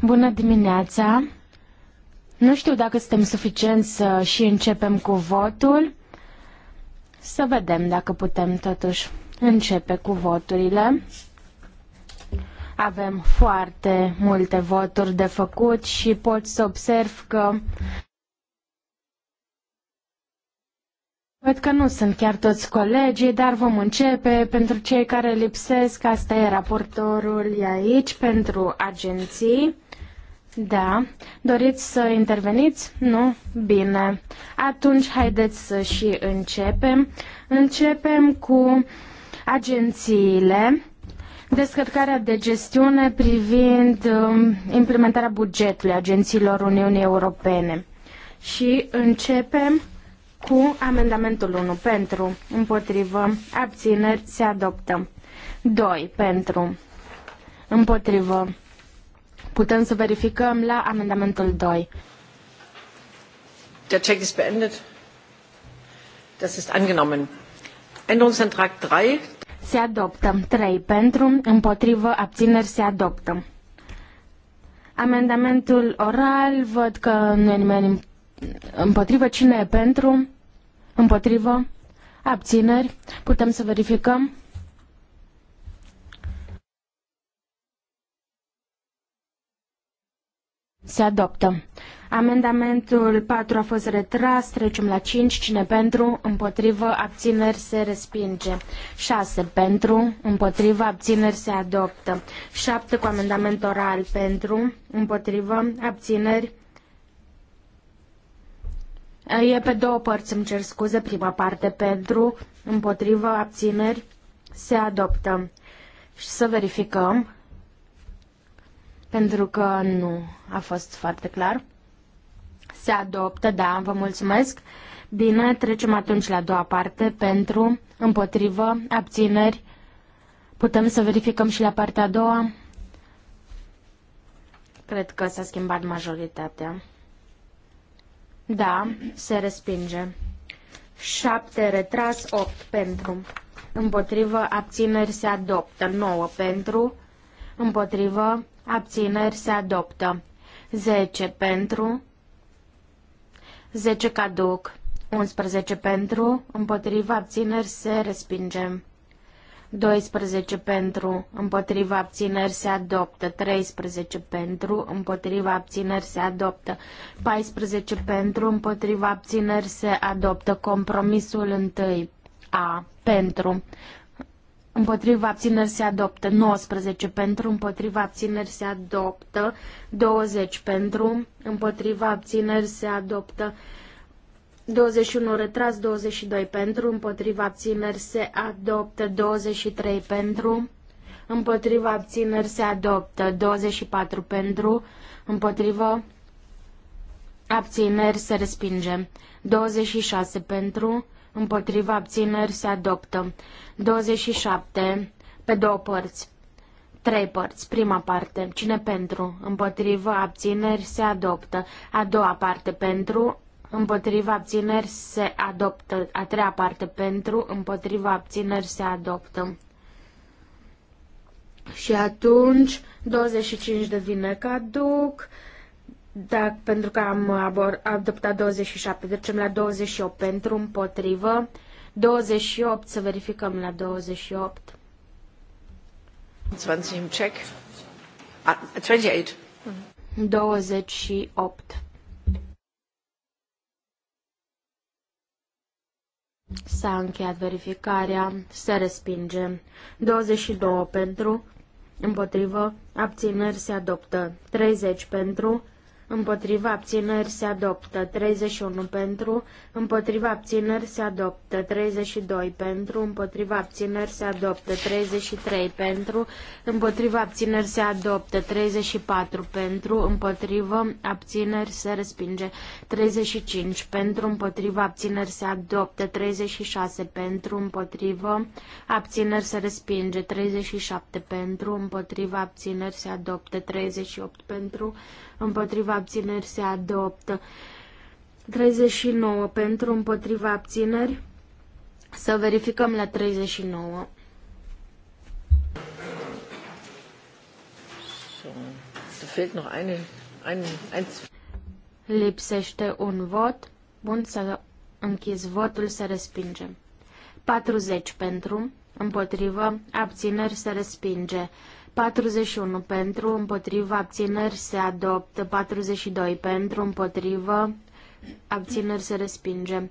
Bună dimineața! Nu știu dacă suntem suficienți să și începem cu votul. Să vedem dacă putem totuși începe cu voturile. Avem foarte multe voturi de făcut și pot să observ că Văd că nu sunt chiar toți colegii, dar vom începe. Pentru cei care lipsesc, asta e raportorul e aici pentru agenții. Da. Doriți să interveniți? Nu? Bine. Atunci haideți să și începem. Începem cu agențiile. Descărcarea de gestiune privind um, implementarea bugetului agențiilor Uniunii Europene. Și începem cu amendamentul 1 pentru, împotrivă, abțineri, se adoptă. 2 pentru, împotrivă. Putem să verificăm la amendamentul 2. Der Check ist beendet. Das ist angenommen. Änderungsantrag 3. Se adoptă. 3 pentru, împotrivă, abțineri, se adoptă. Amendamentul oral, văd că nu e nimeni împotrivă. Cine e pentru? Împotrivă? Abțineri? Putem să verificăm? Se adoptă. Amendamentul 4 a fost retras, trecem la 5, cine pentru, împotrivă, abțineri se respinge. 6 pentru, împotrivă, abțineri se adoptă. 7 cu amendament oral pentru, împotrivă, abțineri E pe două părți, îmi cer scuze, prima parte pentru, împotrivă, abțineri, se adoptă. Și să verificăm, pentru că nu a fost foarte clar. Se adoptă, da, vă mulțumesc. Bine, trecem atunci la a doua parte, pentru, împotrivă, abțineri. Putem să verificăm și la partea a doua? Cred că s-a schimbat majoritatea. Da, se respinge. 7 retras, 8 pentru. Împotrivă, abțineri se adoptă. 9 pentru. Împotrivă, abțineri se adoptă. 10 pentru. 10 caduc. 11 pentru. Împotrivă, abțineri se respinge. 12 pentru, împotriva abțineri se adoptă, 13 pentru, împotriva abțineri se adoptă, 14 pentru, împotriva abțineri se adoptă, compromisul întâi, A pentru, împotriva abțineri se adoptă, 19 pentru, împotriva abțineri se adoptă, 20 pentru, împotriva abțineri se adoptă, 21 retras, 22 pentru, împotriva abțineri se adoptă, 23 pentru, împotriva abțineri se adoptă, 24 pentru, împotriva abțineri se respinge, 26 pentru, împotriva abțineri se adoptă, 27 pe două părți. Trei părți. Prima parte. Cine pentru? împotriva Abțineri. Se adoptă. A doua parte. Pentru împotriva abțineri se adoptă. A treia parte pentru, împotriva abțineri se adoptă. Și atunci 25 devine caduc, dacă, pentru că am abor, adoptat 27, trecem la 28 pentru, împotrivă. 28, să verificăm la 28. 20 check. 28. Ah, 28. S-a încheiat verificarea, se respinge. 22 pentru, împotrivă, abțineri se adoptă. 30 pentru, împotriva abțineri se adoptă 31 pentru, împotriva abțineri se adoptă 32 pentru, împotriva abțineri se adoptă 33 pentru, împotriva abțineri se adoptă 34 pentru, împotriva abțineri se respinge 35 pentru, împotriva abțineri se adoptă 36 pentru, împotriva abțineri se respinge 37 pentru, împotriva abțineri se adoptă 38 pentru, împotriva abțineri se adoptă. 39 pentru împotriva abțineri. Să verificăm la 39. Da Lipsește un vot. Bun, să închis votul, să respingem. 40 pentru, împotrivă, abțineri, se respinge. 41 pentru, împotriva, abțineri se adoptă. 42 pentru, împotriva, abțineri se respinge.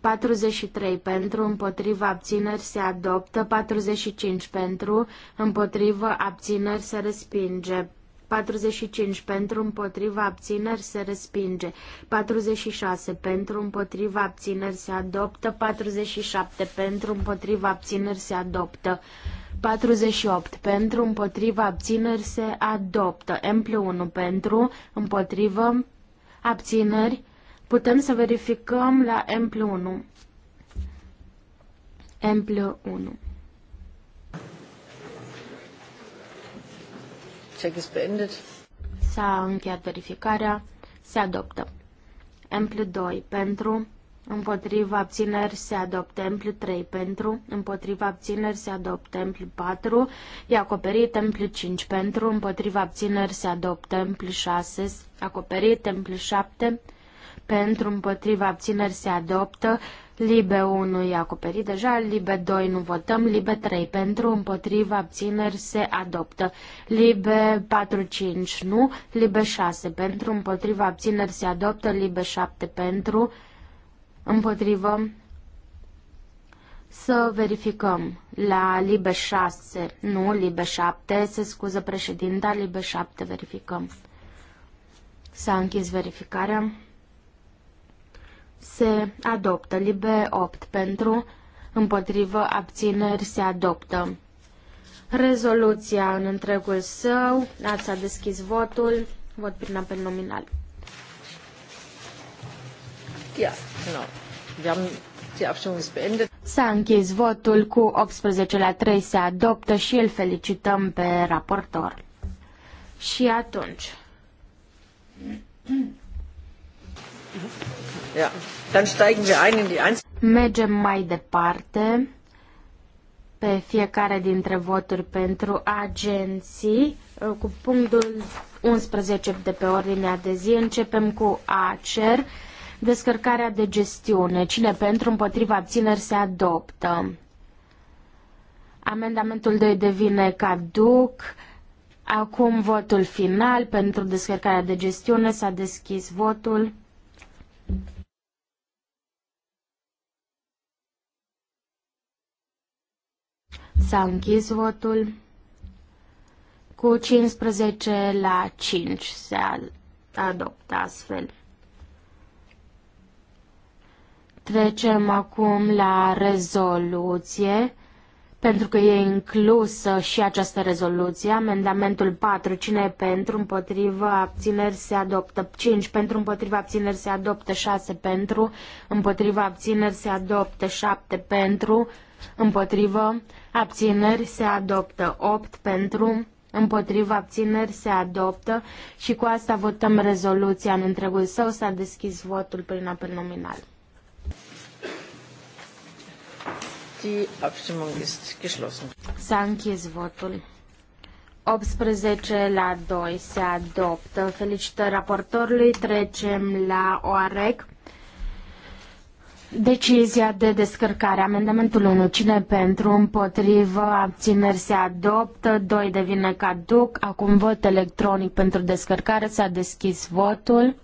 43 pentru, împotriva abțineri se adoptă, 45 pentru, împotriva abțineri se respinge. 45 pentru împotriva abțineri se respinge. 46 pentru împotriva abțineri se adoptă. 47 pentru împotriva abțineri se adoptă. 48. Pentru, împotriva, abțineri se adoptă. M 1 pentru, împotriva abțineri. Putem să verificăm la M 1. M 1. Check is beendet. S-a încheiat verificarea. Se adoptă. M 2 pentru, împotriva abțineri se adoptă ampl 3 pentru, împotriva abțineri se adoptă ampl 4, e acoperit ampl 5 pentru, împotriva abțineri se adoptă ampl 6, acoperit ampl 7 pentru, împotriva abțineri se adoptă Libe 1 e acoperit deja, Libe 2 nu votăm, Libe 3 pentru, împotriva abțineri se adoptă, Libe 4-5 nu, Libe 6 pentru, împotriva abțineri se adoptă, Libe 7 pentru, Împotrivă. Să verificăm. La Libe 6, nu, Libe 7, se scuză președinta, Libe 7 verificăm. S-a închis verificarea. Se adoptă Libe 8 pentru, împotrivă abțineri se adoptă. Rezoluția în întregul său, ați a deschis votul, vot prin apel nominal. Ja, genau. Wir haben die Abstimmung ist beendet. S-a închis votul cu 18 la 3 se adoptă și îl felicităm pe raportor. Și atunci. Ja, dann steigen wir ein in die Einzel Mergem mai departe pe fiecare dintre voturi pentru agenții cu punctul 11 de pe ordinea de zi. Începem cu ACER. Descărcarea de gestiune. Cine pentru, împotriva, abțineri se adoptă. Amendamentul 2 devine caduc. Acum votul final pentru descărcarea de gestiune. S-a deschis votul. S-a închis votul cu 15 la 5 se adoptă astfel. Trecem acum la rezoluție, pentru că e inclusă și această rezoluție. Amendamentul 4, cine e pentru, împotrivă, abțineri se adoptă. 5, pentru, împotrivă, abțineri se adoptă. 6, pentru, împotrivă, abțineri se adoptă. 7, pentru, împotrivă, abțineri se adoptă. 8, pentru, împotrivă, abțineri se adoptă. Și cu asta votăm rezoluția în întregul său. S-a deschis votul prin apel nominal. Die Abstimmung ist geschlossen. S-a închis votul. 18 la 2 se adoptă. Felicitări raportorului. Trecem la orec. Decizia de descărcare. Amendamentul 1. Cine pentru, împotrivă, abțineri se adoptă, 2 devine caduc. Acum vot electronic pentru descărcare. S-a deschis votul.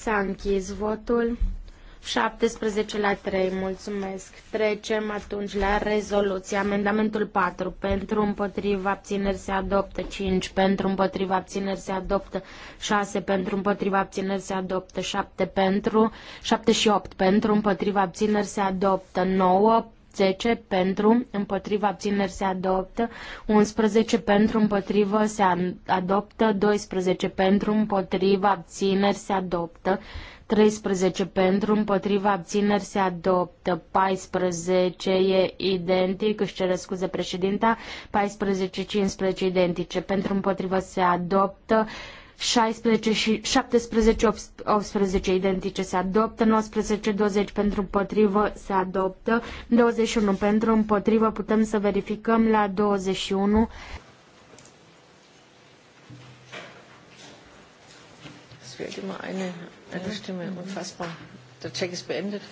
S-a închis votul. 17 la 3, mulțumesc. Trecem atunci la rezoluție. Amendamentul 4. Pentru împotriva abțineri se adoptă 5. Pentru împotriva abțineri se adoptă 6. Pentru împotriva abțineri se adoptă 7. Pentru 7 și 8. Pentru împotriva abțineri se adoptă 9. 10 pentru, împotriva abțineri se adoptă, 11 pentru, împotriva se adoptă, 12 pentru, împotriva abțineri se adoptă, 13 pentru, împotriva abțineri se adoptă, 14 e identic, își cere scuze președinta, 14-15 identice, pentru împotriva se adoptă, 16 și 17, 18 identice se adoptă, 19, 20 pentru împotrivă se adoptă, 21 pentru împotrivă putem să verificăm la 21. Es fehlt immer eine, eine Stimme, unfassbar. Der Check ist beendet.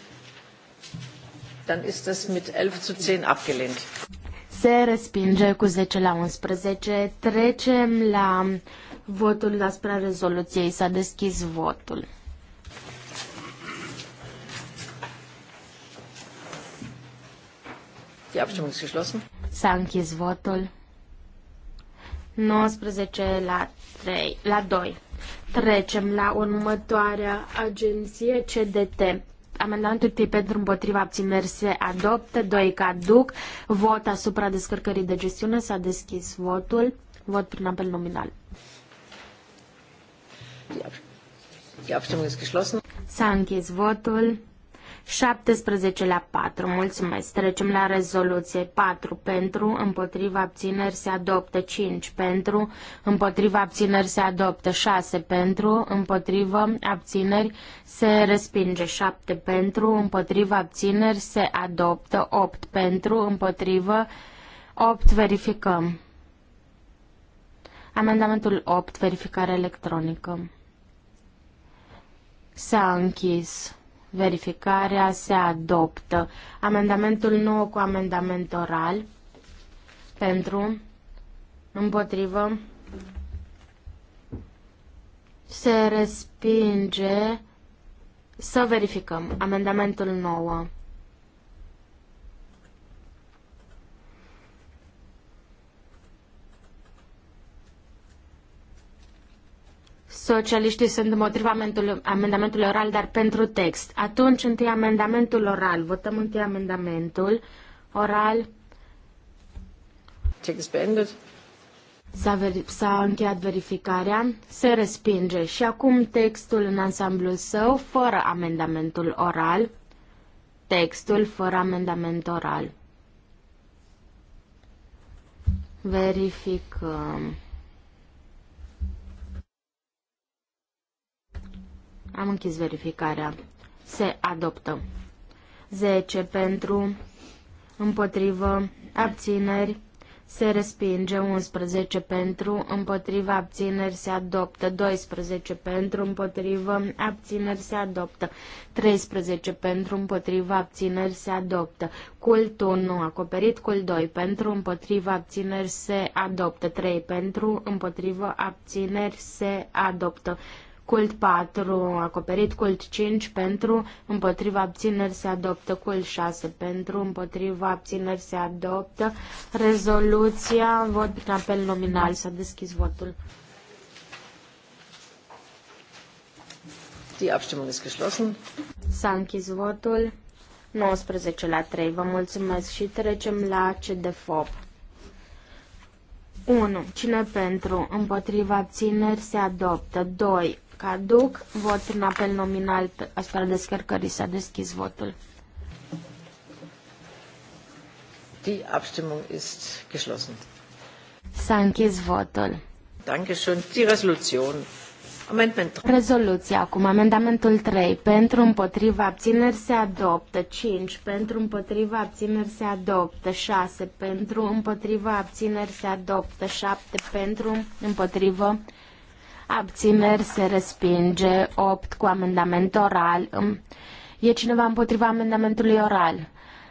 Dann ist das mit 11 zu 10 abgelehnt se respinge cu 10 la 11. Trecem la votul asupra rezoluției. S-a deschis votul. S-a închis votul. 19 la 3, la 2. Trecem la următoarea agenție CDT. Amendamentul 3 pentru împotriva abțineri se adoptă, 2 caduc, vot asupra descărcării de gestiune, s-a deschis votul, vot prin apel nominal. S-a închis votul. 17 la 4. Mulțumesc. Trecem la rezoluție. 4 pentru, împotriva abțineri se adoptă. 5 pentru, împotriva abțineri se adoptă. 6 pentru, împotriva abțineri se respinge. 7 pentru, împotriva abțineri se adoptă. 8 pentru, împotriva 8 verificăm. Amendamentul 8, verificare electronică. S-a închis. Verificarea se adoptă. Amendamentul 9 cu amendament oral. Pentru. Împotrivă. Se respinge. Să verificăm. Amendamentul 9. Socialiștii sunt împotriva amendamentului oral, dar pentru text. Atunci, întâi amendamentul oral. Votăm întâi amendamentul oral. S-a, încheiat verificarea, se respinge și acum textul în ansamblul său fără amendamentul oral. Textul fără amendament oral. Verificăm. Am închis verificarea. Se adoptă. 10 pentru, împotrivă, abțineri, se respinge 11 pentru, împotriva abțineri se adoptă 12 pentru, împotriva abțineri se adoptă 13 pentru, împotriva abțineri se adoptă Cultul nu acoperit, cult 2 pentru, împotriva abțineri se adoptă 3 pentru, împotriva abțineri se adoptă Cult 4 acoperit, cult 5 pentru, împotriva abțineri se adoptă, cult 6 pentru, împotriva abțineri se adoptă. Rezoluția, vot prin apel nominal, s-a deschis votul. Die Abstimmung ist geschlossen. S-a închis votul. 19 la 3. Vă mulțumesc și trecem la CDFOP. 1. Cine pentru? Împotriva abțineri se adoptă. 2 caduc. Vot prin apel nominal asupra descărcării s-a deschis votul. Die Abstimmung ist geschlossen. S-a închis votul. Dankeschön. Die Resolution. Amendment. Rezoluția acum. Amendamentul 3. Pentru împotriva abțineri se adoptă. 5. Pentru împotriva abțineri se adoptă. 6. Pentru împotriva abțineri se adoptă. 7. Pentru împotriva abțineri se respinge, 8 cu amendament oral. E cineva împotriva amendamentului oral?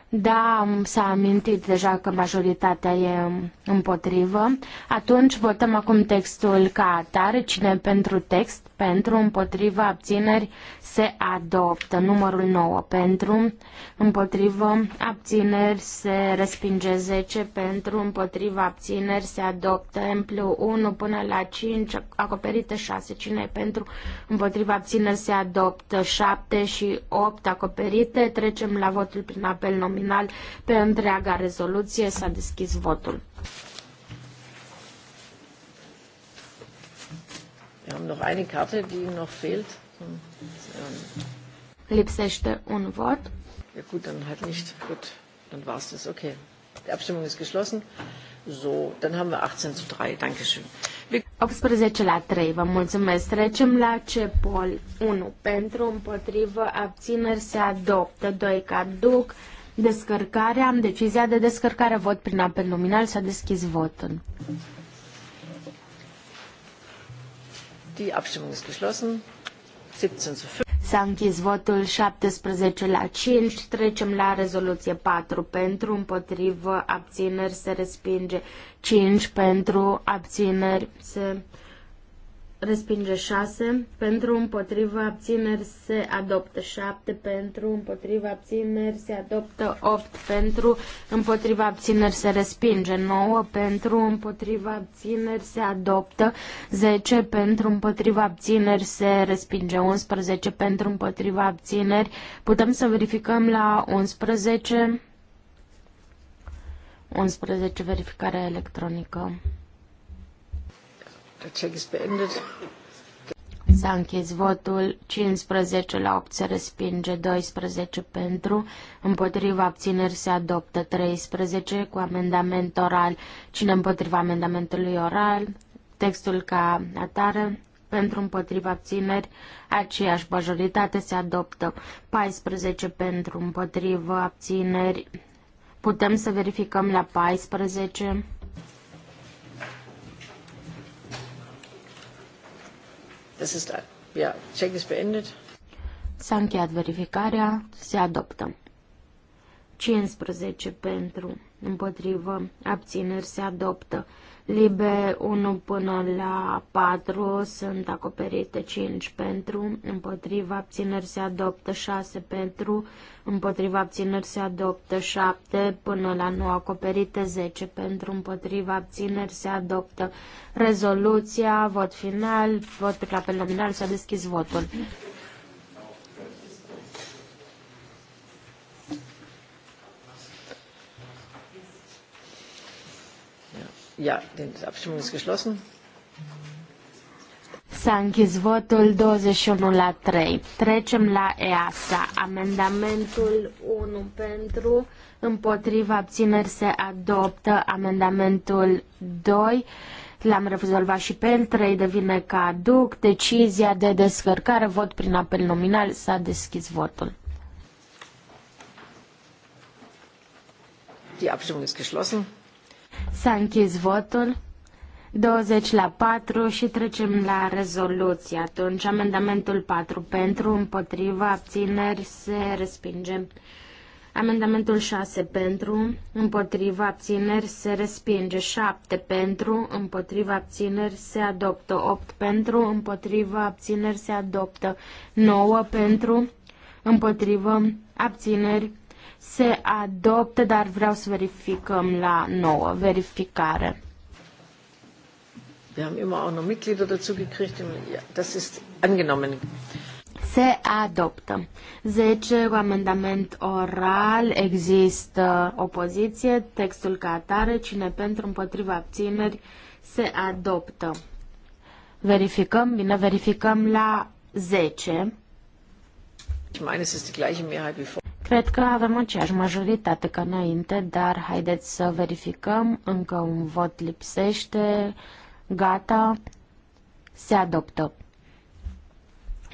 Da, s-a amintit deja că majoritatea e împotrivă. Atunci votăm acum textul ca atare. Cine pentru text? Pentru, împotrivă, abțineri, se adoptă. Numărul 9 pentru, împotrivă, abțineri, se respinge 10 pentru, împotrivă, abțineri, se adoptă. În plus 1 până la 5, acoperite 6. Cine pentru, împotrivă, abțineri, se adoptă 7 și 8 acoperite. Trecem la votul prin apel nominal nominal pe întreaga rezoluție. S-a deschis votul. Wir haben noch eine Karte, die noch fehlt. Hm. Lipsește un vot. Ja gut, dann halt nicht. Gut, dann war es das. Okay. Die Abstimmung ist geschlossen. So, dann haben wir 18 zu 3. Dankeschön. 18 la 3, vă mulțumesc. Trecem la CEPOL 1. Pentru, împotrivă, abțineri se adoptă. 2 caduc descărcare, am decizia de descărcare, vot prin apel nominal, s-a deschis votul. 17 S-a închis votul 17 la 5. Trecem la rezoluție 4 pentru, împotrivă, abțineri se respinge. 5 pentru, abțineri se respinge respinge 6, pentru împotriva abțineri se adoptă 7, pentru împotriva abțineri se adoptă 8, pentru împotriva abțineri se respinge 9, pentru împotriva abțineri se adoptă 10, pentru împotriva abțineri se respinge 11, pentru împotriva abțineri putem să verificăm la 11, 11 verificare electronică. Der S-a închis votul 15 la 8 se respinge, 12 pentru, împotriva abțineri se adoptă 13 cu amendament oral. Cine împotriva amendamentului oral? Textul ca atare pentru împotriva abțineri, aceeași majoritate se adoptă 14 pentru împotriva abțineri. Putem să verificăm la 14. Das ist, ja, check ist beendet. S-a încheiat verificarea, se adoptă. 15 pentru, împotrivă, abțineri se adoptă. Libe 1 până la 4 sunt acoperite 5 pentru, împotriva abțineri se adoptă 6 pentru, împotriva abțineri se adoptă 7 până la 9 acoperite 10 pentru, împotriva abțineri se adoptă rezoluția, vot final, vot pe apel nominal, s-a deschis votul. Ja, die Abstimmung ist geschlossen. S-a închis votul 21 la 3. Trecem la EASA. Amendamentul 1 pentru, împotriva abțineri se adoptă. Amendamentul 2 l-am rezolvat și pe el. 3 devine caduc. Decizia de descărcare, vot prin apel nominal, s-a deschis votul. Die Abstimmung ist geschlossen. S-a închis votul. 20 la 4 și trecem la rezoluție. Atunci, amendamentul 4 pentru, împotriva, abțineri, se respinge. Amendamentul 6 pentru, împotriva, abțineri, se respinge. 7 pentru, împotriva, abțineri, se adoptă. 8 pentru, împotriva, abțineri, se adoptă. 9 pentru, împotriva, abțineri, se se adoptă, dar vreau să verificăm la nouă Verificare. Wir haben immer auch noch Mitglieder dazu gekriegt. Ja, das ist angenommen. Se adoptă. 10. Cu amendament oral există opoziție. Textul ca atare. Cine pentru împotriva abțineri se adoptă. Verificăm, bine, verificăm la 10. Cred că avem aceeași majoritate ca înainte, dar haideți să verificăm. Încă un vot lipsește. Gata. Se adoptă.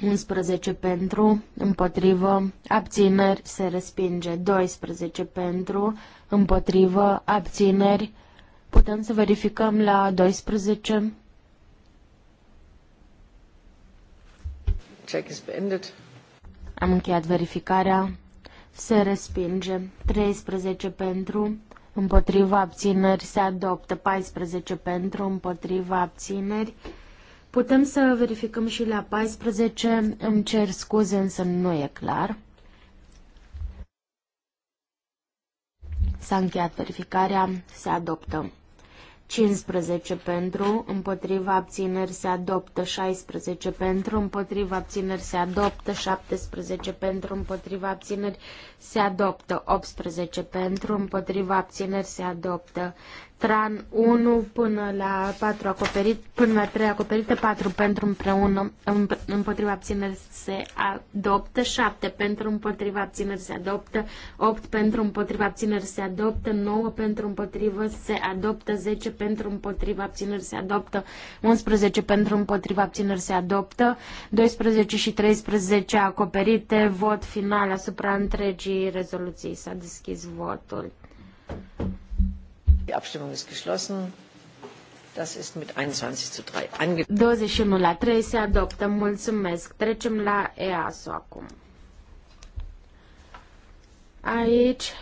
11 pentru, împotrivă, abțineri, se respinge. 12 pentru, împotrivă, abțineri. Putem să verificăm la 12. Check is beendet. Am încheiat verificarea. Se respinge. 13 pentru, împotriva abțineri. Se adoptă. 14 pentru, împotriva abțineri. Putem să verificăm și la 14. Îmi cer scuze, însă nu e clar. S-a încheiat verificarea. Se adoptă. 15 pentru, împotriva abțineri se adoptă 16 pentru, împotriva abțineri se adoptă 17 pentru, împotriva abțineri se adoptă 18 pentru, împotriva abțineri se adoptă Tran 1 până la 4 acoperit, până la 3 acoperite, 4 pentru împreună, împotriva abțineri se adoptă, 7 pentru împotriva abțineri se adoptă, 8 pentru împotriva abțineri se adoptă, 9 pentru împotriva se adoptă, 10 pentru împotriva abțineri se adoptă, 11 pentru împotriva abțineri se adoptă, 12 și 13 acoperite, vot final asupra întregii rezoluții. S-a deschis votul. Die Abstimmung ist geschlossen. Das ist mit 21 zu 3 angenommen. 21 la 3 se adoptă. Mulțumesc. Trecem la EASO acum. Aici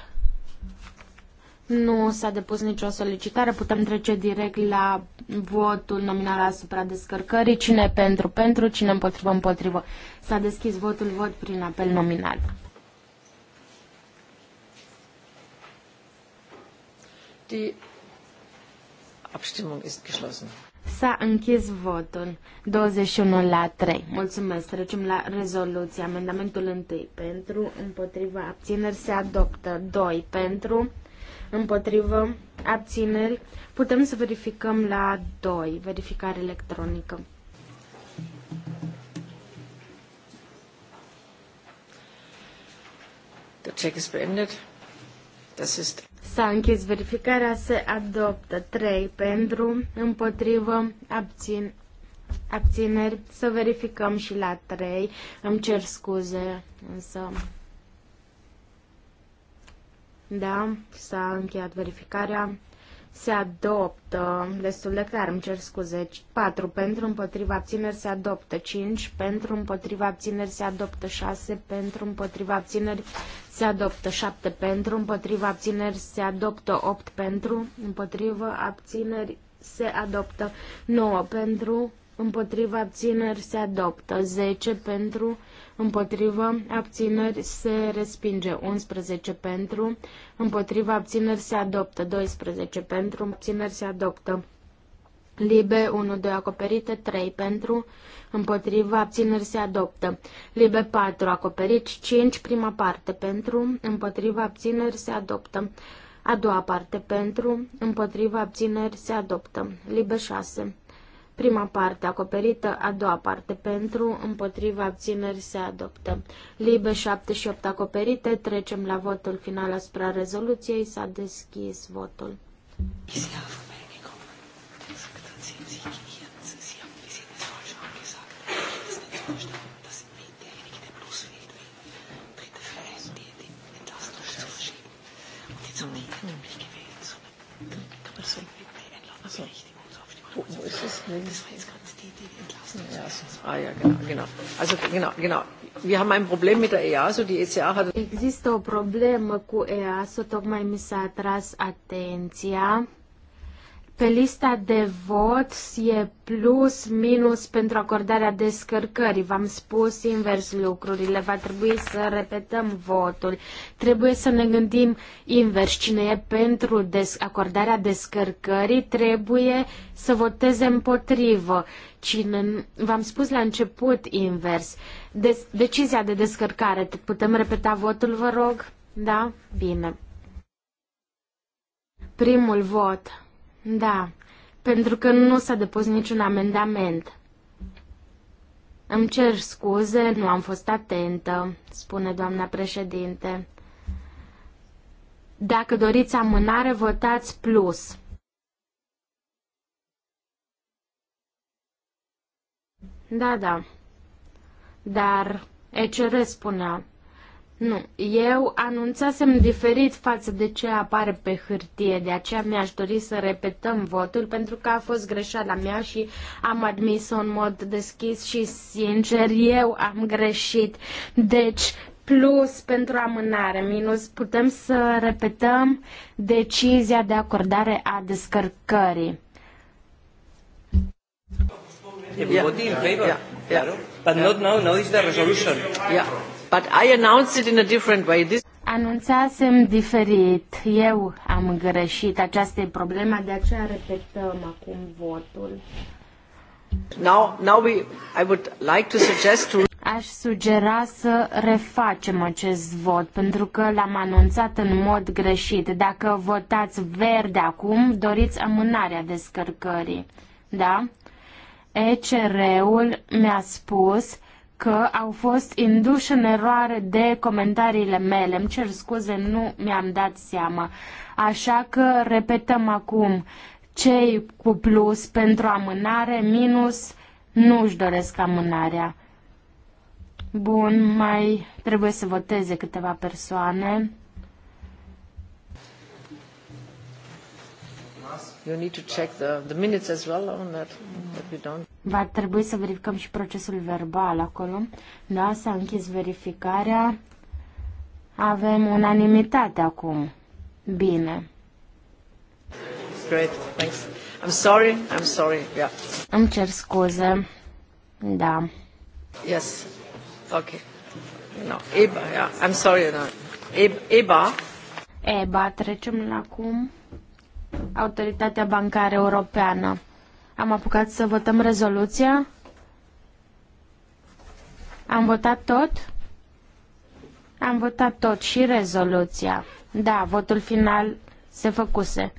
nu s-a depus nicio solicitare, putem trece direct la votul nominal asupra descărcării. Cine pentru, pentru, cine împotrivă, împotrivă. S-a deschis votul, vot prin apel nominal. Die Abstimmung ist geschlossen. S-a închis votul 21 la 3. Mulțumesc. Trecem la rezoluție. Amendamentul 1 pentru, împotriva abțineri se adoptă. 2 pentru, împotrivă abțineri. Putem să verificăm la 2, verificare electronică. The Check is beendet. Das ist S-a închis verificarea, se adoptă 3 pentru, împotrivă, abțin, abțineri. Să verificăm și la 3. Îmi cer scuze, însă... Da, s-a încheiat verificarea se adoptă destul de clar, îmi cer scuze, 4 pentru împotriva abțineri se adoptă, 5 pentru împotriva abțineri se adoptă, 6 pentru împotriva abțineri se adoptă, 7 pentru împotriva abțineri se adoptă, 8 pentru împotriva abțineri se adoptă, 9 pentru împotriva abțineri se adoptă, 10 pentru împotriva abțineri se adoptă, împotrivă, abțineri se respinge 11 pentru, împotrivă, abțineri se adoptă 12 pentru, abțineri se adoptă. Libe 1, 2 acoperite, 3 pentru, împotriva, abțineri se adoptă. Libe 4 acoperit, 5 prima parte pentru, împotriva, abțineri se adoptă. A doua parte pentru, împotriva, abțineri se adoptă. Libe 6 Prima parte acoperită, a doua parte pentru, împotriva abțineri se adoptă. Libe 7 și 8 acoperite, trecem la votul final asupra rezoluției, s-a deschis votul. Thank you. gucken, wo ist es? Nee, das war jetzt gerade die, die entlassen. Ja, so. ah ja, genau, genau. Also genau, genau. Wir haben ein Problem mit der EASO, die ECA hat... Există o problemă cu EASO, tocmai mi s-a atras atenția. Pe lista de vot e plus, minus pentru acordarea descărcării. V-am spus invers lucrurile. Va trebui să repetăm votul. Trebuie să ne gândim invers. Cine e pentru des- acordarea descărcării trebuie să voteze împotrivă. Cine... V-am spus la început invers. De- decizia de descărcare. Putem repeta votul, vă rog? Da? Bine. Primul vot da, pentru că nu s-a depus niciun amendament. Îmi cer scuze, nu am fost atentă, spune doamna președinte. Dacă doriți amânare, votați plus. Da, da. Dar ECR spunea nu, eu anunțasem diferit față de ce apare pe hârtie, de aceea mi-aș dori să repetăm votul, pentru că a fost greșeala mea și am admis-o în mod deschis și sincer, eu am greșit. Deci, plus pentru amânare, minus, putem să repetăm decizia de acordare a descărcării. Yeah, yeah, yeah, yeah. But not now, now is the resolution. Yeah. But I announced it in a different way. This... Anunțasem diferit. Eu am greșit. Aceasta e problema, de aceea repetăm acum votul. Now, now we, I would like to suggest to... Aș sugera să refacem acest vot, pentru că l-am anunțat în mod greșit. Dacă votați verde acum, doriți amânarea descărcării. Da? ECR-ul mi-a spus că au fost induși în eroare de comentariile mele. Îmi cer scuze, nu mi-am dat seama. Așa că repetăm acum cei cu plus pentru amânare, minus, nu își doresc amânarea. Bun, mai trebuie să voteze câteva persoane. You need to check the, the minutes as well on that, that we don't. Va trebui să verificăm și procesul verbal acolo. Da, s-a închis verificarea. Avem unanimitate acum. Bine. Great, thanks. I'm sorry, I'm sorry, yeah. Îmi cer scuze. Da. Yes. Okay. No, EBA, yeah. I'm sorry, no. EBA. EBA, trecem la acum. Autoritatea Bancară Europeană. Am apucat să votăm rezoluția? Am votat tot? Am votat tot și rezoluția. Da, votul final se făcuse.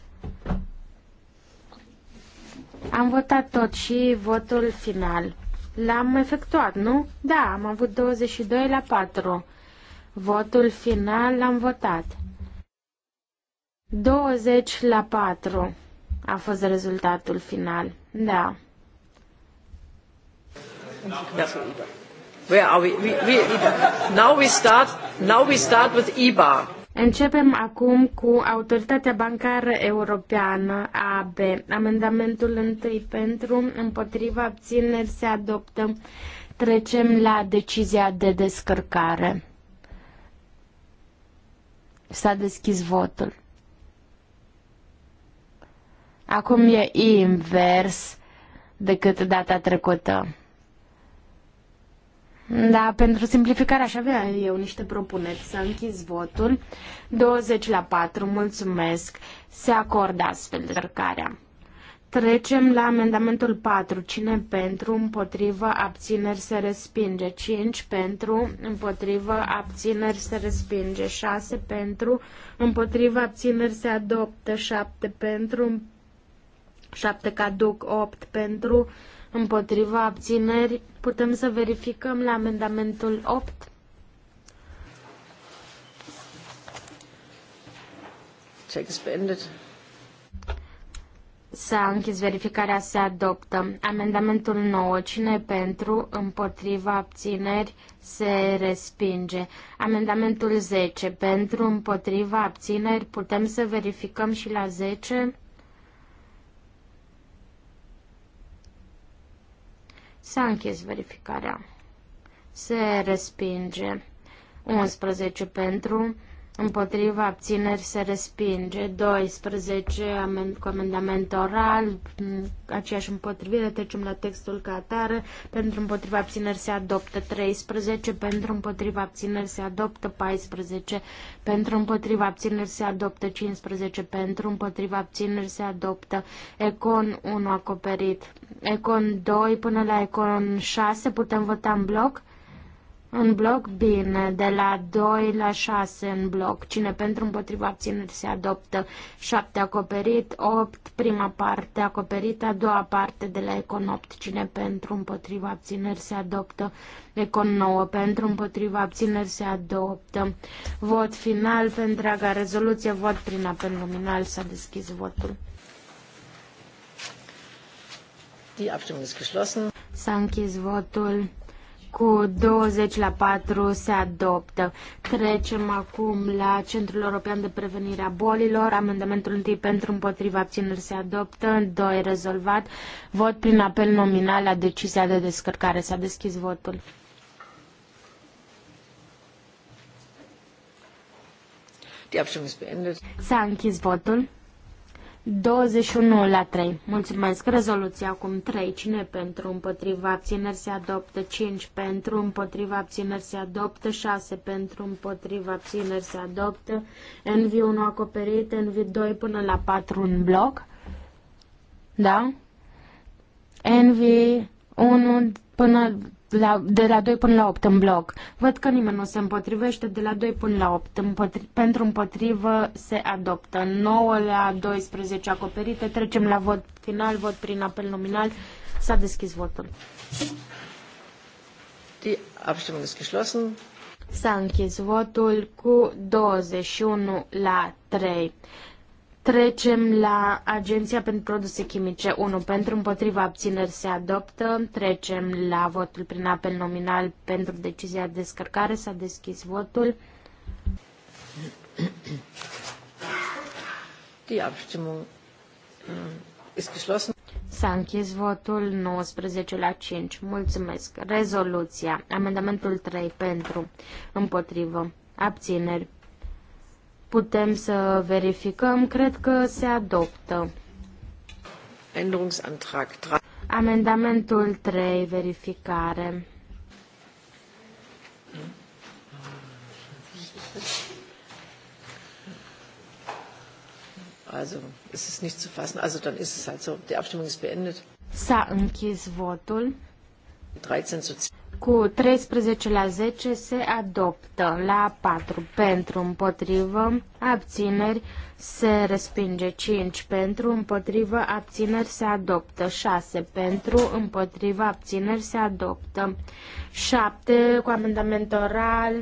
Am votat tot și votul final. L-am efectuat, nu? Da, am avut 22 la 4. Votul final l-am votat. 20 la 4 a fost rezultatul final. Da. Where are we? we, we now we start. Now we start with IBA. Începem acum cu Autoritatea Bancară Europeană, AB. Amendamentul întâi pentru, împotriva, abțineri se adoptă. Trecem la decizia de descărcare. S-a deschis votul. Acum e invers decât data trecută. Da, pentru simplificare aș avea eu niște propuneri. Să închis votul. 20 la 4, mulțumesc. Se acordă astfel descărcarea. Trecem la amendamentul 4. Cine pentru, împotrivă, abțineri se respinge. 5 pentru, împotrivă, abțineri se respinge. 6 pentru, împotrivă, abțineri se adoptă. 7 pentru, 7 caduc, 8 pentru, împotriva abțineri. Putem să verificăm la amendamentul 8. Check S-a închis verificarea, se adoptă. Amendamentul 9. Cine pentru, împotriva, abțineri, se respinge. Amendamentul 10. Pentru, împotriva, abțineri, putem să verificăm și la 10. S-a închis verificarea. Se respinge. 11 pentru, Împotriva abțineri se respinge. 12 amend, cu amendament oral, aceeași împotrivire, trecem la textul ca atare. Pentru împotriva abțineri se adoptă 13, pentru împotriva abțineri se adoptă 14, pentru împotriva abțineri se adoptă 15, pentru împotriva abțineri se adoptă Econ 1 acoperit. Econ 2 până la Econ 6 putem vota în bloc? În bloc, bine, de la 2 la 6 în bloc. Cine pentru împotriva abțineri se adoptă 7 acoperit, 8 prima parte acoperită, a doua parte de la Econ 8. Cine pentru împotriva abțineri se adoptă Econ 9. Pentru împotriva abțineri se adoptă. Vot final pentru întreaga rezoluție, vot prin apel nominal. S-a deschis votul. Die Abstimmung ist geschlossen. S-a închis votul cu 20 la 4 se adoptă. Trecem acum la Centrul European de Prevenire a Bolilor. Amendamentul 1 pentru împotriva abțineri se adoptă, 2 rezolvat. Vot prin apel nominal la decizia de descărcare. S-a deschis votul. S-a închis votul. 21 la 3. Mulțumesc. Rezoluția acum 3. Cine pentru împotriva abțineri se adoptă? 5 pentru împotriva abțineri se adoptă. 6 pentru împotriva abțineri se adoptă. NV1 acoperit, NV2 până la 4 în bloc. Da? NV1 până la, de la 2 până la 8 în bloc. Văd că nimeni nu se împotrivește, de la 2 până la 8 împotri, pentru împotrivă se adoptă. 9 la 12 acoperite, trecem la vot final, vot prin apel nominal, s-a deschis votul. Die Abstimmung ist geschlossen. S-a închis votul cu 21 la 3. Trecem la Agenția pentru Produse Chimice 1. Pentru împotriva abțineri se adoptă. Trecem la votul prin apel nominal pentru decizia de descărcare. S-a deschis votul. Hm, S-a închis votul 19 la 5. Mulțumesc. Rezoluția. Amendamentul 3 pentru. Împotrivă. Abțineri. Putem să verificăm. Cred că se adoptă. Änderungsantrag 3. Amendamentul 3, verificare. Also, es ist nicht zu fassen. Also, dann ist es halt so. Die Abstimmung ist beendet. S-a închis votul. 13 zu 10 cu 13 la 10 se adoptă la 4 pentru împotrivă, abțineri se respinge 5 pentru împotrivă, abțineri se adoptă 6 pentru împotrivă, abțineri se adoptă 7 cu amendament oral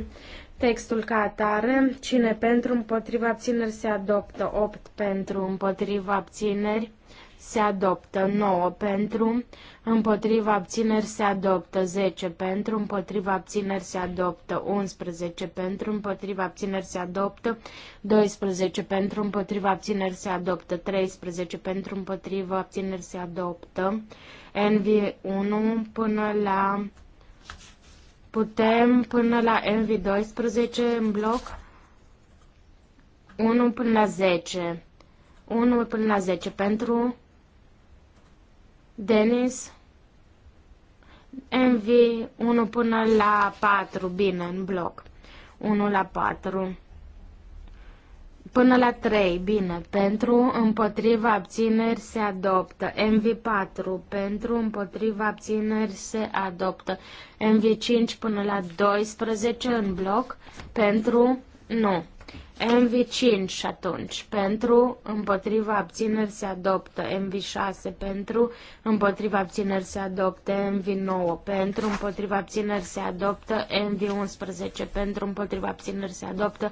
Textul ca atare, cine pentru împotriva abțineri se adoptă, 8 pentru împotriva abțineri se adoptă 9 pentru, împotriva abțineri se adoptă 10 pentru, împotriva abțineri se adoptă 11 pentru, împotriva abțineri se adoptă 12 pentru, împotriva abțineri se adoptă 13 pentru, împotriva abțineri se adoptă NV1 până la putem până la NV12 în bloc 1 până la 10 1 până la 10 pentru Denis, MV 1 până la 4, bine, în bloc. 1 la 4. Până la 3, bine, pentru, împotriva, abțineri, se adoptă. MV4, pentru, împotriva, abțineri, se adoptă. MV5 până la 12, în bloc, pentru, nu. MV5 atunci pentru, împotriva abțineri se adoptă, MV6 pentru, împotriva abțineri se adoptă, MV9 pentru, împotriva abțineri se adoptă, MV11 pentru, împotriva abțineri se adoptă,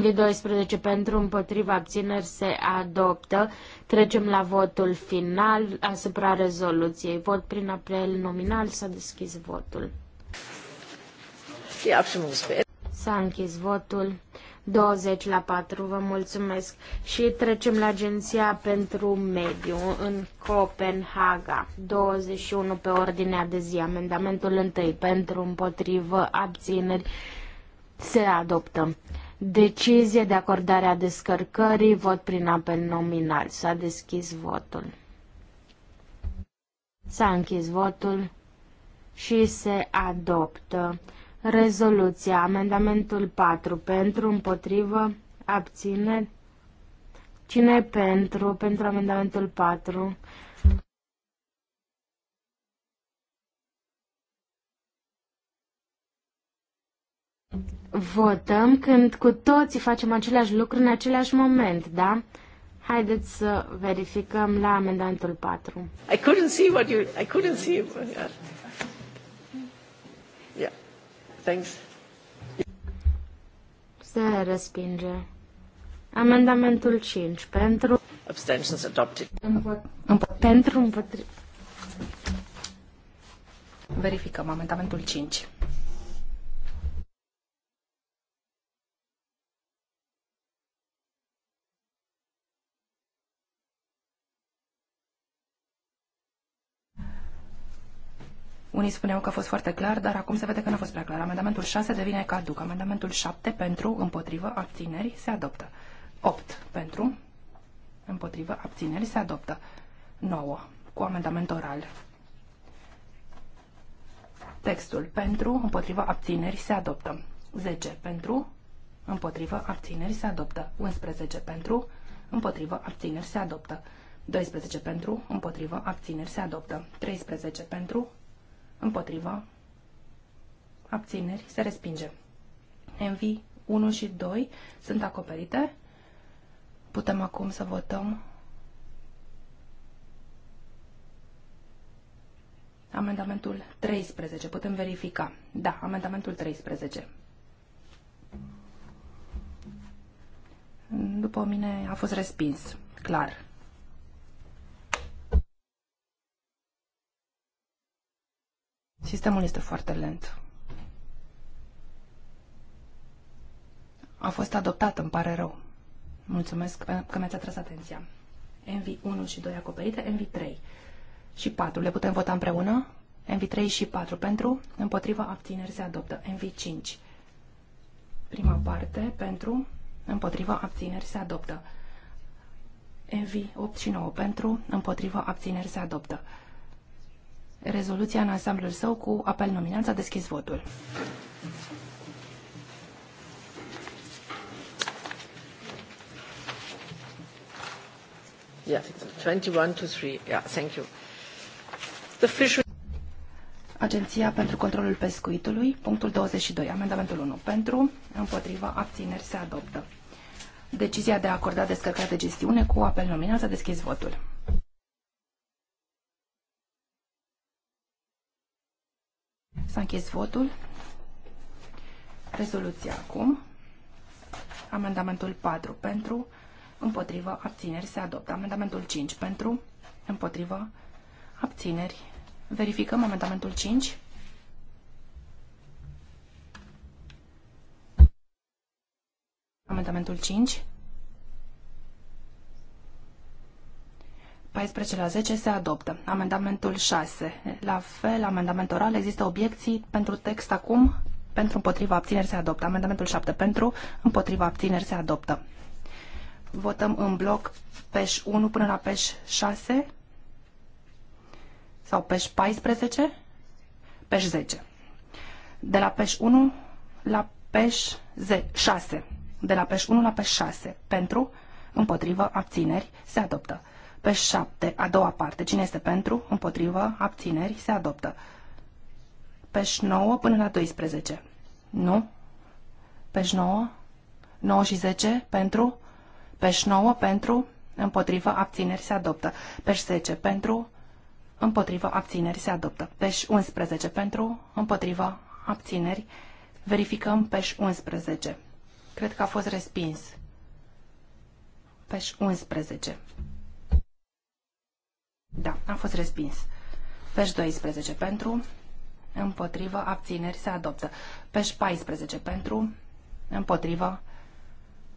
MV12 pentru, împotriva abțineri se adoptă. Trecem la votul final asupra rezoluției. Vot prin apel nominal s-a deschis votul. S-a închis votul. 20 la 4, vă mulțumesc. Și trecem la Agenția pentru Mediu în Copenhaga. 21 pe ordinea de zi, amendamentul 1 pentru împotrivă abțineri se adoptă. Decizie de acordare a descărcării, vot prin apel nominal. S-a deschis votul. S-a închis votul și se adoptă. Rezoluția, amendamentul 4, pentru, împotrivă, abține. Cine e pentru, pentru amendamentul 4? Votăm când cu toții facem același lucru în același moment, da? Haideți să verificăm la amendamentul 4. I couldn't see what you I couldn't see. What, yeah. Thanks. Se respinge. Amendamentul 5 pentru abstentions adopted. Pentru împotriva. Verificăm amendamentul 5. Unii spuneau că a fost foarte clar, dar acum se vede că nu a fost prea clar. Amendamentul 6 devine caduc. Amendamentul 7 pentru, împotrivă, abțineri se adoptă. 8 pentru, împotrivă, abțineri se adoptă. 9 cu amendament oral. Textul pentru, împotrivă, abțineri se adoptă. 10 pentru, împotrivă, abțineri se adoptă. 11 pentru, împotrivă, abțineri se adoptă. 12 pentru, împotrivă, abțineri se adoptă. 13 pentru, Împotriva. Abțineri. Se respinge. MV 1 și 2 sunt acoperite. Putem acum să votăm Amendamentul 13. Putem verifica. Da, amendamentul 13. După mine a fost respins. Clar. Sistemul este foarte lent. A fost adoptat, îmi pare rău. Mulțumesc că mi-ați atras atenția. NV1 și 2 acoperite, NV3 și 4. Le putem vota împreună? NV3 și 4 pentru, împotriva abțineri se adoptă. NV5. Prima parte pentru, împotriva abțineri se adoptă. NV8 și 9 pentru, împotriva abțineri se adoptă rezoluția în ansamblul său cu apel nominanța deschis votul. Yeah, to Yeah, thank you. The fish... Agenția pentru controlul pescuitului, punctul 22, amendamentul 1. Pentru, împotriva, abțineri se adoptă. Decizia de a acorda descărcarea de gestiune cu apel nominal s-a deschis votul. S-a închis votul. Rezoluția acum. Amendamentul 4 pentru, împotrivă, abțineri se adoptă. Amendamentul 5 pentru, împotrivă, abțineri. Verificăm amendamentul 5. Amendamentul 5. 14 la 10 se adoptă. Amendamentul 6. La fel, amendament oral. Există obiecții pentru text acum? Pentru împotriva abțineri se adoptă. Amendamentul 7. Pentru împotriva abțineri se adoptă. Votăm în bloc PEș 1 până la PEș 6 sau PEș 14, PEș 10. De la PEș 1 la PEș 6. De la PEș 1 la PEș 6. Pentru împotriva abțineri se adoptă. Pe 7, a doua parte, cine este pentru, împotrivă, abțineri, se adoptă. Pe 9 până la 12. Nu? Pe 9? 9 și 10 pentru? Pe 9 pentru, împotrivă, abțineri, se adoptă. Pe 10 pentru, împotrivă, abțineri, se adoptă. Pe 11 pentru, împotrivă, abțineri, verificăm pe 11. Cred că a fost respins. Peș 11. Da, a fost respins. Peș 12 pentru, împotrivă, abțineri, se adoptă. Peș 14 pentru, împotrivă,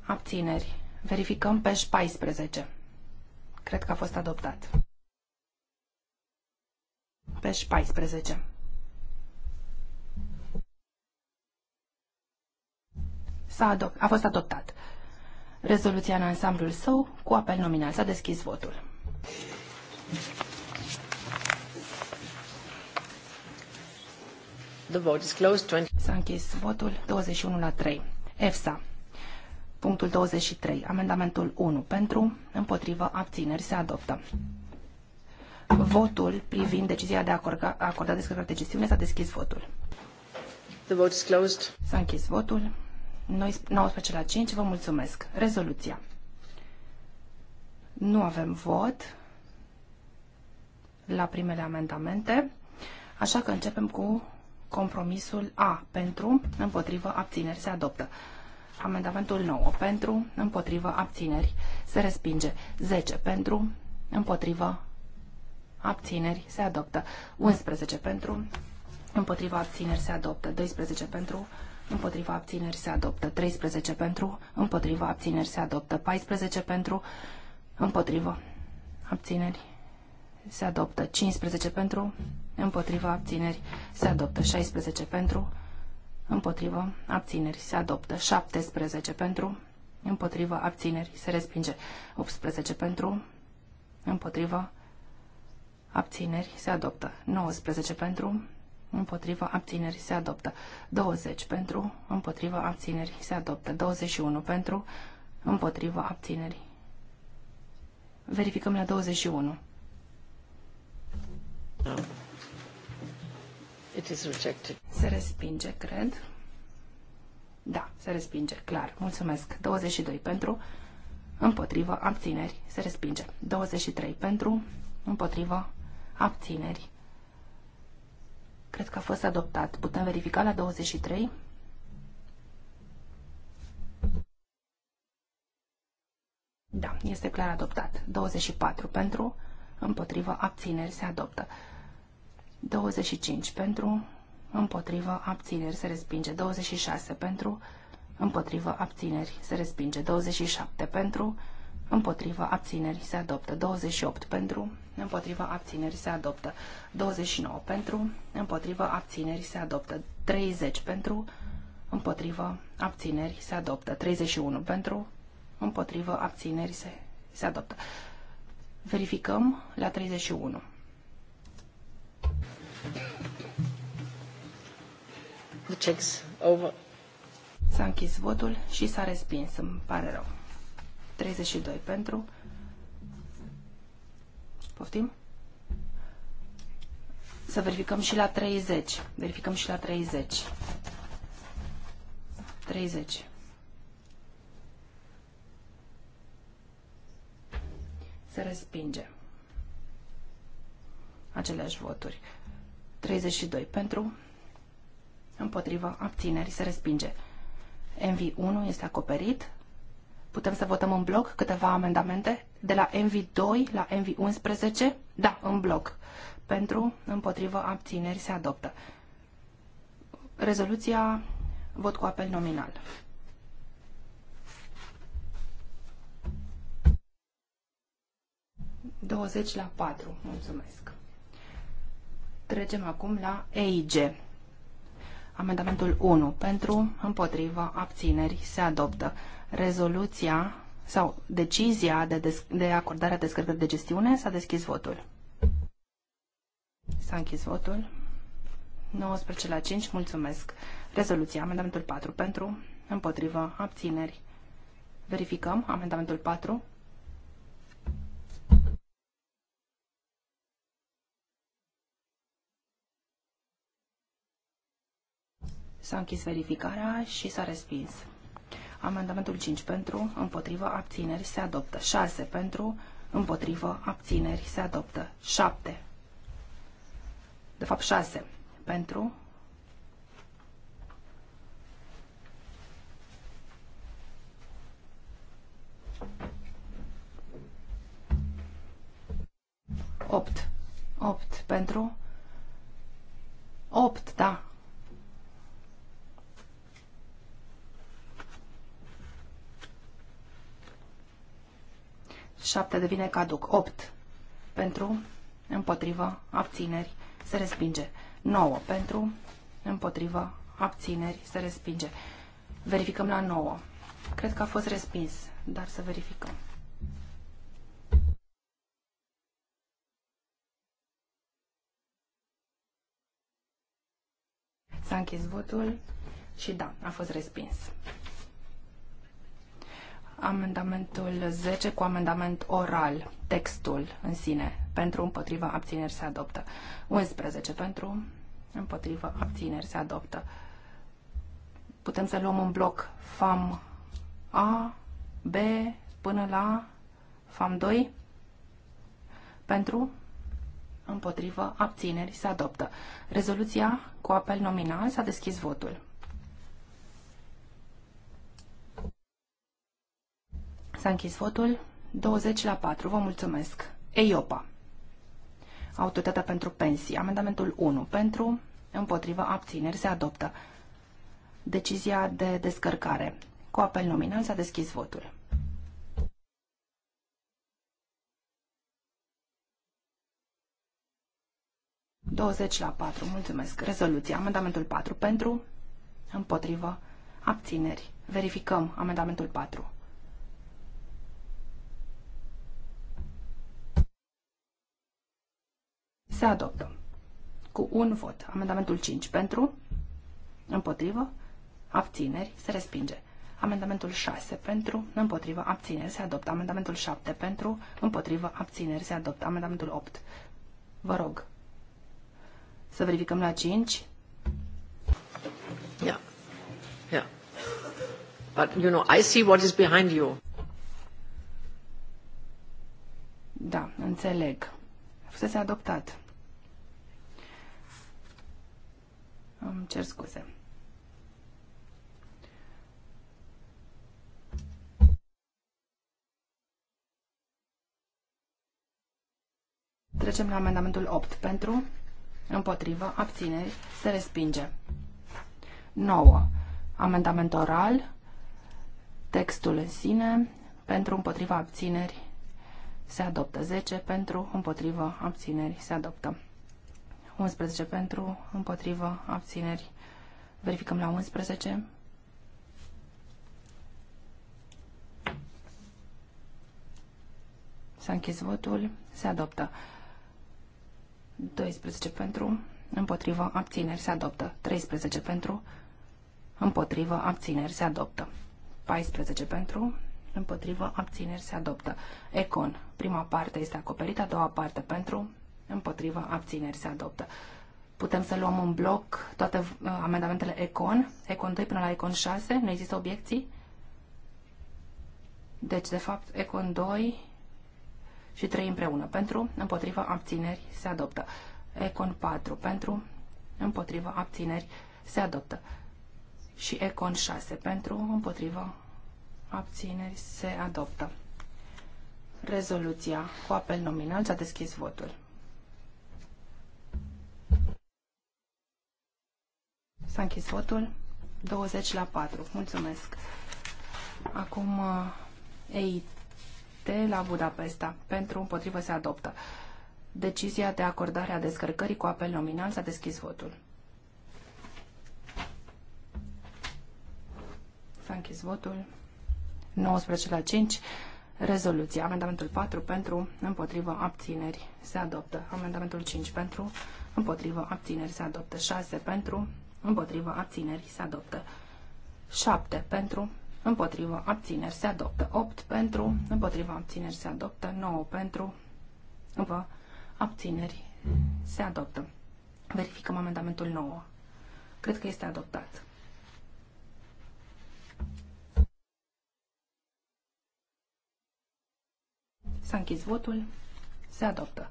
abțineri. Verificăm peș 14. Cred că a fost adoptat. Peș 14. S-a a fost adoptat. Rezoluția în ansamblul său, cu apel nominal, s-a deschis votul. The vote is closed. 20... S-a închis votul 21 la 3. EFSA. Punctul 23. Amendamentul 1. Pentru, împotrivă, abțineri se adoptă. Votul privind decizia de a acorda, acorda descărcare de gestiune s-a deschis votul. The vote is closed. S-a închis votul. 19 la 5. Vă mulțumesc. Rezoluția. Nu avem vot la primele amendamente, așa că începem cu compromisul A pentru, împotrivă, abțineri se adoptă. Amendamentul 9 pentru, împotrivă, abțineri se respinge. 10 pentru, împotrivă, abțineri se adoptă. 11 pentru, împotrivă abțineri se adoptă. 12 pentru, împotriva abțineri se adoptă. 13 pentru, împotriva abțineri se adoptă. 14 pentru, împotriva abțineri se adoptă 15 pentru, împotriva abțineri se adoptă 16 pentru, împotriva abțineri se adoptă 17 pentru, împotriva abțineri se respinge 18 pentru, împotriva abțineri se adoptă 19 pentru, împotriva abțineri se adoptă 20 pentru, împotriva abțineri se adoptă 21 pentru, împotriva abțineri. Verificăm la 21. It is rejected. Se respinge, cred. Da, se respinge, clar. Mulțumesc. 22 pentru, împotrivă, abțineri, se respinge. 23 pentru, împotrivă, abțineri. Cred că a fost adoptat. Putem verifica la 23? Da, este clar adoptat. 24 pentru, împotrivă, abțineri, se adoptă. 25 pentru, împotrivă, abțineri, se respinge. 26 pentru, împotrivă, abțineri, se respinge. 27 pentru, împotrivă, abțineri, se adoptă. 28 pentru, împotrivă, abțineri, se adoptă. 29 pentru, împotrivă, abțineri, se adoptă. 30 pentru, împotrivă, abțineri, se adoptă. 31 pentru, împotrivă, abțineri, se, se adoptă. Verificăm la 31 check's over. S-a închis votul și s-a respins, îmi pare rău. 32 pentru. Poftim? Să verificăm și la 30. Verificăm și la 30. 30. Se respinge. Aceleași voturi. 32 pentru, împotrivă, abțineri, se respinge. MV1 este acoperit. Putem să votăm în bloc câteva amendamente de la MV2 la MV11? Da, în bloc. Pentru, împotrivă, abțineri, se adoptă. Rezoluția, vot cu apel nominal. Douăzeci la patru. Mulțumesc. Trecem acum la EIG. Amendamentul 1. Pentru, împotrivă, abțineri, se adoptă. Rezoluția sau decizia de, des- de acordare a descărcării de gestiune s-a deschis votul. S-a închis votul. 19 la 5, mulțumesc. Rezoluția, amendamentul 4 pentru, împotrivă, abțineri. Verificăm amendamentul 4. S-a închis verificarea și s-a respins. Amendamentul 5 pentru, împotrivă, abțineri, se adoptă. 6 pentru, împotrivă, abțineri, se adoptă. 7. De fapt, 6 pentru, Opt. Opt pentru... Opt, da, 7 devine caduc. 8 pentru, împotrivă, abțineri, se respinge. 9 pentru, împotrivă, abțineri, se respinge. Verificăm la 9. Cred că a fost respins, dar să verificăm. S-a închis votul și da, a fost respins. Amendamentul 10 cu amendament oral, textul în sine, pentru împotriva abțineri se adoptă. 11 pentru împotriva abțineri se adoptă. Putem să luăm un bloc FAM A, B până la FAM 2 pentru împotriva abțineri se adoptă. Rezoluția cu apel nominal s-a deschis votul. S-a închis votul. 20 la 4. Vă mulțumesc. EIOPA. Autoritatea pentru pensii. Amendamentul 1. Pentru, împotrivă, abțineri. Se adoptă. Decizia de descărcare. Cu apel nominal s-a deschis votul. Douăzeci la patru. Mulțumesc. Rezoluția. Amendamentul 4. Pentru, împotrivă, abțineri. Verificăm amendamentul 4. Se adoptă. Cu un vot. Amendamentul 5 pentru, împotrivă, abțineri, se respinge. Amendamentul 6 pentru, împotrivă, abțineri, se adoptă. Amendamentul 7 pentru, împotrivă, abțineri, se adoptă. Amendamentul 8. Vă rog. Să verificăm la 5. Yeah. Yeah. But, you know, I see what is behind you. Da, înțeleg. Fusese adoptat. Îmi cer scuze. Trecem la amendamentul 8. Pentru, împotrivă, abțineri, se respinge. 9. Amendament oral, textul în sine, pentru, împotriva, abțineri, se adoptă. 10. Pentru, împotriva, abțineri, se adoptă. 11 pentru, împotrivă, abțineri. Verificăm la 11. S-a închis votul, se adoptă. 12 pentru, împotrivă, abțineri, se adoptă. 13 pentru, împotrivă, abțineri, se adoptă. 14 pentru, împotrivă, abțineri, se adoptă. Econ, prima parte este acoperită, a doua parte pentru, împotriva, abțineri se adoptă. Putem să luăm în bloc toate uh, amendamentele Econ, Econ 2 până la Econ 6, nu există obiecții? Deci, de fapt, Econ 2 și 3 împreună. Pentru, împotriva, abțineri se adoptă. Econ 4 pentru, împotriva, abțineri se adoptă. Și Econ 6 pentru, împotriva, abțineri se adoptă. Rezoluția cu apel nominal s-a deschis votul. S-a închis votul. 20 la 4. Mulțumesc. Acum uh, EIT la Budapesta. Pentru împotrivă se adoptă. Decizia de acordare a descărcării cu apel nominal s-a deschis votul. S-a închis votul. 19 la 5. Rezoluție. Amendamentul 4 pentru, împotrivă, abțineri se adoptă. Amendamentul 5 pentru, împotrivă, abțineri se adoptă. 6 pentru, împotrivă, abțineri, se adoptă. 7 pentru, împotrivă, abțineri, se adoptă. 8 pentru, împotrivă, abțineri, se adoptă. 9 pentru, împotrivă, abțineri, se adoptă. Verificăm amendamentul 9. Cred că este adoptat. S-a închis votul. Se adoptă.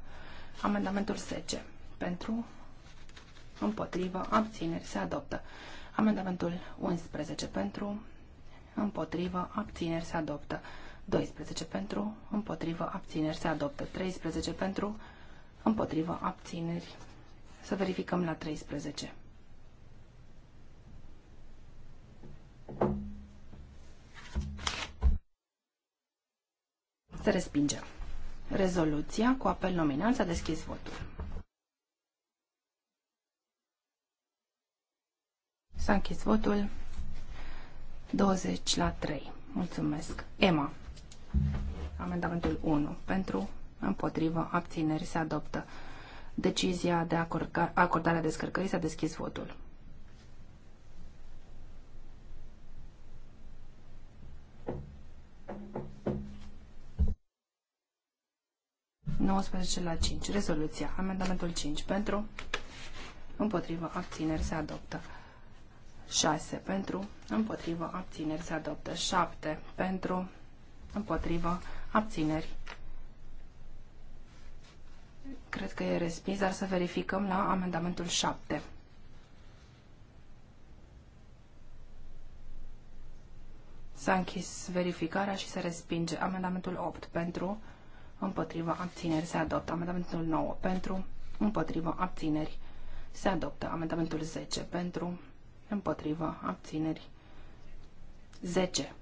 Amendamentul 10. Pentru, împotrivă, abțineri, se adoptă. Amendamentul 11 pentru, împotrivă, abțineri, se adoptă. 12 pentru, împotrivă, abțineri, se adoptă. 13 pentru, împotrivă, abțineri. Să verificăm la 13. Se respinge. Rezoluția cu apel nominal s-a deschis votul. S-a închis votul. 20 la 3. Mulțumesc. Emma. Amendamentul 1. Pentru, împotrivă, abțineri se adoptă. Decizia de acorda, acordarea descărcării s-a deschis votul. la 5. Rezoluția. Amendamentul 5. Pentru, împotrivă, abțineri se adoptă. 6 pentru, împotrivă, abțineri se adoptă. 7 pentru, împotrivă, abțineri. Cred că e respins, dar să verificăm la amendamentul 7. S-a închis verificarea și se respinge amendamentul 8 pentru, împotriva abțineri se adoptă amendamentul 9 pentru, împotriva abțineri se adoptă amendamentul 10 pentru, împotrivă, abțineri. 10.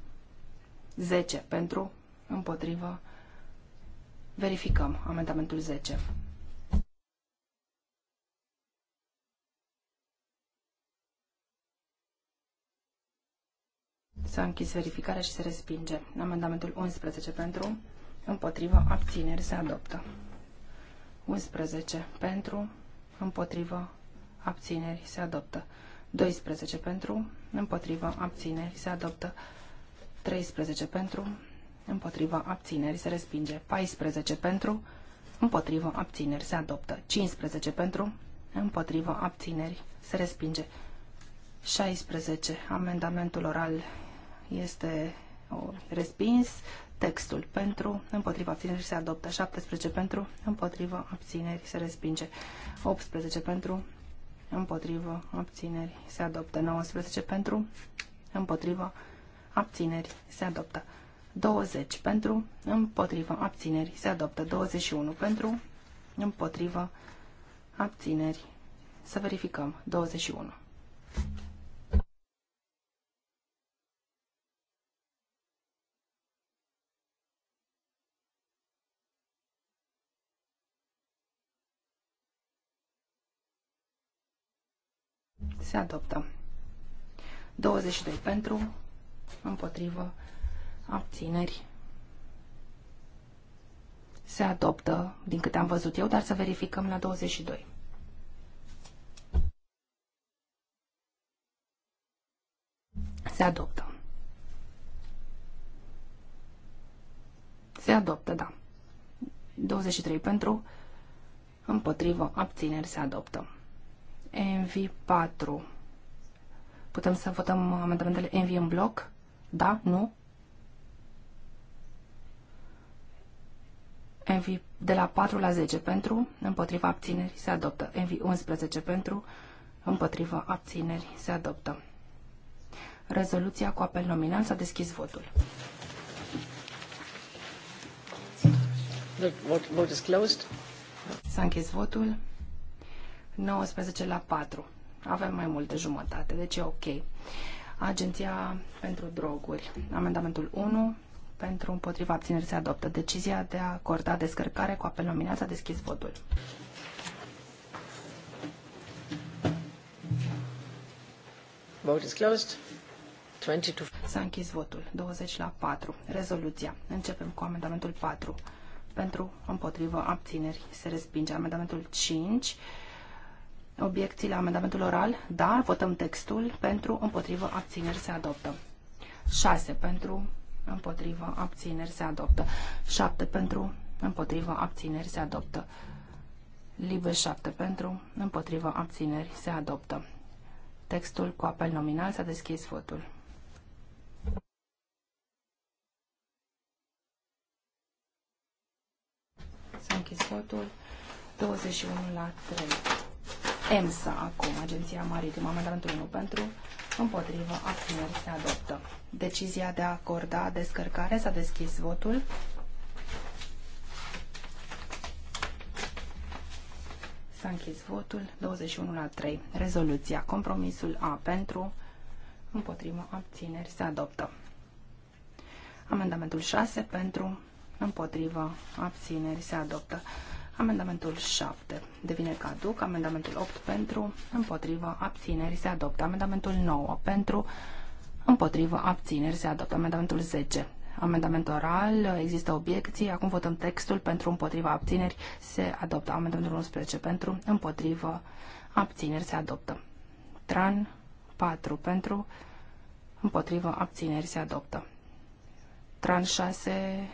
10 pentru, împotrivă. Verificăm amendamentul 10. S-a închis verificarea și se respinge. Amendamentul 11 pentru, împotrivă, abțineri, se adoptă. 11 pentru, împotrivă, abțineri, se adoptă. 12 pentru, împotrivă, abțineri se adoptă 13 pentru, împotrivă, abțineri se respinge 14 pentru, împotrivă, abțineri se adoptă 15 pentru, împotrivă, abțineri se respinge 16. Amendamentul oral este respins. Textul pentru, împotriva abțineri se adoptă 17 pentru, împotriva abțineri se respinge 18 pentru, împotrivă, abțineri, se adoptă. 19 pentru, împotrivă, abțineri, se adoptă. 20 pentru, împotrivă, abțineri, se adoptă. 21 pentru, împotrivă, abțineri. Să verificăm. 21. se adoptă. 22 pentru, împotrivă, abțineri, se adoptă, din câte am văzut eu, dar să verificăm la 22. Se adoptă. Se adoptă, da. 23 pentru, împotrivă, abțineri, se adoptă. NV4. Putem să votăm amendamentele NV în bloc? Da? Nu? NV de la 4 la 10 pentru, împotriva abținerii se adoptă. NV 11 pentru, împotriva abținerii se adoptă. Rezoluția cu apel nominal s-a deschis votul. S-a închis votul. 19 la 4. Avem mai mult de jumătate, deci e ok. Agenția pentru droguri. Amendamentul 1 pentru împotriva abțineri se adoptă decizia de a acorda descărcare cu apel nominal. S-a deschis votul. Vote is closed. 22. S-a închis votul. 20 la 4. Rezoluția. Începem cu amendamentul 4. Pentru, împotriva abțineri se respinge. Amendamentul 5 obiecții la amendamentul oral, dar votăm textul pentru împotrivă abțineri se adoptă. 6 pentru împotrivă abțineri se adoptă. 7 pentru împotrivă abțineri se adoptă. Liber 7 pentru împotrivă abțineri se adoptă. Textul cu apel nominal s-a deschis votul. S-a închis votul 21 la 3. EMSA acum, Agenția Maritimă, amendamentul 1 pentru, împotrivă, abțineri, se adoptă. Decizia de a acorda descărcare s-a deschis votul. S-a închis votul 21 la 3. Rezoluția. Compromisul A pentru, împotrivă, abțineri, se adoptă. Amendamentul 6 pentru, împotrivă, abțineri, se adoptă. Amendamentul 7 devine caduc. Amendamentul 8 pentru, împotrivă, abțineri se adoptă. Amendamentul 9 pentru, împotrivă, abțineri se adoptă. Amendamentul 10. Amendament oral, există obiecții, acum votăm textul pentru împotriva abțineri, se adoptă. Amendamentul 11 pentru împotrivă abțineri, se adoptă. Tran 4 pentru împotrivă abțineri, se adoptă. Tran 6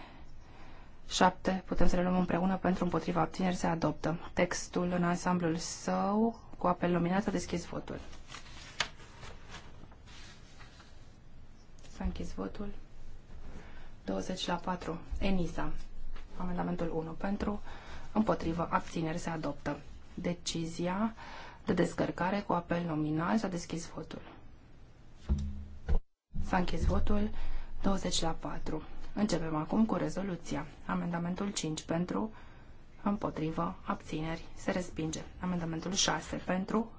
7. Putem să le luăm împreună pentru împotriva obțineri se adoptă. Textul în ansamblul său cu apel luminat a deschis votul. S-a închis votul. 20 la 4. Enisa. Amendamentul 1 pentru împotrivă abțineri se adoptă. Decizia de descărcare cu apel nominal s-a deschis votul. S-a închis votul 20 la 4. Începem acum cu rezoluția. Amendamentul 5 pentru, împotrivă, abțineri, se respinge. Amendamentul 6 pentru,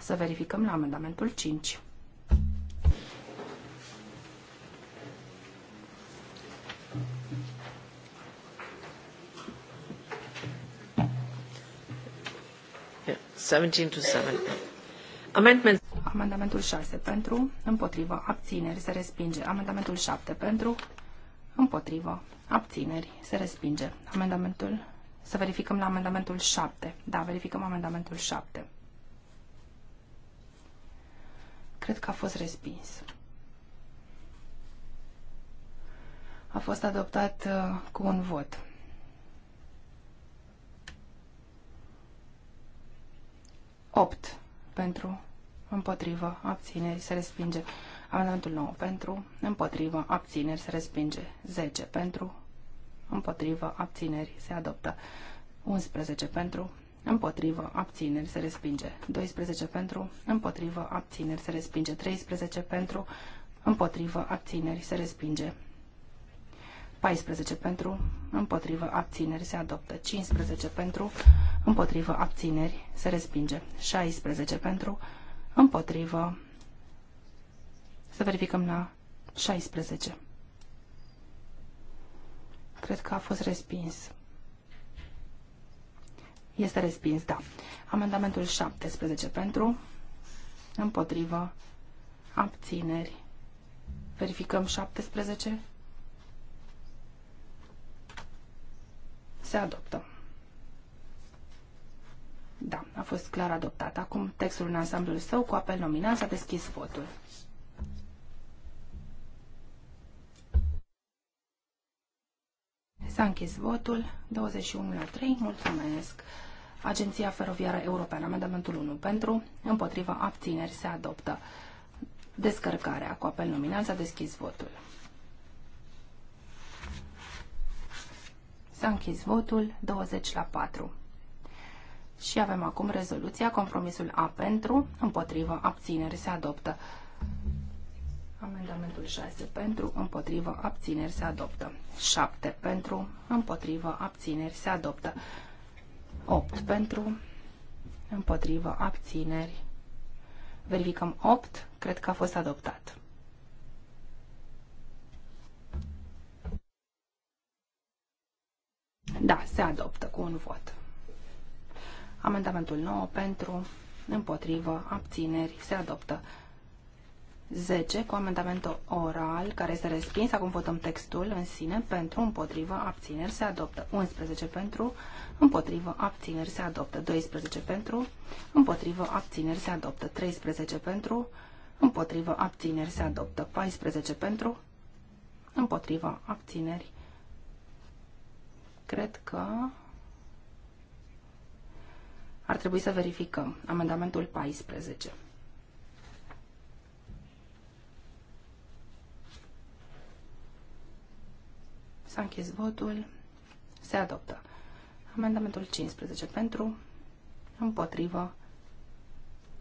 să verificăm la amendamentul 5. Yeah, 17 to 7. Amendment Amendamentul 6 pentru, împotrivă, abțineri, se respinge. Amendamentul 7 pentru, împotrivă, abțineri, se respinge. Amendamentul, să verificăm la amendamentul 7. Da, verificăm amendamentul 7. Cred că a fost respins. A fost adoptat uh, cu un vot. Opt pentru împotrivă, abțineri, se respinge. Amendamentul 9 pentru, împotrivă, abțineri, se respinge. 10 pentru, împotrivă, abțineri, se adoptă. 11 pentru, împotrivă, abțineri, se respinge. 12 pentru, împotrivă, abțineri, se respinge. 13 pentru, împotrivă, abțineri, se respinge. 14 pentru, împotrivă, abțineri, se adoptă. 15 pentru, împotrivă, abțineri, se respinge. 16 pentru, Împotrivă. Să verificăm la 16. Cred că a fost respins. Este respins, da. Amendamentul 17 pentru, împotrivă, abțineri. Verificăm 17. Se adoptă. Da, a fost clar adoptat. Acum textul în ansamblul său cu apel nominal s-a deschis votul. S-a închis votul, 21 la 3, mulțumesc. Agenția Feroviară Europeană, amendamentul 1 pentru, împotriva abțineri se adoptă. Descărcarea cu apel nominal s-a deschis votul. S-a închis votul, 20 la 4. Și avem acum rezoluția, compromisul A pentru, împotrivă, abțineri, se adoptă. Amendamentul 6 pentru, împotrivă, abțineri, se adoptă. 7 pentru, împotrivă, abțineri, se adoptă. 8 pentru, împotrivă, abțineri. Verificăm 8, cred că a fost adoptat. Da, se adoptă cu un vot. Amendamentul 9 pentru, împotrivă, abțineri, se adoptă. 10 cu amendamentul oral care este respins. Acum votăm textul în sine pentru, împotrivă, abțineri, se adoptă. 11 pentru, împotrivă, abțineri, se adoptă. 12 pentru, împotrivă, abțineri, se adoptă. 13 pentru, împotrivă, abțineri, se adoptă. 14 pentru, împotrivă, abțineri. Cred că ar trebui să verificăm. Amendamentul 14. S-a închis votul. Se adoptă. Amendamentul 15 pentru, împotrivă,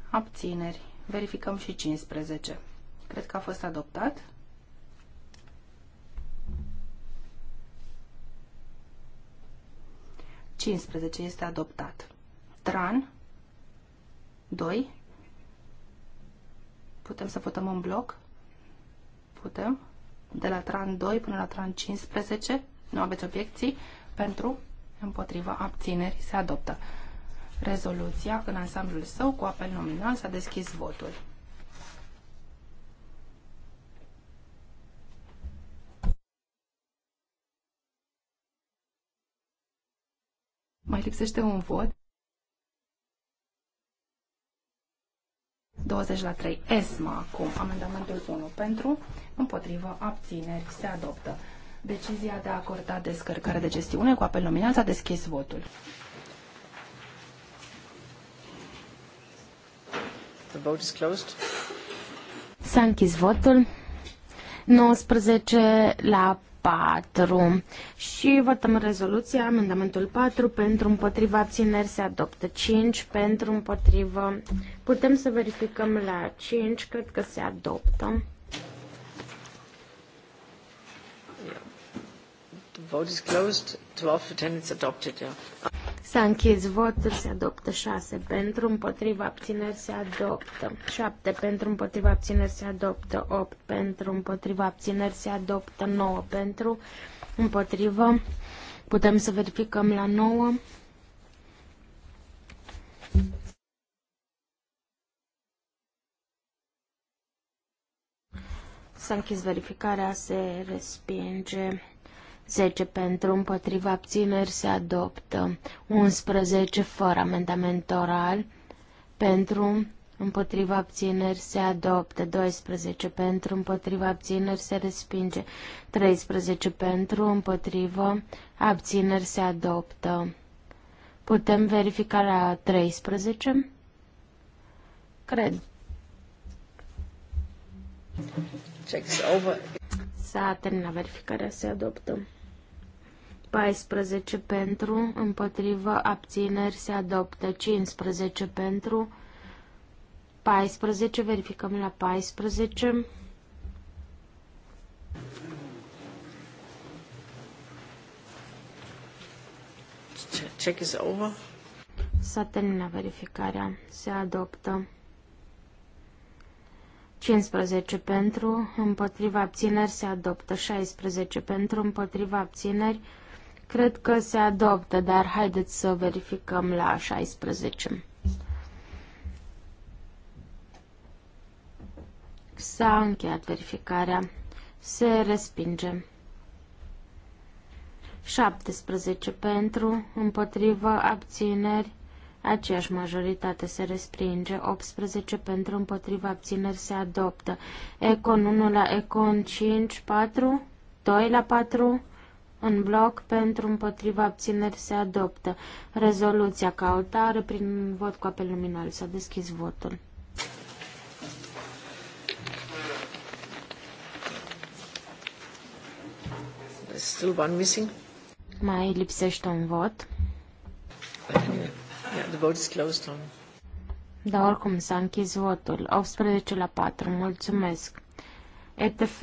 abțineri. Verificăm și 15. Cred că a fost adoptat. Cincisprezece este adoptat. TRAN 2. Putem să votăm în bloc? Putem. De la TRAN 2 până la TRAN 15. Nu aveți obiecții. Pentru, împotriva, abțineri, se adoptă. Rezoluția în ansamblul său cu apel nominal s-a deschis votul. Mai lipsește un vot. 20 la 3. ESMA acum. Amendamentul 1 pentru, împotrivă, abțineri, se adoptă. Decizia de a acorda descărcare de gestiune cu apel nominal s-a deschis votul. The vote is closed. S-a închis votul. 19 la 4. Și votăm rezoluția, amendamentul 4, pentru împotriva abțineri se adoptă 5, pentru împotrivă. Putem să verificăm la 5, cred că se adoptă. The vote is closed. 12 for 10 it's adopted, yeah. S-a închis votul, se adoptă 6 pentru, împotriva abțineri se adoptă 7 pentru, împotriva abțineri se adoptă 8 pentru, împotriva abțineri se adoptă 9 pentru, împotriva. Putem să verificăm la 9. S-a închis verificarea, se respinge 10 pentru, împotriva abțineri se adoptă. 11 fără amendament oral pentru, împotriva abțineri se adoptă. 12 pentru, împotriva abțineri se respinge. 13 pentru, împotriva abțineri se adoptă. Putem verifica la 13? Cred. Checks over. S-a terminat verificarea, se adoptă. 14 pentru, împotrivă, abțineri, se adoptă. 15 pentru, 14, verificăm la 14. Check is over. S-a terminat verificarea. Se adoptă. 15 pentru, împotriva abțineri se adoptă. 16 pentru, împotriva abțineri cred că se adoptă, dar haideți să verificăm la 16. S-a încheiat verificarea. Se respinge. 17 pentru, împotriva abțineri, Aceeași majoritate se respinge, 18 pentru împotriva abțineri se adoptă. Econ 1 la Econ 5, 4, 2 la 4, în bloc pentru împotriva abțineri se adoptă. Rezoluția ca altare prin vot cu apel luminal. S-a deschis votul. Still one missing. Mai lipsește un vot. Yeah, the vote is closed on. Da, oricum s-a închis votul. 18 la 4. Mulțumesc. ETF.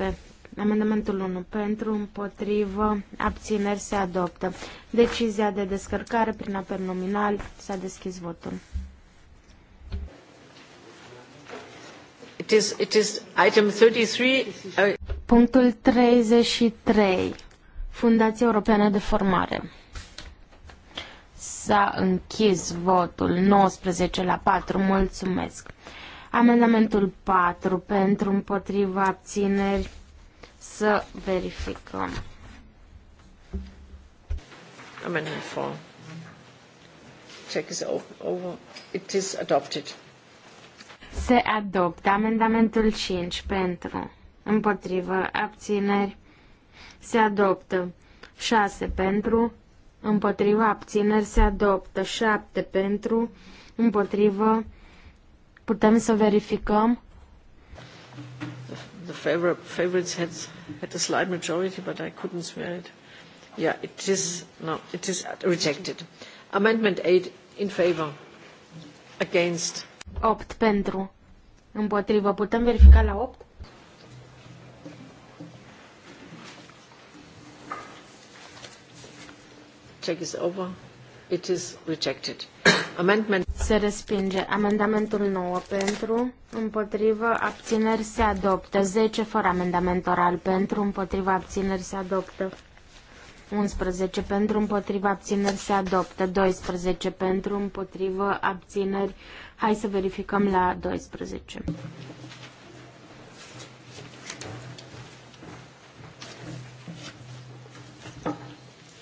Amendamentul 1. Pentru, împotrivă, abțineri se adoptă. Decizia de descărcare prin apel nominal. S-a deschis votul. It is, it is item 33. Uh, Punctul 33. Fundația Europeană de Formare. S-a închis votul 19 la 4. Mulțumesc. Amendamentul 4 pentru împotriva abțineri să verificăm. Amendment 4. Check is over. It is adopted. Se adoptă amendamentul 5 pentru împotriva abțineri. Se adoptă 6 pentru împotriva abțineri se adoptă, 7 pentru, împotrivă, putem să verificăm. The favorite, favorites had, had a slight majority, but I couldn't swear it. Yeah, it is, no, it is rejected. Amendment 8 in favor, against. 8 pentru, împotrivă, putem verifica la 8? check is over. It is rejected. Amendment. Se respinge. Amendamentul 9 pentru, împotrivă, abțineri se adoptă. 10 fără amendament oral pentru, împotrivă, abțineri se adoptă. 11 pentru, împotrivă, abțineri se adoptă. 12 pentru, împotrivă, abțineri. Hai să verificăm la 12.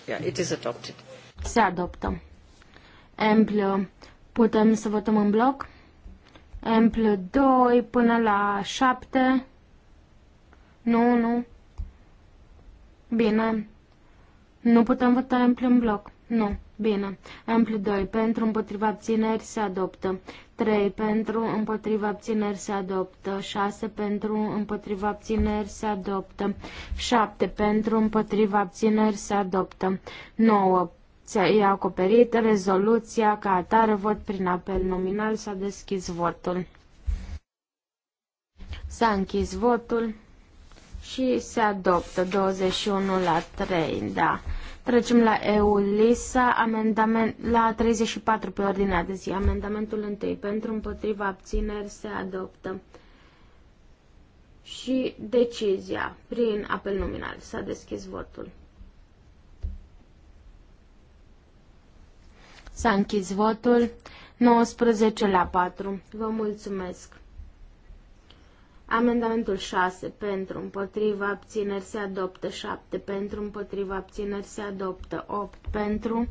Yeah, it is adopted. Se adoptă. Ample, putem să votăm în bloc? Ample 2 până la 7. Nu, nu. Bine. Nu putem vota ample în bloc. Nu. Bine. Ampli 2. Pentru împotriva abțineri se adoptă. 3. Pentru împotriva abțineri se adoptă. 6. Pentru împotriva abțineri se adoptă. 7. Pentru împotriva abțineri se adoptă. 9. E acoperit rezoluția ca atare vot prin apel nominal. S-a deschis votul. S-a închis votul și se adoptă 21 la 3, da. Trecem la EULISA, amendament, la 34 pe ordinea de zi, amendamentul 1. Pentru împotriva abțineri se adoptă. Și decizia prin apel nominal. S-a deschis votul. S-a închis votul 19 la 4. Vă mulțumesc! Amendamentul 6 pentru împotriva abțineri se adoptă, 7 pentru împotriva abțineri se adoptă, 8 pentru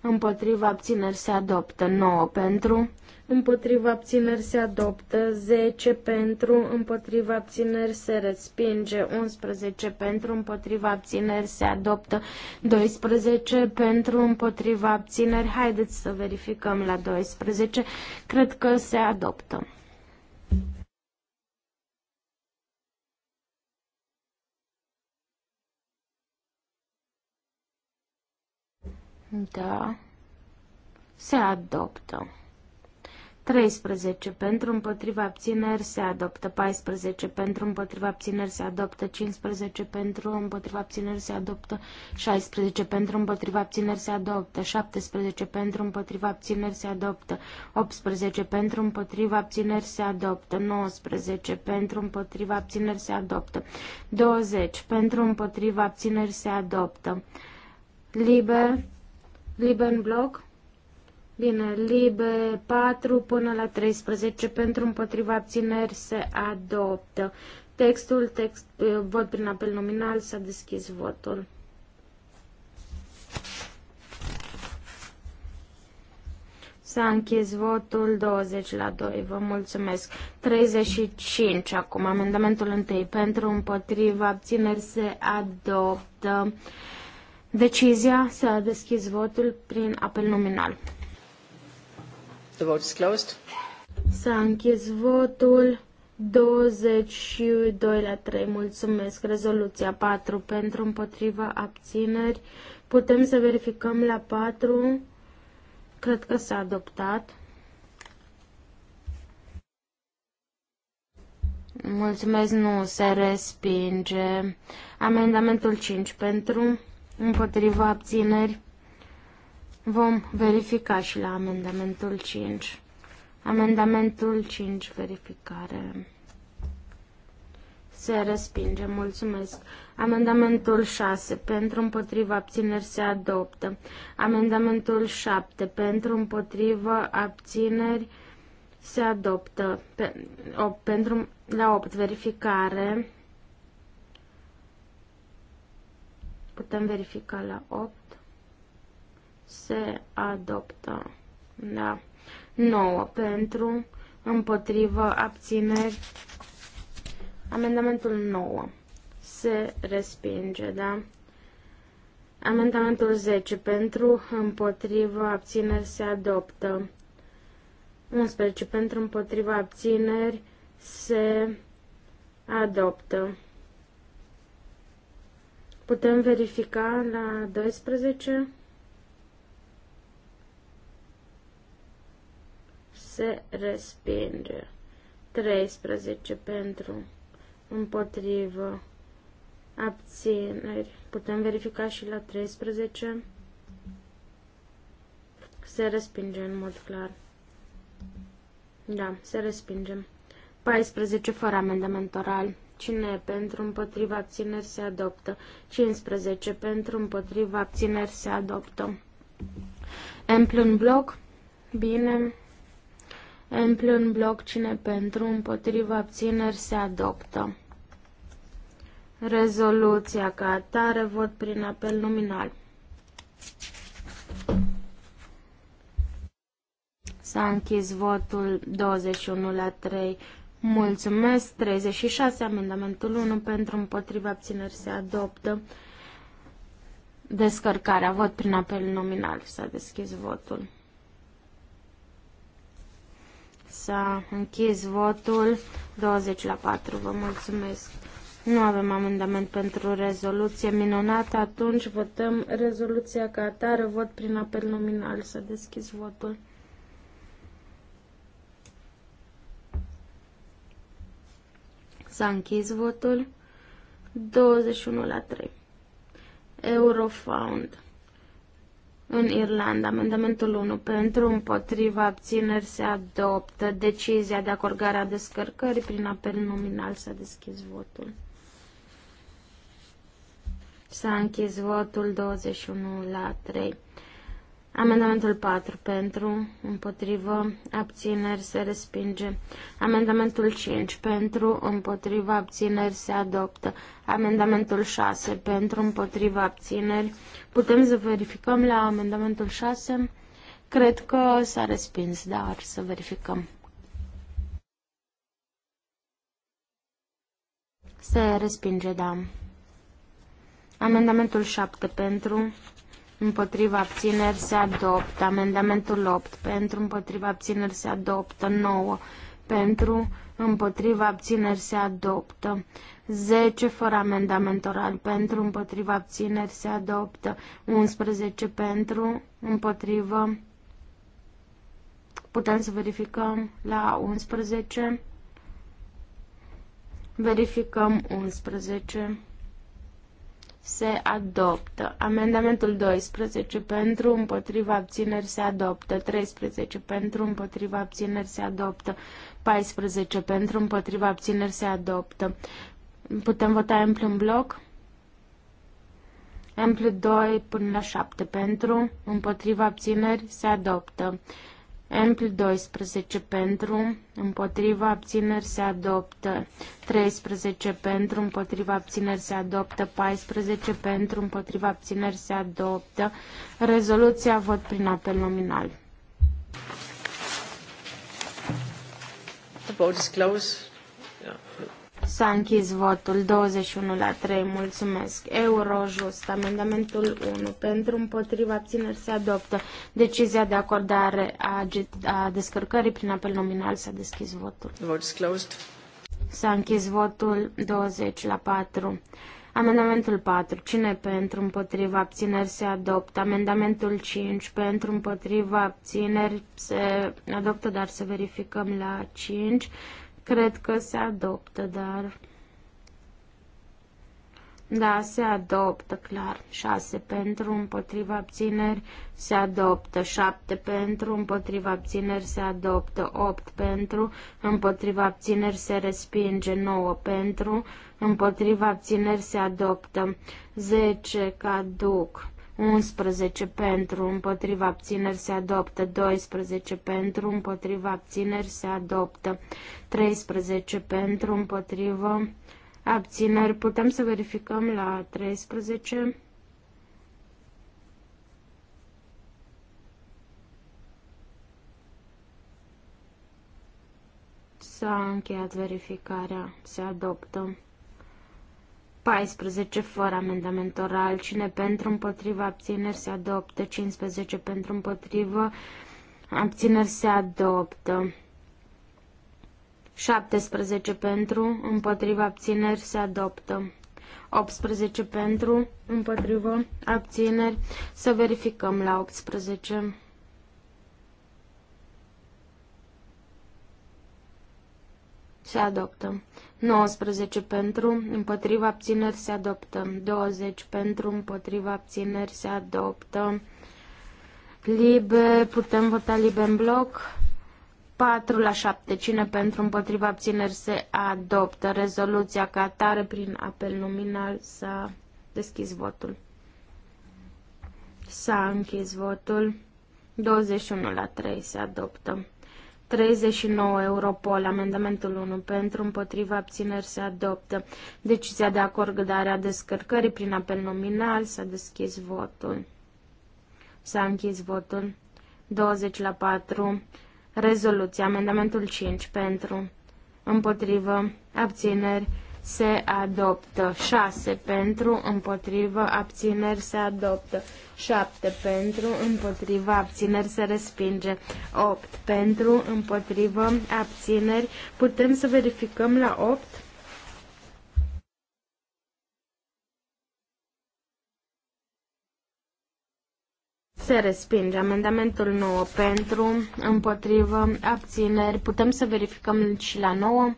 împotriva abțineri se adoptă, 9 pentru împotriva abțineri se adoptă, 10 pentru împotriva abțineri se respinge, 11 pentru împotriva abțineri se adoptă, 12 pentru împotriva abțineri. Haideți să verificăm la 12. Cred că se adoptă. Da. Se adoptă. 13 pentru împotriva abțineri se adoptă, 14 pentru împotriva abțineri se adoptă, 15 pentru împotriva abțineri se adoptă, 16 pentru împotriva abțineri se adoptă, 17 pentru împotriva abțineri se adoptă, 18 pentru împotriva abțineri se adoptă, 19 pentru împotriva abțineri se adoptă, 20 pentru împotriva abțineri se adoptă. Liber Liben în bloc? Bine, libe 4 până la 13 pentru împotriva abțineri se adoptă. Textul, text, eh, vot prin apel nominal, s-a deschis votul. S-a închis votul 20 la 2. Vă mulțumesc. 35 acum. Amendamentul 1 pentru împotriva abțineri se adoptă. Decizia să a deschis votul prin apel nominal. The vote is closed. S-a închis votul 22 la 3. Mulțumesc. Rezoluția 4 pentru împotriva abțineri. Putem să verificăm la 4. Cred că s-a adoptat. Mulțumesc, nu se respinge. Amendamentul 5 pentru împotriva abțineri. Vom verifica și la amendamentul 5. Amendamentul 5, verificare. Se respinge, mulțumesc. Amendamentul 6, pentru împotriva abțineri se adoptă. Amendamentul 7, pentru împotriva abțineri se adoptă. Pe, op, pentru, la 8, verificare. Putem verifica la 8. Se adoptă. Da. 9 pentru, împotrivă, abțineri. Amendamentul 9 se respinge, da? Amendamentul 10 pentru, împotrivă, abțineri se adoptă. 11 pentru, împotrivă, abțineri se adoptă. Putem verifica la 12. Se respinge. 13 pentru împotrivă abțineri. Putem verifica și la 13. Se respinge în mod clar. Da, se respinge. 14 fără amendament oral. Cine pentru împotriva abțineri se adoptă. 15 pentru împotriva abțineri se adoptă. În în bloc. Bine. În în bloc. Cine pentru împotriva abțineri se adoptă. Rezoluția ca atare vot prin apel nominal. S-a închis votul 21 la 3 Mulțumesc. 36. Amendamentul 1 pentru împotriva abțineri se adoptă. Descărcarea. Vot prin apel nominal. S-a deschis votul. S-a închis votul. 20 la 4. Vă mulțumesc. Nu avem amendament pentru rezoluție minunată. Atunci votăm rezoluția ca atare. Vot prin apel nominal. S-a deschis votul. S-a închis votul. 21 la 3. Eurofound. În Irlanda, amendamentul 1 pentru împotriva abțineri se adoptă. Decizia de acordare a descărcării prin apel nominal s-a deschis votul. S-a închis votul 21 la 3. Amendamentul 4 pentru, împotrivă, abțineri se respinge. Amendamentul 5 pentru, împotrivă, abțineri se adoptă. Amendamentul 6 pentru, împotrivă, abțineri. Putem să verificăm la amendamentul 6? Cred că s-a respins, dar să verificăm. Se respinge, da. Amendamentul 7 pentru, împotriva abțineri se adoptă. Amendamentul 8 pentru împotriva abțineri se adoptă. 9 pentru împotriva abțineri se adoptă. 10 fără amendament oral pentru împotriva abțineri se adoptă. 11 pentru împotriva putem să verificăm la 11 verificăm 11 se adoptă. Amendamentul 12 pentru, împotriva abțineri se adoptă. 13 pentru, împotriva abțineri se adoptă. 14 pentru, împotriva abțineri se adoptă. Putem vota amplu în bloc? Amplu 2 până la 7 pentru, împotriva abțineri se adoptă. Ampl 12 pentru, împotriva abțineri se adoptă 13 pentru, împotriva abțineri se adoptă 14 pentru, împotriva abțineri se adoptă. Rezoluția vot prin apel nominal. The vote is closed. Yeah. S-a închis votul 21 la 3. Mulțumesc. Euro just. Amendamentul 1. Pentru împotriva abțineri se adoptă. Decizia de acordare a, a descărcării prin apel nominal s-a deschis votul. Votes closed. S-a închis votul 20 la 4. Amendamentul 4. Cine pentru împotriva abțineri se adoptă? Amendamentul 5. Pentru împotriva abțineri se adoptă, dar să verificăm la 5. Cred că se adoptă, dar... Da, se adoptă, clar. 6 pentru, împotriva abțineri, se adoptă. 7 pentru, împotriva abțineri, se adoptă. 8 pentru, împotriva abțineri, se respinge. 9 pentru, împotriva abțineri, se adoptă. 10 caduc. 11 pentru, împotriva abțineri se adoptă, 12 pentru, împotriva abțineri se adoptă, 13 pentru, împotriva abțineri. Putem să verificăm la 13. S-a încheiat verificarea, se adoptă. 14 fără amendament oral, cine pentru împotriva abțineri se adoptă, 15 pentru împotrivă abțineri se adoptă, 17 pentru împotriva abțineri se adoptă, 18 pentru împotriva abțineri să verificăm la 18. se adoptă. 19 pentru, împotriva abțineri se adoptă. 20 pentru, împotriva abțineri se adoptă. liber putem vota liber în bloc. 4 la 7. Cine pentru împotriva abțineri se adoptă? Rezoluția ca atare prin apel nominal s-a deschis votul. S-a închis votul. 21 la 3 se adoptă. 39 Europol, amendamentul 1 pentru, împotriva abțineri se adoptă. Decizia de acord acordarea descărcării prin apel nominal s-a deschis votul. S-a închis votul. 20 la 4. Rezoluție. Amendamentul 5 pentru, împotrivă, abțineri se adoptă. 6 pentru, împotrivă, abțineri se adoptă. 7 pentru, împotrivă, abțineri se respinge. 8 pentru, împotrivă, abțineri. Putem să verificăm la 8? Se respinge amendamentul 9 pentru, împotrivă, abțineri. Putem să verificăm și la 9?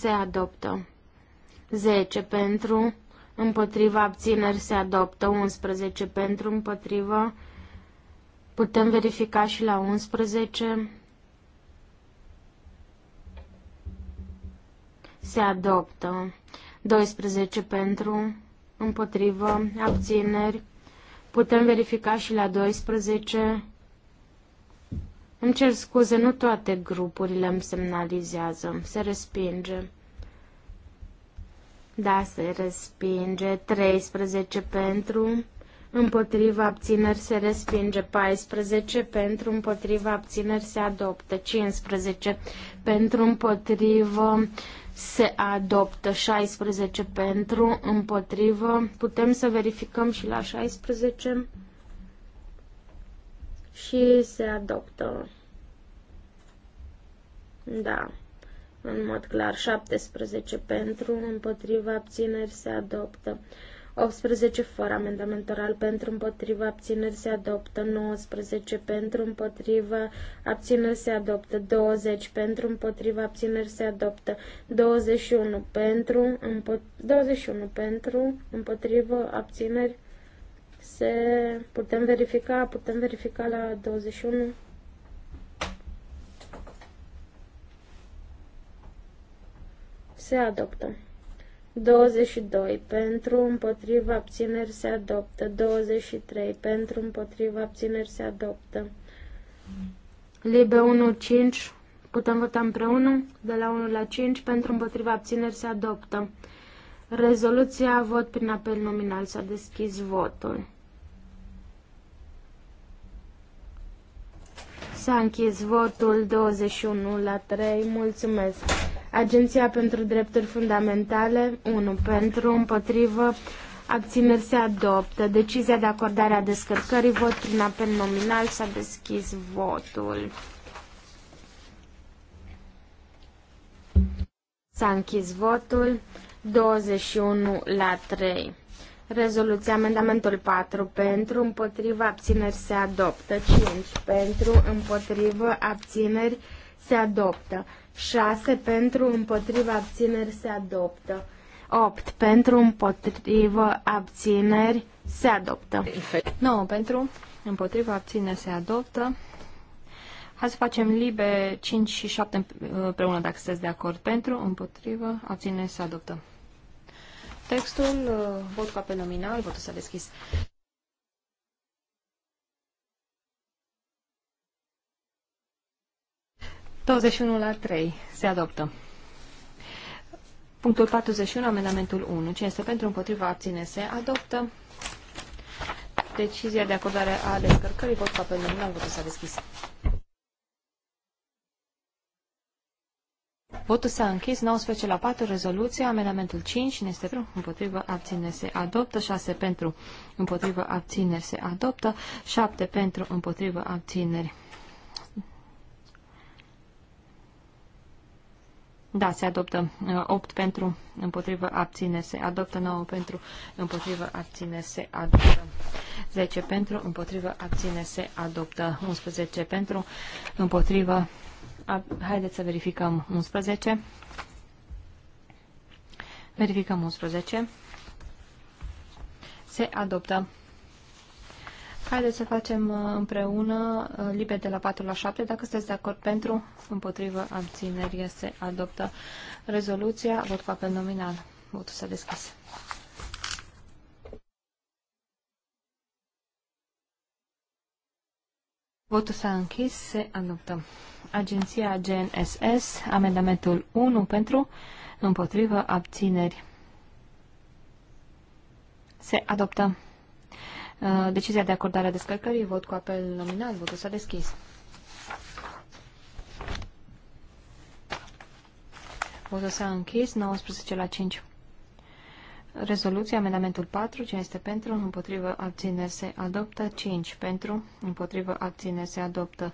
se adoptă. 10 pentru, împotriva abțineri se adoptă. 11 pentru, împotriva. Putem verifica și la 11. Se adoptă. 12 pentru, împotrivă, abțineri. Putem verifica și la 12. Îmi cer scuze, nu toate grupurile îmi semnalizează. Se respinge. Da, se respinge. 13 pentru. Împotriva abțineri se respinge 14, pentru împotriva abțineri se adoptă 15, pentru împotrivă se adoptă 16, pentru împotrivă. Putem să verificăm și la 16? și se adoptă. Da. În mod clar, 17 pentru, împotriva abțineri se adoptă. 18 fără amendament oral pentru împotriva abțineri se adoptă, 19 pentru împotriva abțineri se adoptă, 20 pentru împotriva abțineri se adoptă, 21 pentru, împo- 21 pentru împotriva abțineri se putem verifica, putem verifica la 21. Se adoptă. 22 pentru împotriva abțineri se adoptă. 23 pentru împotriva abțineri se adoptă. Libe 1-5 putem vota împreună de la 1 la 5 pentru împotriva abțineri se adoptă. Rezoluția vot prin apel nominal. S-a deschis votul. S-a închis votul 21 la 3. Mulțumesc. Agenția pentru Drepturi Fundamentale 1 pentru, împotrivă, abțineri se adoptă. Decizia de acordare a descărcării, vot prin apel nominal, s-a deschis votul. S-a închis votul. 21 la 3. Rezoluția amendamentul 4 pentru, împotriva abțineri se adoptă. 5 pentru, împotriva abțineri se adoptă. 6 pentru, împotriva abțineri se adoptă. 8 pentru, împotriva abțineri se adoptă. 9 pentru, împotriva abțineri se adoptă. Hai să facem libe 5 și 7 împreună dacă sunteți de acord. Pentru, împotriva abțineri se adoptă textul, uh, vot cu apel nominal, votul s-a deschis. la 3 se adoptă. Punctul 41, amendamentul 1. Cine este pentru, împotriva, abține, se adoptă. Decizia de acordare a descărcării, vot ca pe nominal, votul s-a deschis. Votul s-a închis, 19 la 4, rezoluția, amendamentul 5, cine este pentru, împotrivă, abțineri se adoptă, 6 pentru, împotrivă, abțineri se adoptă, 7 pentru, împotrivă, abțineri. Da, se adoptă 8 uh, pentru, împotrivă, abțineri se adoptă, 9 pentru, împotrivă, abțineri se adoptă. 10 pentru, împotrivă, abține se adoptă, 11 pentru, împotrivă, Haideți să verificăm 11. Verificăm 11. Se adoptă. Haideți să facem uh, împreună uh, libe de la 4 la 7, dacă sunteți de acord pentru, împotrivă, abținerie, se adoptă rezoluția, vot cu apel nominal. Votul s-a deschis. Votul s-a închis, se adoptă. Agenția GNSS, amendamentul 1 pentru, împotrivă, abțineri. Se adoptă. Uh, decizia de acordare a descărcării, vot cu apel nominal, votul s-a deschis. Votul s-a închis, 19 la 5. Rezoluția, amendamentul 4, cine este pentru, împotrivă, abține, se adoptă. 5 pentru, împotrivă, abține, se adoptă.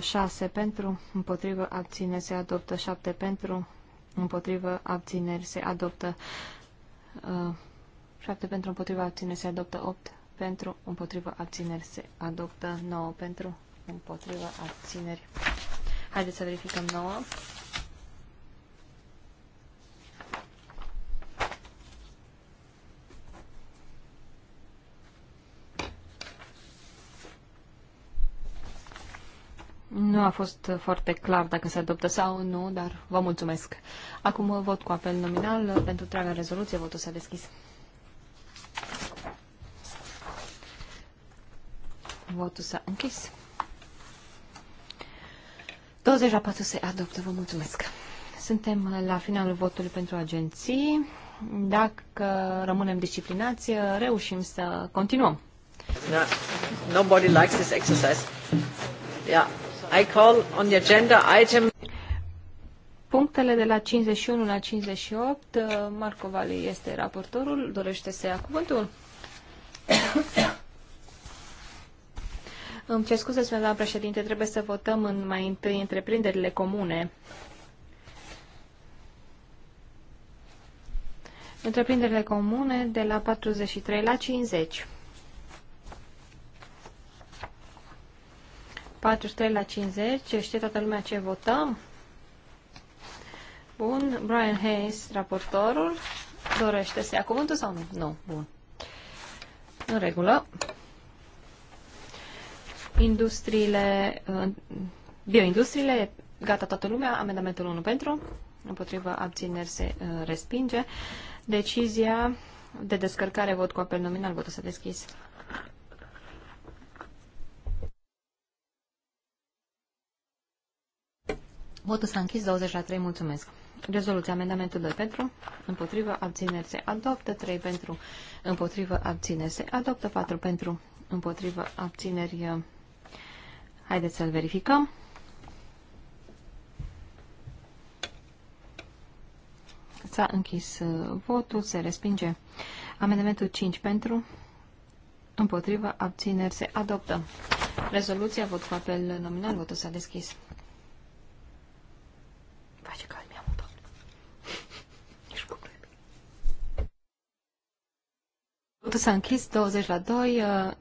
6 pentru, împotrivă, abține, se adoptă. 7 pentru, împotrivă, abțineri, se adoptă. 7 pentru, împotrivă, abține, se adoptă. 8 pentru, împotrivă, abțineri, se adoptă. 9 uh, uh, pentru, împotrivă, abțineri. Haideți să verificăm 9. Nu a fost foarte clar dacă se adoptă sau nu, dar vă mulțumesc. Acum vot cu apel nominal pentru întreaga rezoluție. Votul s-a deschis. Votul s-a închis. 24 se adoptă. Vă mulțumesc. Suntem la finalul votului pentru agenții. Dacă rămânem disciplinați, reușim să continuăm. No, nobody likes this exercise. Yeah. I call on the agenda item Punctele de la 51 la 58, uh, Marco Vali este raportorul, dorește să ia cuvântul. Îmi cer scuze, doamna președinte, trebuie să votăm în mai întâi întreprinderile comune. Întreprinderile comune de la 43 la 50. 43 la 50. Știe toată lumea ce votăm? Bun. Brian Hayes, raportorul, dorește să ia cuvântul sau nu? Nu. Bun. În regulă. Industriile, bioindustriile, gata toată lumea, amendamentul 1 pentru, împotriva abțineri se uh, respinge. Decizia de descărcare, vot cu apel nominal, votul s-a deschis. Votul s-a închis 20 la 3. Mulțumesc. Rezoluția amendamentul 2 pentru, împotrivă, abțineri se adoptă, 3 pentru, împotrivă, abțineri se adoptă, 4 pentru, împotrivă, abțineri. Haideți să-l verificăm. S-a închis uh, votul, se respinge. Amendamentul 5 pentru, împotrivă, abțineri se adoptă. Rezoluția, vot cu apel nominal, votul s-a deschis. Vai de calma, amor. Desculpe. Votul s-a închis, 20 la 2. Uh,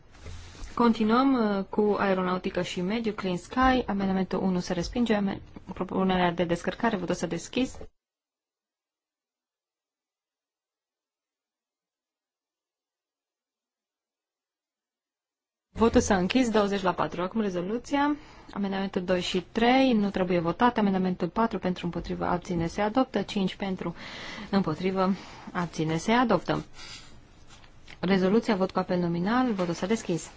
continuăm uh, cu aeronautică și mediu, Clean Sky, amendamentul 1 se respinge, propunerea de descărcare, votul s-a deschis. Votul s-a închis, 20 la 4. Acum rezoluția. Amendamentul 2 și 3 nu trebuie votate. Amendamentul 4 pentru împotrivă abține se adoptă. 5 pentru împotrivă abține se adoptă. Rezoluția, vot cu apel nominal, votul s-a deschis.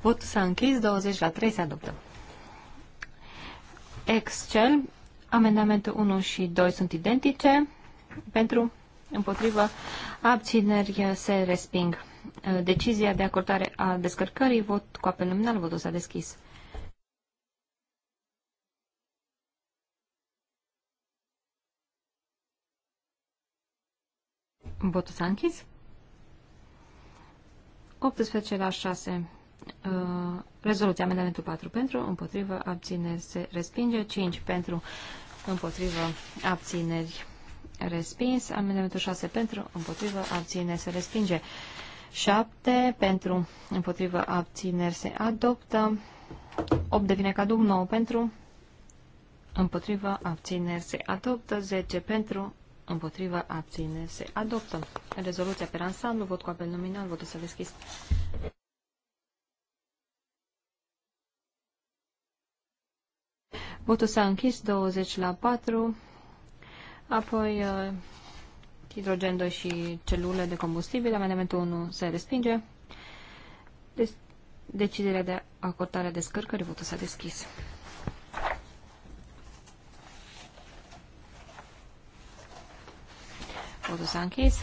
Votul s-a închis, 20 la 3 se adoptă. Excel, Amendamentul 1 și 2 sunt identice. Pentru, împotrivă, abțineri uh, se resping. Uh, decizia de acordare a descărcării, vot cu apel nominal, votul s-a deschis. Votul s-a închis. 18 la 6 Uh, rezoluția amendamentul 4 pentru, împotrivă, abțineri se respinge, 5 pentru, împotrivă, abțineri respins, amendamentul 6 pentru, împotrivă, abțineri se respinge, 7 pentru, împotrivă, abțineri se adoptă, 8 devine caduc, 9 pentru, împotrivă, abțineri se adoptă, 10 pentru, împotrivă, abțineri, se adoptă. Rezoluția pe ansamblu, vot cu apel nominal, votul să deschis. Votul s-a închis 20 la 4. Apoi uh, hidrogen 2 și celule de combustibil. Amendamentul 1 se respinge. Deci, deciderea de acordare a descărcării, votul s-a deschis. Votul s-a închis.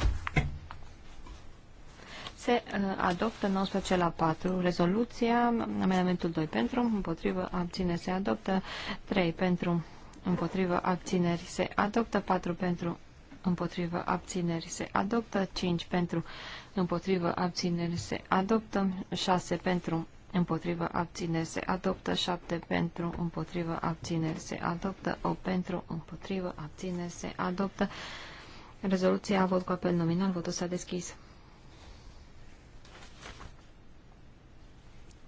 Se uh, adoptă 19 la 4. Rezoluția, amendamentul 2 pentru, împotrivă, abține, se adoptă 3 pentru, împotrivă, abțineri, se adoptă 4 pentru, împotrivă, abțineri, se adoptă 5 pentru, împotrivă, abțineri, se adoptă 6 pentru, împotrivă abțineri se adoptă 7 pentru, împotrivă abțineri se adoptă 8 pentru, împotrivă abțineri se adoptă. Rezoluția a avut cu apel nominal, votul s-a deschis.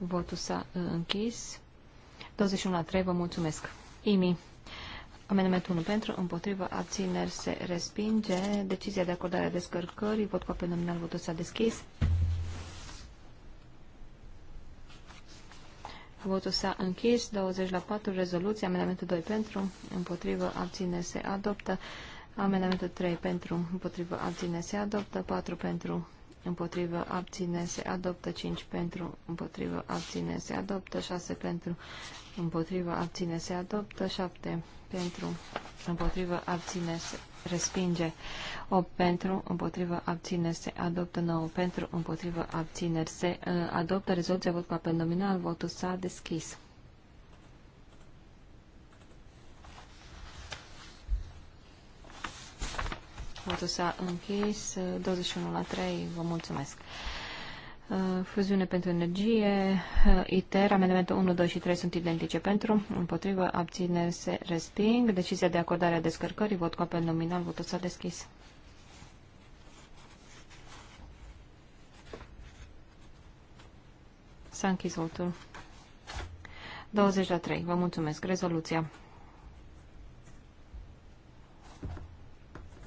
Votul s-a uh, închis. 21 la 3, vă mulțumesc. IMI. Amendamentul 1 pentru, împotrivă, abțineri se respinge. Decizia de acordare a descărcării, vot cu apel nominal, votul s-a deschis. Votul s-a închis, 20 la 4, rezoluție, amendamentul 2 pentru, împotrivă, abține, se adoptă, amendamentul 3 pentru, împotrivă, abține, se adoptă, 4 pentru, împotrivă abține se adoptă, 5 pentru împotrivă abține se adoptă, 6 pentru împotrivă abține se adoptă, 7 pentru împotrivă abține se respinge, 8 pentru împotrivă abține, se adoptă, 9 pentru împotrivă abține, se uh, adoptă, rezoluția vot pe nominal, votul s-a deschis. Votul s-a închis. 21 la 3. Vă mulțumesc. Uh, fuziune pentru energie, uh, ITER, amendamentul 1, 2 și 3 sunt identice pentru, împotrivă, Abține. se resping, decizia de acordare a descărcării, vot cu apel nominal, votul s-a deschis. S-a închis votul. 20 la 3. Vă mulțumesc. Rezoluția.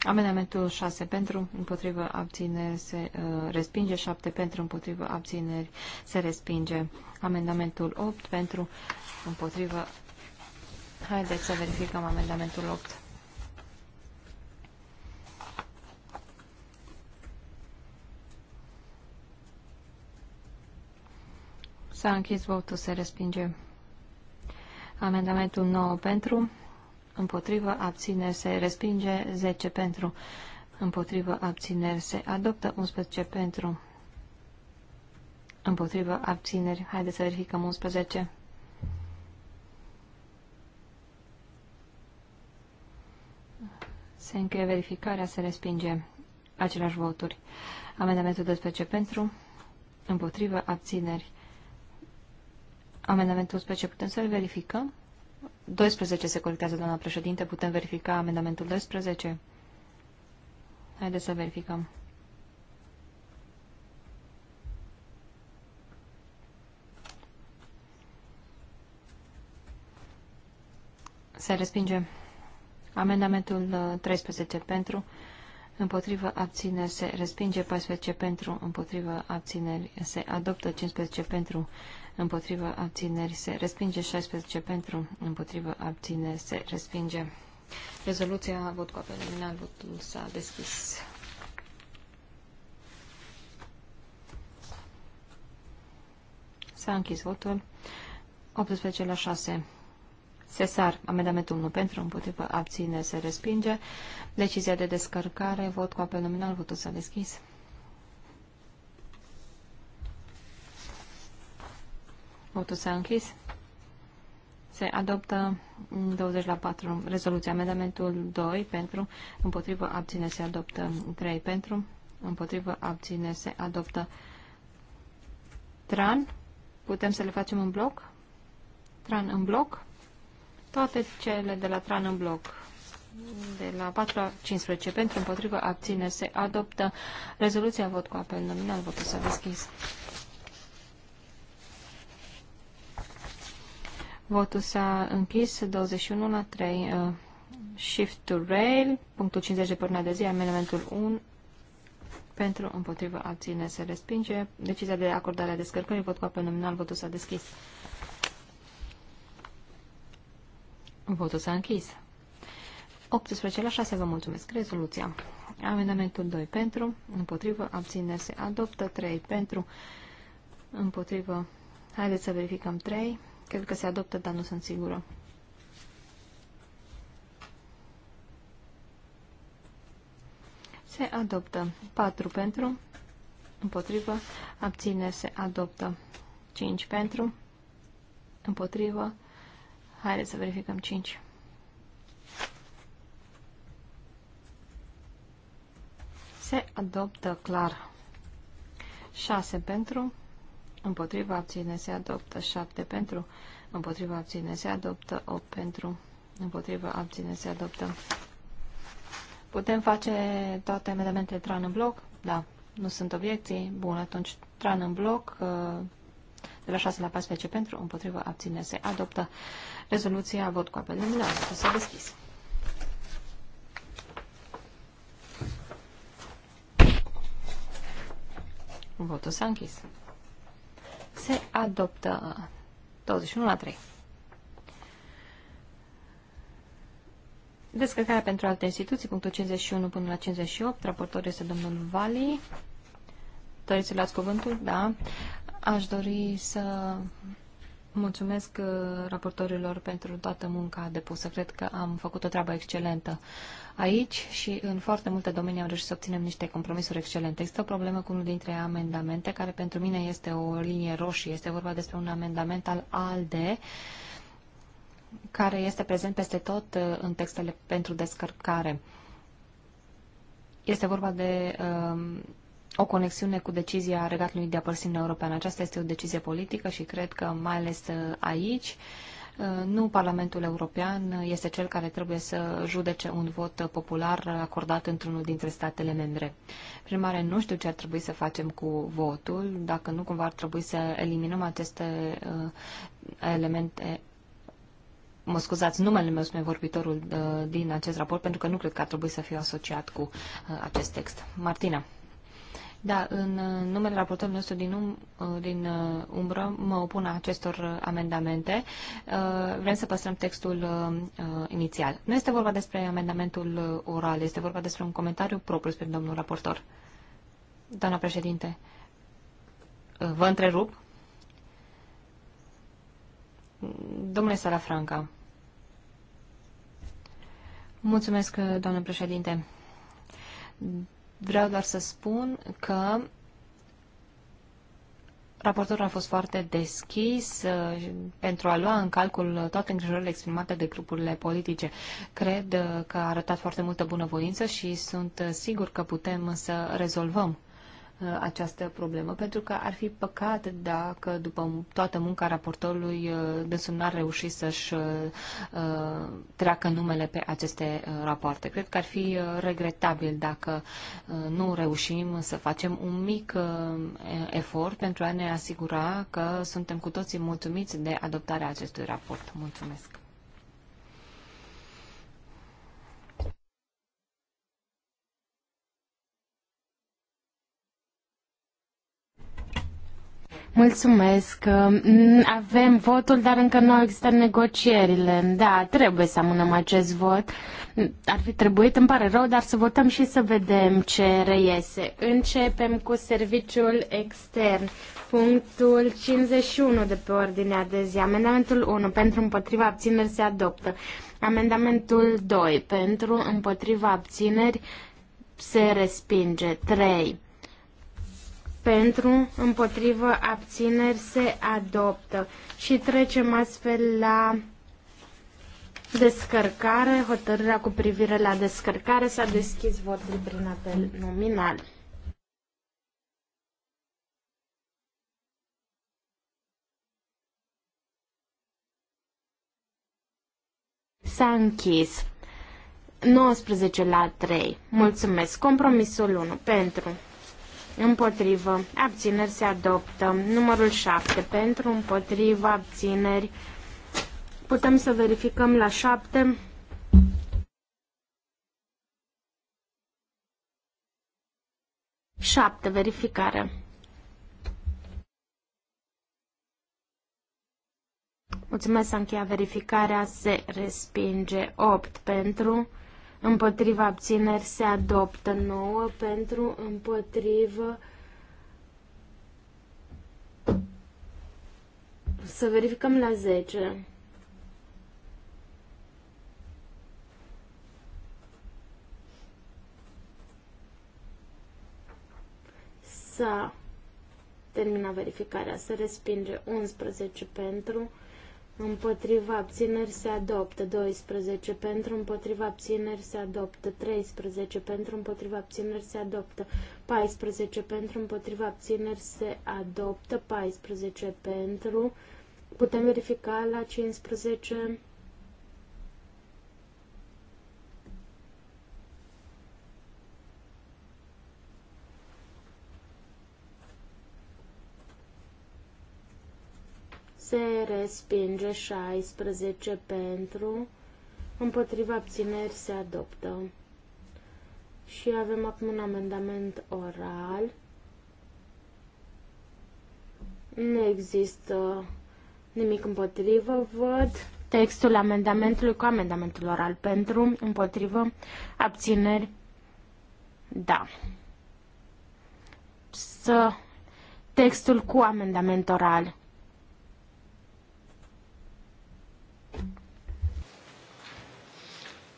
Amendamentul 6 pentru, împotrivă abțineri se uh, respinge, 7 pentru, împotrivă abțineri se respinge. Amendamentul 8 pentru, împotrivă. Haideți să verificăm amendamentul 8. S-a închis votul, se respinge. Amendamentul 9 pentru, împotrivă, abțineri se respinge, 10 pentru, împotrivă, abțineri se adoptă, 11 pentru, împotrivă, abțineri. Haideți să verificăm 11. Se încheie verificarea, se respinge aceleași voturi. Amendamentul 12 pentru, împotrivă, abțineri. Amendamentul 11 putem să-l verificăm? 12 se colectează, doamna președinte. Putem verifica amendamentul 12? Haideți să verificăm. Se respinge amendamentul 13 uh, pentru, împotrivă abțineri se respinge, 14 pentru, împotrivă abțineri se adoptă, 15 pentru, împotrivă abțineri se respinge, 16 pentru, împotrivă abțineri se respinge. Rezoluția, vot cu apel nominal, votul s-a deschis. S-a închis votul. 18 la 6. Cesar, amendamentul 1 pentru, împotrivă abține, se respinge. Decizia de descărcare, vot cu apel nominal, votul s-a deschis. Votul s-a închis. Se adoptă 20 la 4 rezoluția. Amendamentul 2 pentru, împotrivă, abține, se adoptă 3 pentru, împotrivă, abține, se adoptă TRAN. Putem să le facem în bloc? TRAN în bloc. Toate cele de la TRAN în bloc. De la 4 la 15 pentru, împotrivă, abține, se adoptă rezoluția. Vot cu apel nominal. Votul s-a deschis. Votul s-a închis 21 la 3. Uh, shift to rail, punctul 50 de pornă de zi, amendamentul 1 pentru împotrivă abține se respinge. Decizia de acordare a descărcării, vot cu apel nominal, votul s-a deschis. Votul s-a închis. 18 la 6, vă mulțumesc. Rezoluția. Amendamentul 2 pentru, împotrivă, abține se adoptă, 3 pentru, împotrivă, haideți să verificăm 3, Cred că se adoptă, dar nu sunt sigură. Se adoptă. 4 pentru. Împotrivă. Abține. Se adoptă. 5 pentru. Împotrivă. Haideți să verificăm 5. Se adoptă clar. 6 pentru împotriva abține se adoptă 7 pentru, împotriva abține se adoptă 8 pentru, împotriva abține se adoptă. Putem face toate elementele tran în bloc? Da. Nu sunt obiecții? Bun, atunci tran în bloc, uh, de la 6 la 14 pentru, împotriva abține se adoptă. Rezoluția vot cu apel nominal. S-a deschis. Votul s-a închis se adoptă. 21 la 3. Descărcarea pentru alte instituții, punctul 51 până la 58. Raportor este domnul Vali. Doriți să luați cuvântul? Da. Aș dori să Mulțumesc uh, raportorilor pentru toată munca depusă. Cred că am făcut o treabă excelentă aici și în foarte multe domenii am reușit să obținem niște compromisuri excelente. Există o problemă cu unul dintre amendamente, care pentru mine este o linie roșie. Este vorba despre un amendament al ALDE, care este prezent peste tot uh, în textele pentru descărcare. Este vorba de um, o conexiune cu decizia Regatului de a părăsi Uniunea Europeană. Aceasta este o decizie politică și cred că, mai ales uh, aici, uh, nu Parlamentul European este cel care trebuie să judece un vot popular acordat într-unul dintre statele membre. Prin mare, nu știu ce ar trebui să facem cu votul, dacă nu cumva ar trebui să eliminăm aceste uh, elemente mă scuzați, numele meu spune vorbitorul din acest raport, pentru că nu cred că ar trebui să fiu asociat cu acest text. Martina. Da, în uh, numele raportorului nostru din, um, uh, din uh, umbră mă opun acestor amendamente. Vrem să păstrăm textul inițial. Nu este vorba despre amendamentul oral, este vorba despre un comentariu propriu spre domnul raportor. Doamna președinte, vă întrerup. Domnule Salafranca. Mulțumesc, doamnă președinte. Vreau doar să spun că Raportorul a fost foarte deschis uh, pentru a lua în calcul toate îngrijorările exprimate de grupurile politice. Cred uh, că a arătat foarte multă bunăvoință și sunt uh, sigur că putem să rezolvăm Uh, această problemă, pentru că ar fi păcat dacă după toată munca raportorului uh, dânsul n-ar reuși să-și uh, treacă numele pe aceste rapoarte. Cred că ar fi regretabil dacă nu reușim să facem un mic efort pentru a ne asigura că suntem cu toții mulțumiți de adoptarea acestui raport. Mulțumesc! Mulțumesc. Mm, avem votul, dar încă nu există negocierile. Da, trebuie să amânăm acest vot. Ar fi trebuit, îmi pare rău, dar să votăm și să vedem ce reiese. Începem cu serviciul extern. Punctul 51 de pe ordinea de zi. Amendamentul 1. Pentru împotriva abțineri se adoptă. Amendamentul 2. Pentru împotriva abțineri se respinge. 3 pentru, împotrivă, abțineri se adoptă. Și trecem astfel la descărcare, hotărârea cu privire la descărcare. S-a deschis votul prin apel nominal. S-a închis. 19 la 3. Mulțumesc. Compromisul 1. Pentru. Împotrivă. Abțineri se adoptă. Numărul 7. Pentru, împotrivă, abțineri. Putem să verificăm la 7. Șapte. Verificare. Mulțumesc, s-a încheiat verificarea. Se respinge 8 pentru, împotriva abțineri se adoptă, 9 pentru împotrivă să verificăm la 10. să termina verificarea, se respinge 11 pentru Împotriva abțineri se adoptă 12 pentru, împotriva abțineri se adoptă 13 pentru, împotriva abțineri se adoptă 14 pentru, împotriva abțineri se adoptă 14 pentru. Putem verifica la 15. se respinge 16 pentru, împotriva abțineri se adoptă. Și avem acum un amendament oral. Nu există nimic împotrivă, văd textul amendamentului cu amendamentul oral pentru, împotrivă, abțineri, da. Să textul cu amendament oral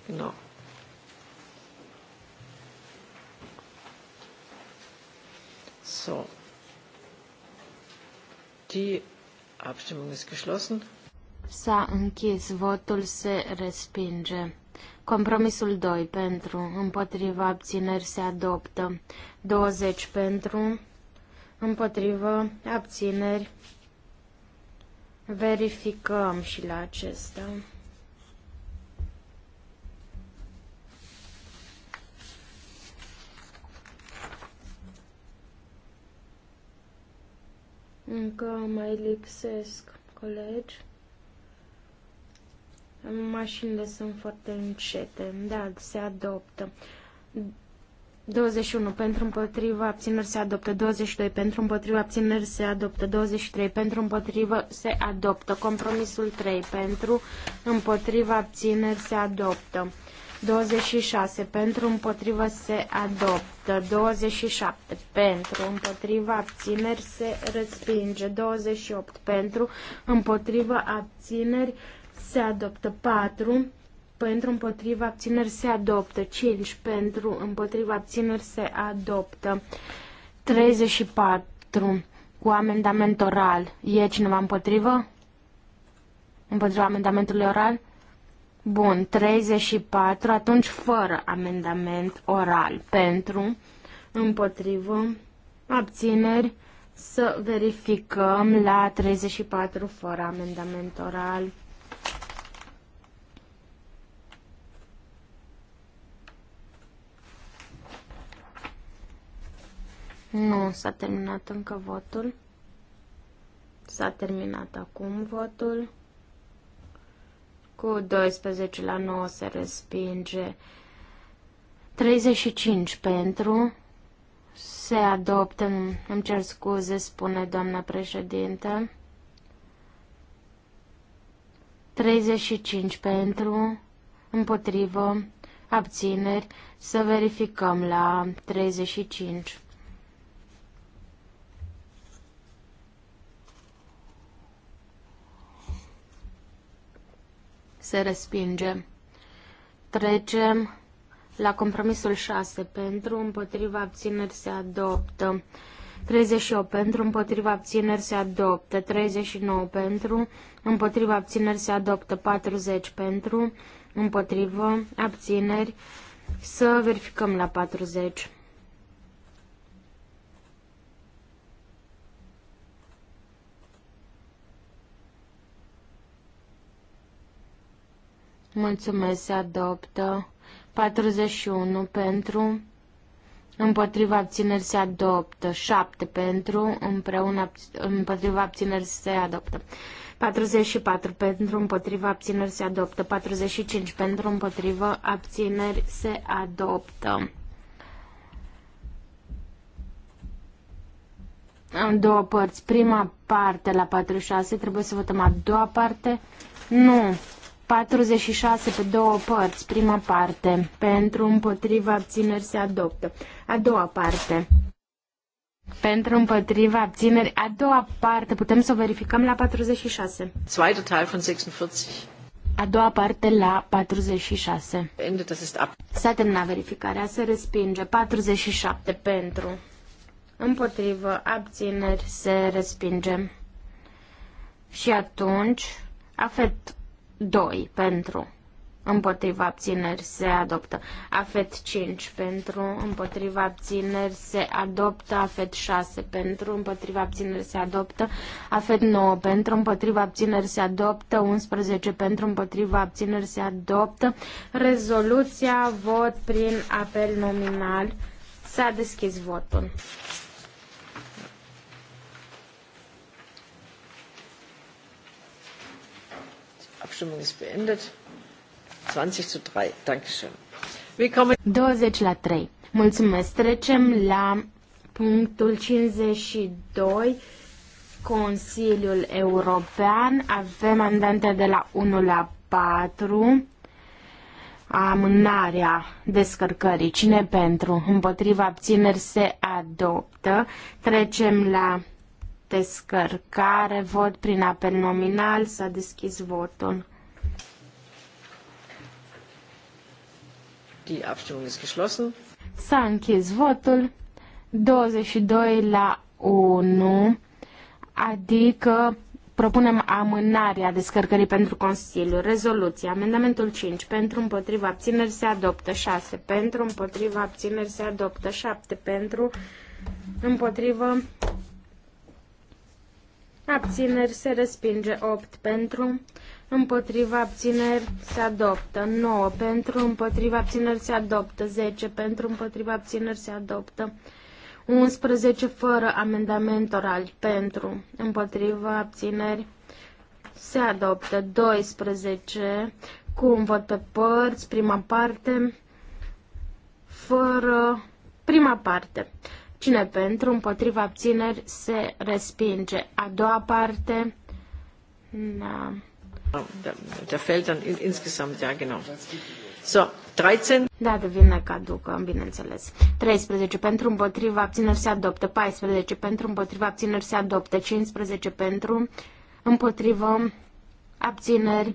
Genau. So. Die Abstimmung ist geschlossen. S-a închis, votul se respinge. Compromisul 2 pentru, împotriva abțineri se adoptă. 20 pentru, împotriva abțineri. Verificăm și la acesta. Încă mai lipsesc colegi. Mașinile sunt foarte încete. Da, se adoptă. 21 pentru împotriva abțineri se adoptă, 22 pentru împotriva abțineri se adoptă, 23 pentru împotriva se adoptă, compromisul 3 pentru împotriva abțineri se adoptă. 26 pentru împotriva se adoptă, 27 pentru împotriva abțineri se respinge, 28 pentru împotriva abțineri se adoptă, 4 pentru împotriva abțineri se adoptă, 5 pentru împotriva abțineri se adoptă, 34 cu amendament oral. E cineva împotrivă? Împotriva amendamentului oral? Bun, 34, atunci fără amendament oral. Pentru, împotrivă, abțineri, să verificăm la 34 fără amendament oral. Nu s-a terminat încă votul. S-a terminat acum votul. Cu 12 la 9 se respinge. 35 pentru. Se adoptă, îmi cer scuze, spune doamna președintă. 35 pentru, împotrivă, abțineri, să verificăm la 35. se respinge. Trecem la compromisul 6 pentru, împotriva abțineri se adoptă. 38 pentru, împotriva abțineri se adoptă. 39 pentru, împotriva abțineri se adoptă. 40 pentru, împotriva abțineri. Să verificăm la 40. Mulțumesc, se adoptă. 41 pentru. Împotriva abțineri se adoptă. 7 pentru. Împreună, împotriva abțineri se adoptă. 44 pentru împotriva abțineri se adoptă, 45 pentru împotriva abțineri se adoptă. 2 două părți. Prima parte la 46 trebuie să votăm a doua parte. Nu. 46 pe două părți, prima parte, pentru împotriva abțineri se adoptă. A doua parte, pentru împotriva abțineri, a doua parte, putem să o verificăm la 46. Zweite Teil von 46. A doua parte la 46. Ende, das ist ab. S-a terminat verificarea, se respinge. 47 pentru. Împotrivă, abțineri, se respinge. Și atunci, afet 2 pentru împotriva abțineri se adoptă. Afet 5 pentru împotriva abțineri se adoptă. Afet 6 pentru împotriva abțineri se adoptă. Afet 9 pentru împotriva abțineri se adoptă. 11 pentru împotriva abțineri se adoptă. Rezoluția vot prin apel nominal. S-a deschis votul. Abstimmung ist beendet. 20 zu 3. Dankeschön. Willkommen. 20 la 3. Mulțumesc. Trecem la punctul 52. Consiliul European. Avem mandante de la 1 la 4. Amânarea descărcării. Cine pentru? Împotriva abțineri se adoptă. Trecem la descărcare, vot prin apel nominal, s-a deschis votul. Die Abstimmung ist geschlossen. S-a închis votul 22 la 1, adică propunem amânarea descărcării pentru Consiliu. Rezoluție. Amendamentul 5. Pentru împotriva abțineri se adoptă 6. Pentru împotriva abțineri se adoptă 7. Pentru împotriva Abțineri se respinge 8 pentru, împotriva abțineri se adoptă 9 pentru, împotriva abțineri se adoptă 10 pentru, împotriva abțineri se adoptă 11 fără amendament oral pentru, împotriva abțineri se adoptă 12 cu un vot pe părți, prima parte, fără prima parte. Cine pentru, împotriva abțineri, se respinge. A doua parte, na. Oh, da, da fällt în in, insgesamt, ja, genau. So, 13. Da, devine caducă, bineînțeles. 13 pentru împotriva abțineri se adoptă, 14 pentru împotriva abțineri se adoptă, 15 pentru împotriva abțineri.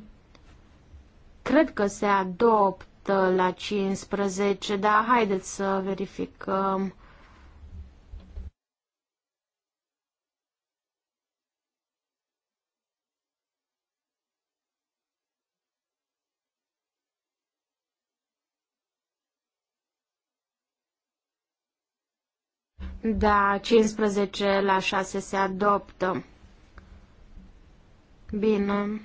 Cred că se adoptă la 15, dar haideți să verificăm. Da, 15 la 6 se adoptă. Bine.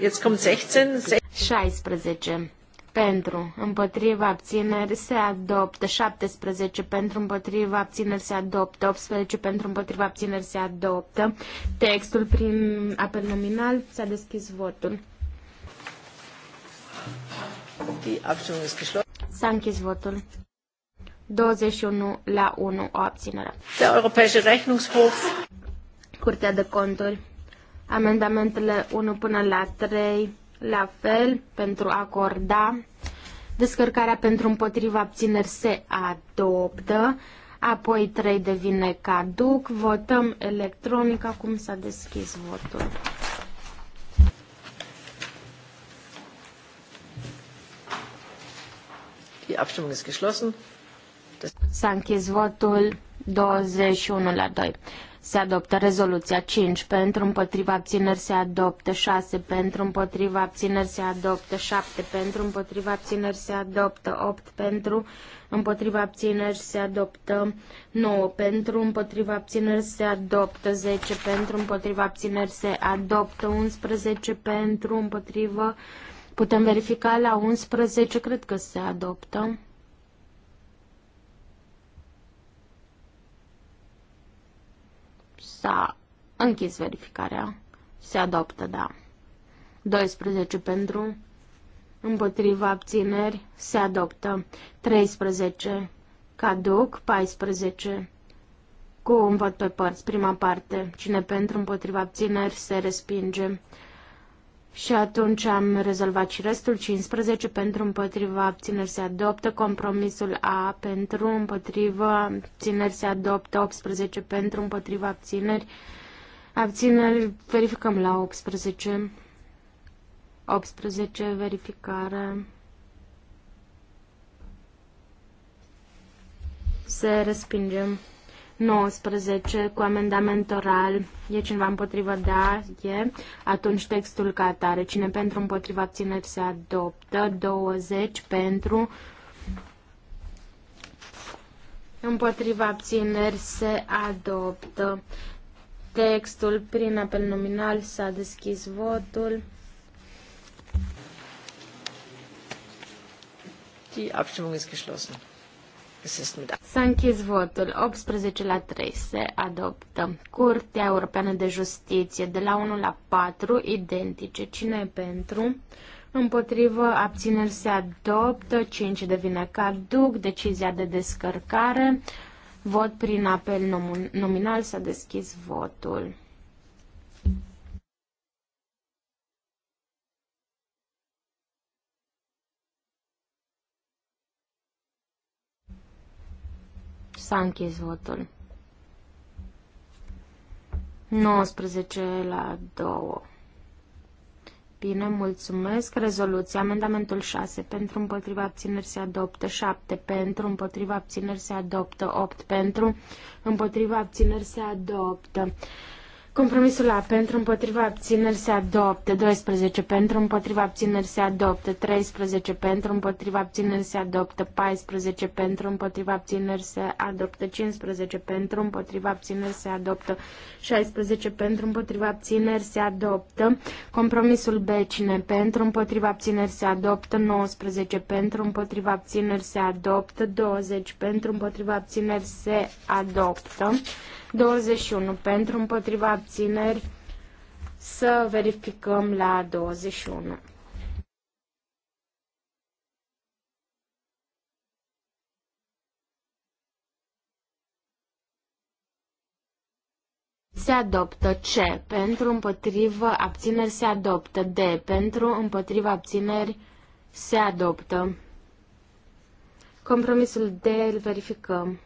Jetzt kommt 16. 16. Pentru, împotriva, abțineri, se adoptă. 17 pentru, împotriva, abțineri, se adoptă. 18 pentru, împotriva, abțineri, se adoptă. Textul prin apel nominal s-a deschis votul. Die Abstimmung ist geschlossen. S-a închis votul. 21 la 1, o abținere. Der Europäische Rechnungshof. Curtea de conturi. Amendamentele 1 până la 3, la fel, pentru a acorda. Descărcarea pentru împotriva abțineri se adoptă. Apoi 3 devine caduc. Votăm electronic. Acum s-a deschis votul. Die Abstimmung ist geschlossen. S-a închis votul 21 la 2. Se adoptă rezoluția 5 pentru împotriva abțineri se adoptă 6 pentru împotriva abțineri se adoptă 7 pentru împotriva abțineri se adoptă 8 pentru împotriva abțineri se adoptă 9 pentru împotriva abțineri se adoptă 10 pentru împotriva abțineri se adoptă 11 pentru împotriva abțineri Putem verifica la 11, cred că se adoptă. S-a închis verificarea. Se adoptă, da. 12 pentru, împotriva abțineri, se adoptă. 13 caduc, 14 cu un vot pe părți, prima parte. Cine pentru, împotriva abțineri, se respinge. Și atunci am rezolvat și restul 15 pentru împotriva abțineri se adoptă, compromisul A pentru împotriva abțineri se adoptă, 18 pentru împotriva abțineri. Abțineri verificăm la 18. 18 verificare. Se respingem. 19 cu amendament oral. E cineva împotrivă? Da, e. Atunci textul ca atare. Cine pentru împotriva abțineri se adoptă. 20 pentru împotriva abțineri se adoptă. Textul prin apel nominal s-a deschis votul. Die Abstimmung ist geschlossen. S-a închis votul 18 la 3 se adoptă. Curtea Europeană de Justiție de la 1 la 4 identice. Cine e pentru? Împotrivă abțineri se adoptă 5 devine caduc. Decizia de descărcare. Vot prin apel nominal s-a deschis votul. S-a închis votul. 19 la 2. Bine, mulțumesc. Rezoluția. Amendamentul 6 pentru împotriva abțineri se adoptă. 7 pentru împotriva abțineri se adoptă. 8 pentru împotriva abțineri se adoptă. Compromisul la pentru împotriva abțineri se adoptă, 12 pentru împotriva abțineri se adoptă, 13 pentru împotriva abțineri se adoptă, 14 pentru împotriva abțineri se adoptă, 15 pentru împotriva abțineri se adoptă, 16 pentru împotriva abțineri se adoptă, compromisul B cine pentru împotriva abțineri se adoptă, 19 pentru împotriva abțineri se adoptă, 20 pentru împotriva abțineri se adoptă. 21 pentru, împotriva abțineri, să verificăm la 21. se adoptă C pentru împotrivă abțineri se adoptă D pentru împotrivă abțineri se adoptă. Compromisul D îl verificăm.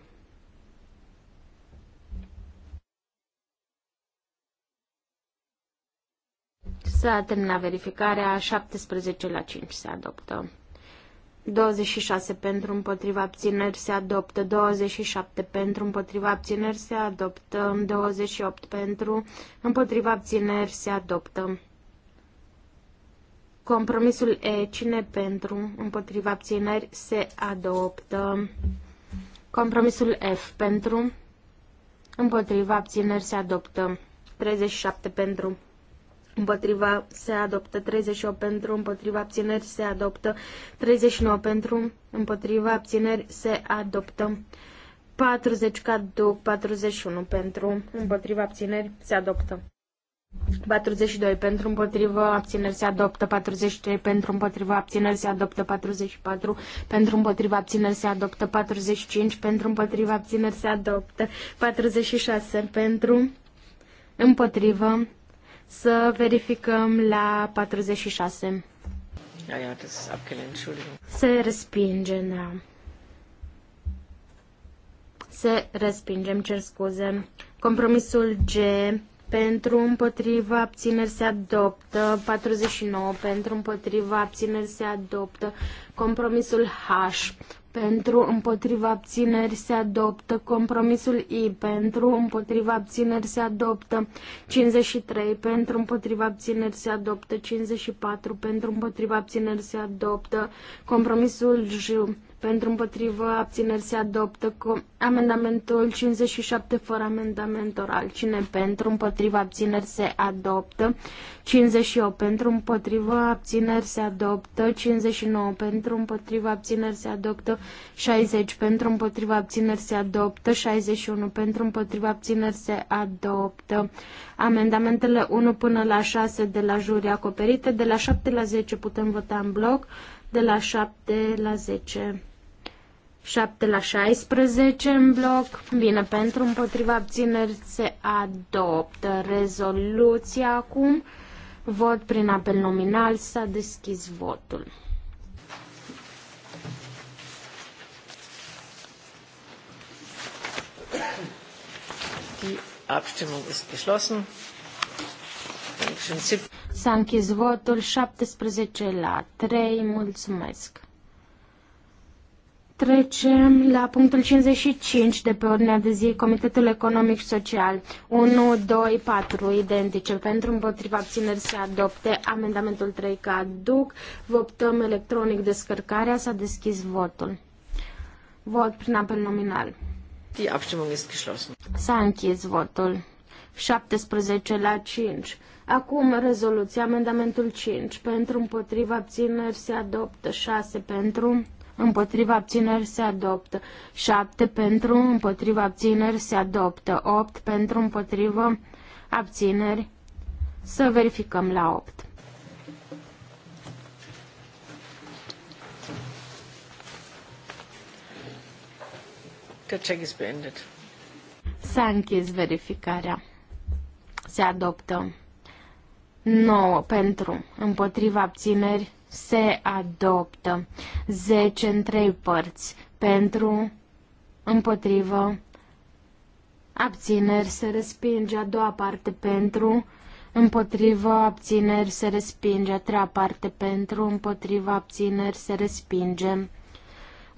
S-a terminat verificarea, 17 la 5 se adoptă. 26 pentru împotriva abțineri se adoptă, 27 pentru împotriva abțineri se adoptă, 28 pentru împotriva abțineri se adoptă. Compromisul E, cine pentru împotriva abțineri se adoptă. Compromisul F pentru împotriva abțineri se adoptă. 37 pentru împotriva se adoptă 38 pentru, împotriva abțineri se adoptă 39 pentru, împotriva abțineri se adoptă 40 caduc, 41 pentru, împotriva abțineri se adoptă. 42 pentru împotriva abțineri se adoptă 43 pentru împotrivă, abțineri se adoptă 44 pentru împotriva abțineri se adoptă 45 pentru împotriva abțineri se adoptă 46 pentru împotriva să verificăm la 46. Ja, ja, das ist abgelehnt, Entschuldigung. Se respingem, da. Se respingem, cer scuze. Compromisul G pentru împotriva abțineri se adoptă, 49 pentru împotriva abțineri se adoptă, compromisul H pentru împotriva abțineri se adoptă, compromisul I pentru împotriva abțineri se adoptă, 53 pentru împotriva abțineri se adoptă, 54 pentru împotriva abțineri se adoptă, compromisul J pentru împotrivă abțineri se adoptă cu amendamentul 57 fără amendament oral. Cine pentru împotrivă abțineri se adoptă. 58 pentru împotrivă abțineri se adoptă. 59 pentru împotrivă abțineri se adoptă. 60 pentru împotrivă abțineri se adoptă. 61 pentru împotrivă abțineri se adoptă. Amendamentele 1 până la 6 de la juri acoperite. De la 7 la 10 putem vota în bloc. De la 7 la 10. 7 la 16 în bloc. Bine, pentru împotriva abțineri se adoptă rezoluția acum. Vot prin apel nominal. S-a deschis votul. S-a închis votul 17 la 3. Mulțumesc. Trecem la punctul 55 de pe ordinea de zi, Comitetul Economic și Social. 1, 2, 4, identice. Pentru împotriva abțineri se adopte amendamentul 3 aduc. Votăm electronic descărcarea. S-a deschis votul. Vot prin apel nominal. S-a închis votul. 17 la 5. Acum rezoluția, amendamentul 5. Pentru împotriva abțineri se adoptă 6 pentru împotriva abțineri se adoptă. 7 pentru, împotriva abțineri se adoptă. 8 pentru, împotriva abțineri. Să verificăm la 8. S-a închis verificarea. Se adoptă. 9 pentru, împotriva abțineri se adoptă. 10 în 3 părți pentru, împotrivă, abțineri se respinge. A doua parte pentru, împotrivă, abțineri se respinge. A treia parte pentru, împotrivă, abțineri se respinge.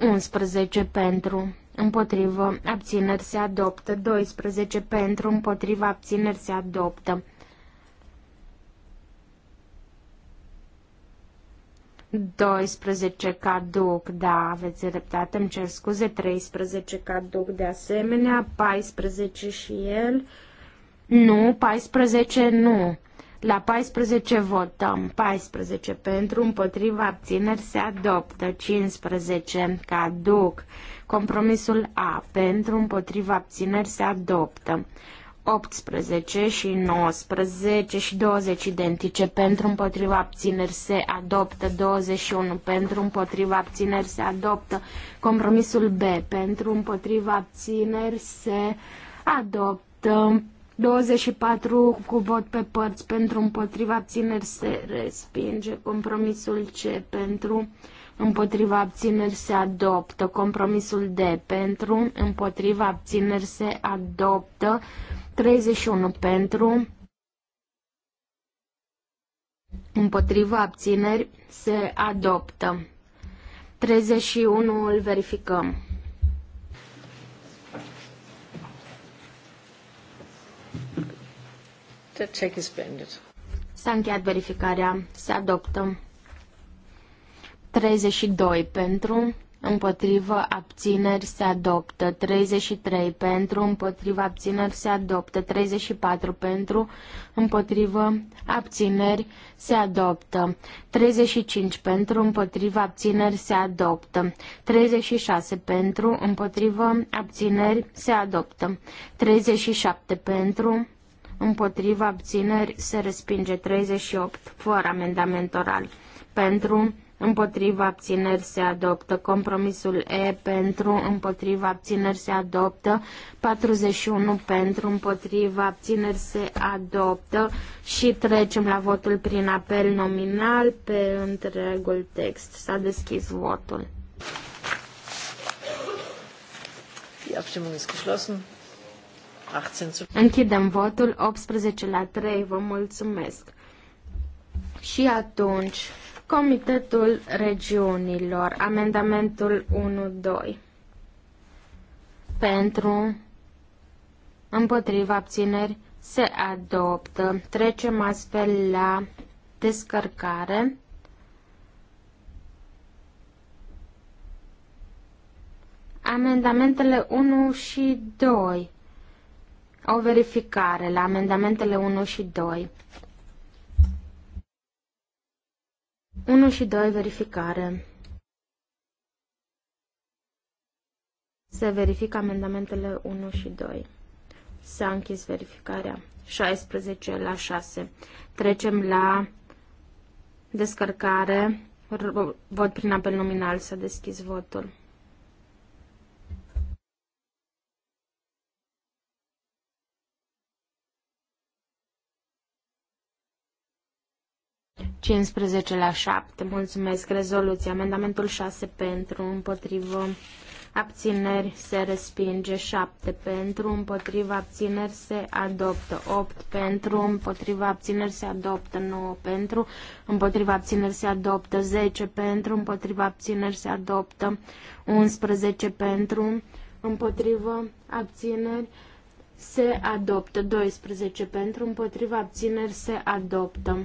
11 pentru, împotrivă, abțineri se adoptă. 12 pentru, împotrivă, abțineri se adoptă. 12 caduc, da, aveți dreptate, îmi cer scuze, 13 caduc de asemenea, 14 și el, nu, 14 nu. La 14 votăm, 14 pentru, împotriva abțineri se adoptă, 15 caduc. Compromisul A pentru, împotriva abțineri se adoptă. 18 și 19 și 20 identice pentru împotriva abțineri se adoptă, 21 pentru împotriva abțineri se adoptă, compromisul B pentru împotriva abțineri se adoptă, 24 cu vot pe părți pentru împotriva abțineri se respinge, compromisul C pentru împotriva abțineri se adoptă. Compromisul D pentru, împotriva abțineri se adoptă. 31 pentru, împotriva abțineri se adoptă. 31 îl verificăm. The check is S-a încheiat verificarea. Se adoptă. 32 pentru, împotrivă, abțineri se adoptă. 33 pentru, împotrivă, abțineri se adoptă. 34 pentru, împotrivă, abțineri se adoptă. 35 pentru, împotrivă, abțineri se adoptă. 36 pentru, împotrivă, abțineri se adoptă. 37 pentru, împotriva abțineri se respinge 38 fără amendament oral. Pentru, împotriva abțineri se adoptă. Compromisul E pentru, împotriva abțineri se adoptă. 41 pentru, împotriva abțineri se adoptă. Și trecem la votul prin apel nominal pe întregul text. S-a deschis votul. Închidem votul 18 la 3. Vă mulțumesc. Și atunci Comitetul Regiunilor, amendamentul 1.2. Pentru, împotriva abțineri, se adoptă. Trecem astfel la descărcare. Amendamentele 1 și 2. O verificare la amendamentele 1 și 2. 1 și 2 verificare. Se verifică amendamentele 1 și 2. S-a închis verificarea. 16 la 6. Trecem la descărcare. Vot prin apel nominal. S-a deschis votul. 15 la 7. Mulțumesc. Rezoluție. Amendamentul 6 pentru, împotrivă, abțineri se respinge. 7 pentru, împotrivă, abțineri se adoptă. 8 pentru, împotrivă, abțineri se adoptă. 9 pentru, împotrivă, abțineri se adoptă. 10 pentru, împotrivă, abțineri se adoptă. 11 pentru, împotrivă, abțineri se adoptă. 12 pentru, împotrivă, abțineri se adoptă.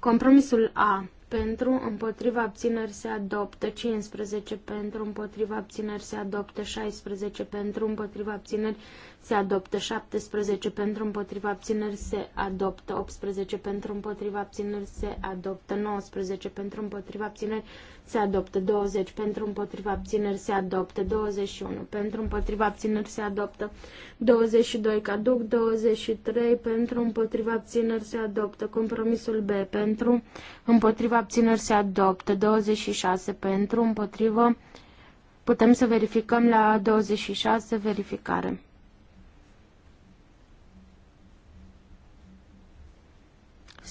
Compromisul A pentru, împotriva abțineri se adoptă 15 pentru, împotriva abțineri se adoptă 16 pentru, împotriva abțineri se adoptă 17 pentru împotriva abțineri, se adoptă 18 pentru împotriva abțineri, se adoptă 19 pentru împotriva abțineri, se adoptă 20 pentru împotriva abțineri, se adoptă 21 pentru împotriva abțineri, se adoptă 22 caduc, 23 pentru împotriva abțineri, se adoptă compromisul B pentru împotriva abțineri, se adoptă 26 pentru împotriva Putem să verificăm la 26 verificare.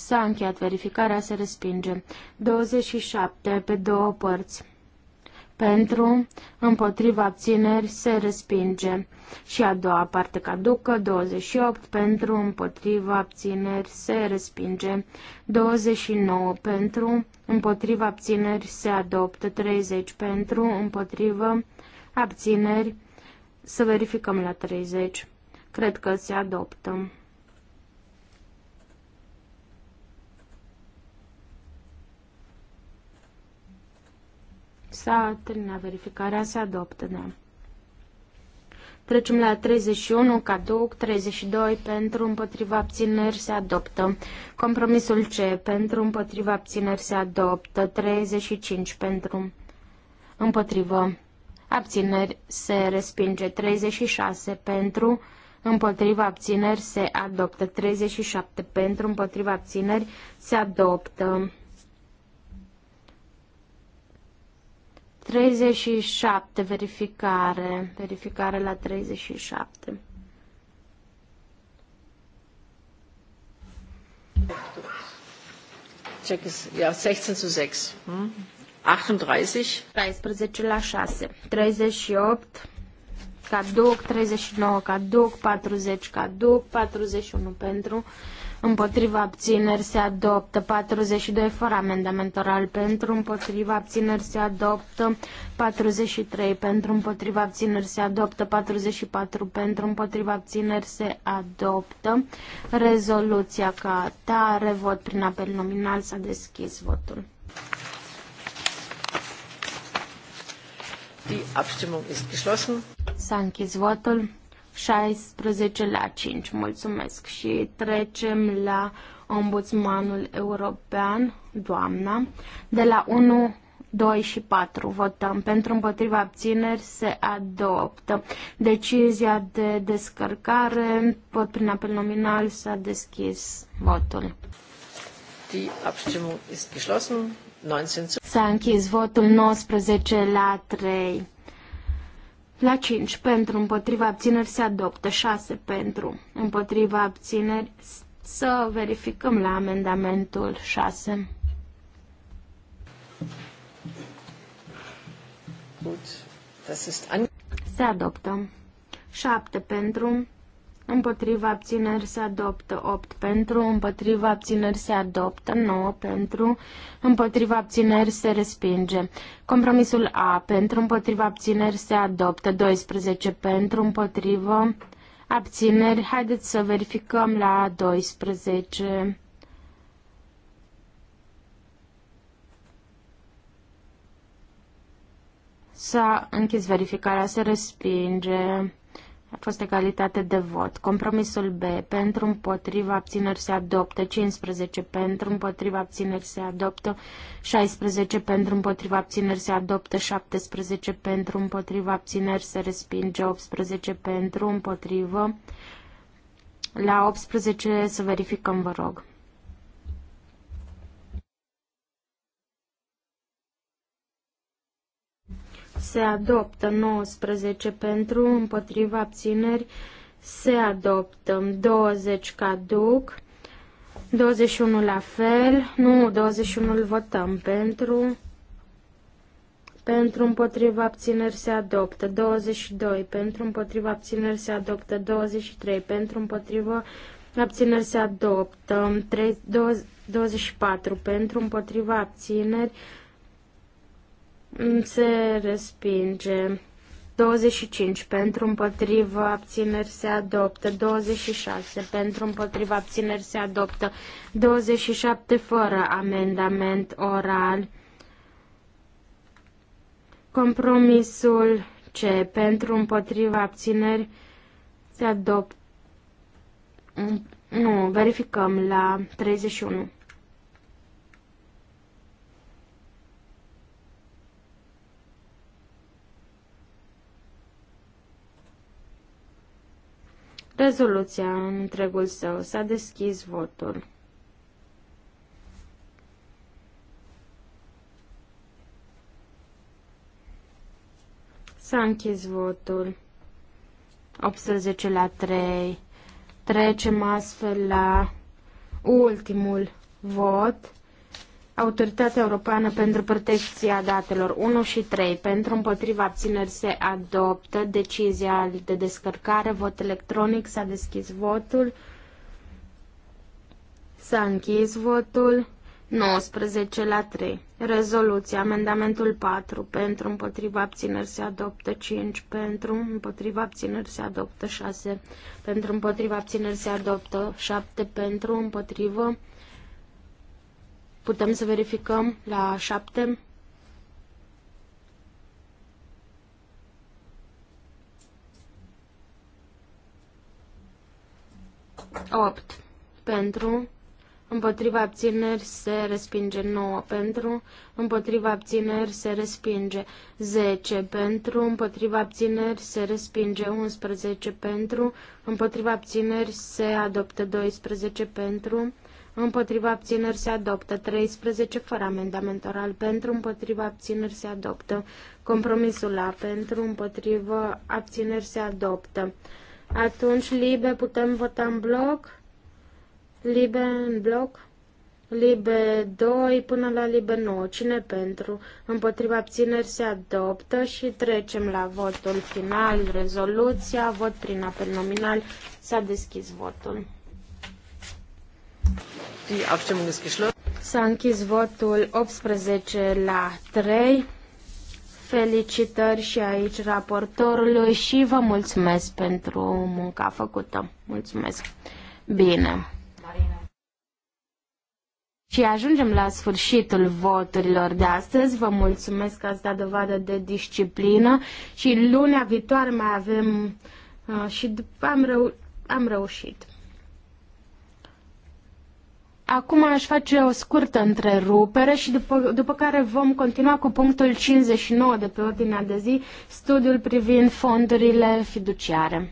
S-a încheiat verificarea, se respinge. 27 pe două părți. Pentru, împotriva abțineri, se respinge. Și a doua parte caducă, 28 pentru, împotriva abțineri, se respinge. 29 pentru, împotriva abțineri, se adoptă. 30 pentru, împotriva abțineri, să verificăm la 30. Cred că se adoptă. S-a terminat verificarea, se adoptă, da. Trecem la 31, caduc, 32, pentru, împotriva, abțineri, se adoptă. Compromisul C, pentru, împotriva, abțineri, se adoptă. 35, pentru, împotriva abțineri, se respinge. 36, pentru, împotriva, abțineri, se adoptă. 37, pentru, împotriva, abțineri, se adoptă. 37, verificare, verificare la 37. Check is, ja, 16 zu 6. Hm? 38. 13 la 6. 38 caduc, 39 caduc, 40 caduc, 41 pentru, împotriva abțineri se adoptă, 42 fără amendament oral pentru, împotriva abțineri se adoptă, 43 pentru, împotriva abțineri se adoptă, 44 pentru, împotriva abțineri se adoptă. Rezoluția ca atare, vot prin apel nominal, s-a deschis votul. Die Abstimmung ist geschlossen. S-a închis votul. 16 la 5. Mulțumesc și trecem la ombudsmanul european, doamna, de la 1 2 și 4 votăm. Pentru împotriva abțineri se adoptă. Decizia de descărcare, pot prin apel nominal, s-a deschis votul. S-a închis votul 19 la 3. La 5 pentru împotriva abțineri se adoptă, 6 pentru împotriva abțineri să verificăm la amendamentul 6. Se adoptă. 7 pentru împotriva abțineri se adoptă 8 pentru, împotriva abțineri se adoptă 9 pentru, împotriva abțineri se respinge. Compromisul A pentru, împotriva abțineri se adoptă 12 pentru, împotriva abțineri. Haideți să verificăm la 12. S-a închis verificarea, se respinge. A fost egalitate de vot. Compromisul B. Pentru împotriva abțineri se adoptă. 15 pentru împotriva abțineri se adoptă. 16 pentru împotriva abțineri se adoptă. 17 pentru împotriva abțineri se respinge. 18 pentru împotrivă. La 18 să verificăm, vă rog. se adoptă 19 pentru, împotriva abțineri se adoptă 20 caduc, 21 la fel, nu, 21 îl votăm pentru, pentru împotriva abțineri se adoptă 22, pentru împotriva abțineri se adoptă 23, pentru împotriva abțineri se adoptă 3, 24, pentru împotriva abțineri se Mm, se respinge. 25 pentru împotrivă abțineri se adoptă, 26 pentru împotrivă abțineri se adoptă, 27 fără amendament oral. Compromisul C pentru împotrivă abțineri se adoptă. Mm, nu, verificăm la 31. rezoluția în întregul său. S-a deschis votul. S-a închis votul. 18 la 3. Trecem astfel la ultimul vot Autoritatea Europeană pentru Protecția Datelor 1 și 3 pentru împotriva abțineri se adoptă decizia de descărcare, vot electronic, s-a deschis votul, s-a închis votul, 19 la 3. Rezoluția, amendamentul 4 pentru împotriva abțineri se adoptă 5 pentru împotriva abțineri se adoptă 6 pentru împotriva abțineri se adoptă 7 pentru împotriva Putem să verificăm la 7. Opt pentru, împotriva abțineri se respinge 9 pentru, împotriva abțineri se respinge 10 pentru, împotriva abțineri se respinge 11 pentru, împotriva abțineri se adoptă 12 pentru, împotriva abțineri se adoptă. 13 fără amendament oral pentru, împotriva abțineri se adoptă. Compromisul A pentru, împotriva abțineri se adoptă. Atunci, libe, putem vota în bloc? Libe în bloc? Libe 2 până la libe 9. Cine pentru? Împotriva abțineri se adoptă și trecem la votul final, rezoluția, vot prin apel nominal. S-a deschis votul. S-a închis votul 18 la 3. Felicitări și aici raportorului și vă mulțumesc pentru munca făcută. Mulțumesc. Bine. Marina. Și ajungem la sfârșitul voturilor de astăzi. Vă mulțumesc că ați dat dovadă de disciplină și lunea viitoare mai avem uh, și am, reu- am reușit. Acum aș face o scurtă întrerupere și după, după care vom continua cu punctul 59 de pe ordinea de zi, studiul privind fondurile fiduciare.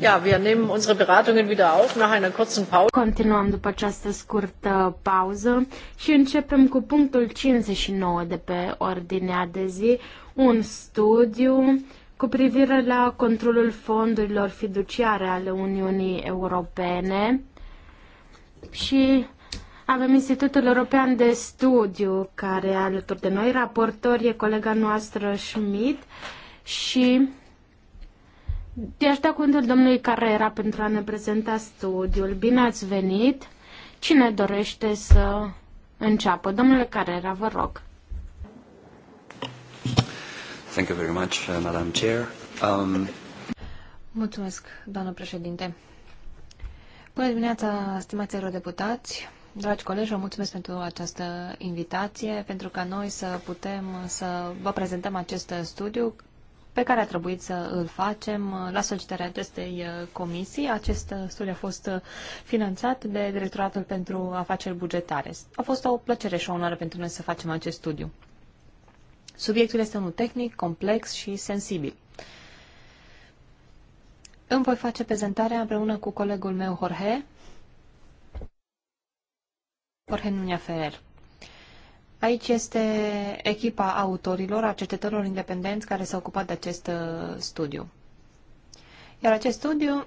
Ja, wir nehmen unsere Beratungen wieder auf nach einer kurzen Pause. Continuăm după această scurtă pauză și începem cu punctul 59 de pe ordinea de zi, un studiu cu privire la controlul fondurilor fiduciare ale Uniunii Europene și avem Institutul European de Studiu care alături de noi, raportor e colega noastră Schmidt și te aș da cuvântul domnului care era pentru a ne prezenta studiul. Bine ați venit! Cine dorește să înceapă? Domnule era, vă rog. Thank you very much, uh, Madam Chair. Um... Mulțumesc, doamnă președinte. Bună dimineața, stimați eurodeputați. Dragi colegi, vă mulțumesc pentru această invitație, pentru ca noi să putem să vă prezentăm acest studiu pe care a trebuit să îl facem uh, la solicitarea acestei uh, comisii. Acest uh, studiu a fost finanțat de Directoratul pentru Afaceri Bugetare. A fost o plăcere și o onoare pentru noi să facem acest studiu. Subiectul este unul tehnic, complex și sensibil. Îmi voi face prezentarea împreună cu colegul meu Jorge, Jorge Nunia Ferrer. Aici este echipa autorilor, a cercetătorilor independenți care s-au ocupat de acest uh, studiu. Iar acest studiu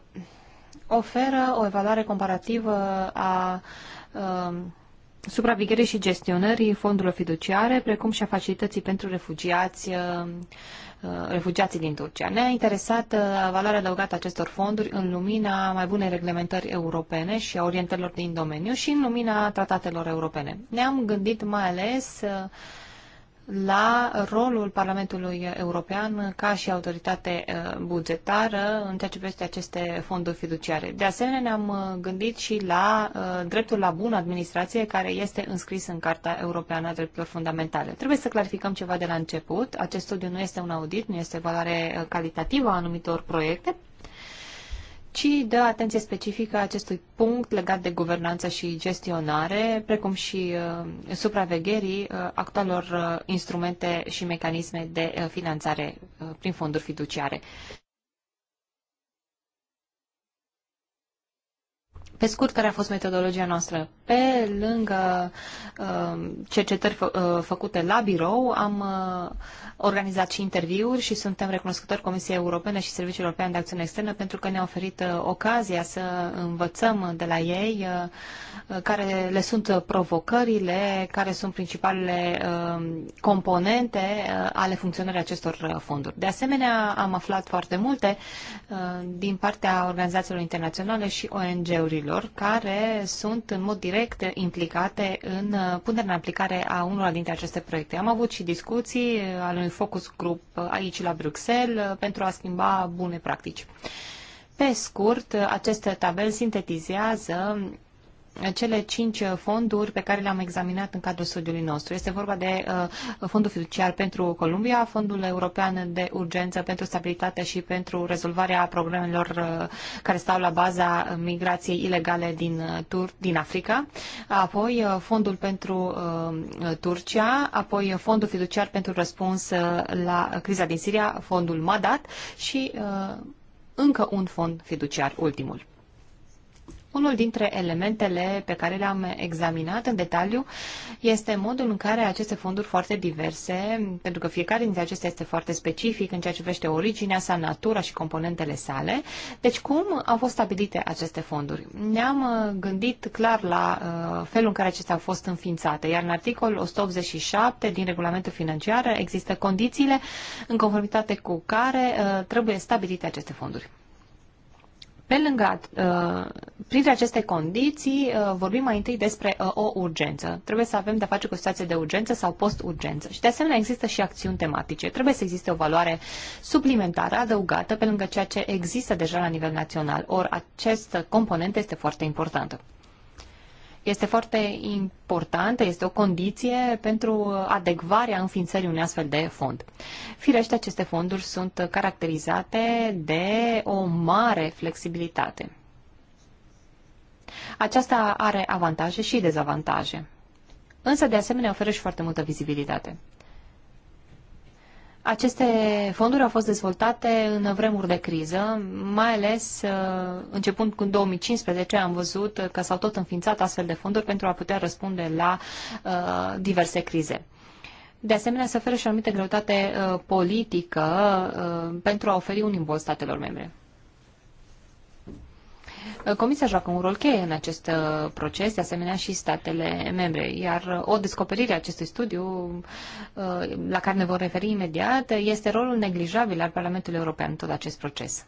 oferă o evaluare comparativă a a um, supravegherii și gestionării fondurilor fiduciare, precum și a facilității pentru refugiați a, um, Uh, refugiații din Turcia. Ne-a interesat uh, valoarea adăugată acestor fonduri în lumina mai bunei reglementări europene și a orientărilor din domeniu și în lumina tratatelor europene. Ne-am gândit mai ales uh, la rolul Parlamentului European ca și autoritate uh, bugetară în ceea ce privește aceste fonduri fiduciare. De asemenea, ne-am uh, gândit și la uh, dreptul la bună administrație care este înscris în Carta Europeană a Drepturilor Fundamentale. Trebuie să clarificăm ceva de la început. Acest studiu nu este un audit, nu este valoare calitativă a anumitor proiecte, ci dă atenție specifică acestui punct legat de guvernanță și gestionare, precum și uh, supravegherii uh, actualor uh, instrumente și mecanisme de uh, finanțare uh, prin fonduri fiduciare. Pe scurt, care a fost metodologia noastră? Pe lângă uh, cercetări fă, uh, făcute la birou, am uh, organizat și interviuri și suntem recunoscători Comisiei Europene și Serviciul European de Acțiune Externă pentru că ne a oferit uh, ocazia să învățăm de la ei uh, care le sunt provocările, care sunt principalele uh, componente ale funcționării acestor fonduri. De asemenea, am aflat foarte multe din partea organizațiilor internaționale și ONG-urilor țărilor care sunt în mod direct implicate în uh, punerea în aplicare a unora dintre aceste proiecte. Am avut și discuții uh, al unui focus group uh, aici la Bruxelles pentru a schimba bune practici. Pe scurt, acest tabel sintetizează cele cinci uh, fonduri pe care le-am examinat în cadrul studiului nostru. Este vorba de uh, Fondul Fiduciar pentru Columbia, Fondul European de Urgență pentru Stabilitate și pentru rezolvarea problemelor uh, care stau la baza migrației ilegale din, Tur din Africa, apoi Fondul pentru Turcia, apoi Fondul Fiduciar pentru Răspuns la criza din Siria, Fondul MADAT și încă un fond fiduciar, ultimul. Unul dintre elementele pe care le-am examinat în detaliu este modul în care aceste fonduri foarte diverse, pentru că fiecare dintre acestea este foarte specific în ceea ce privește originea sa, natura și componentele sale. Deci cum au fost stabilite aceste fonduri? Ne-am uh, gândit clar la uh, felul în care acestea au fost înființate, iar în articol 187 din regulamentul financiar există condițiile în conformitate cu care uh, trebuie stabilite aceste fonduri. Pe lângă, uh, printre aceste condiții, uh, vorbim mai întâi despre uh, o urgență. Trebuie să avem de-a face cu o situație de urgență sau post-urgență. Și de asemenea există și acțiuni tematice. Trebuie să existe o valoare suplimentară, adăugată, pe lângă ceea ce există deja la nivel național. Or, această componentă este foarte importantă este foarte importantă, este o condiție pentru adecvarea înființării unui astfel de fond. Firește, aceste fonduri sunt caracterizate de o mare flexibilitate. Aceasta are avantaje și dezavantaje. Însă, de asemenea, oferă și foarte multă vizibilitate. Aceste fonduri au fost dezvoltate în vremuri de criză, mai ales uh, începând cu 2015 am văzut că s-au tot înființat astfel de fonduri pentru a putea răspunde la uh, diverse crize. De asemenea, se oferă și o anumită greutate uh, politică pentru a oferi un imbold statelor membre. Comisia joacă un rol cheie în acest uh, proces, de asemenea și statele membre, iar uh, o descoperire a acestui studiu, uh, la care ne vom referi imediat, este rolul neglijabil al Parlamentului European în tot acest proces.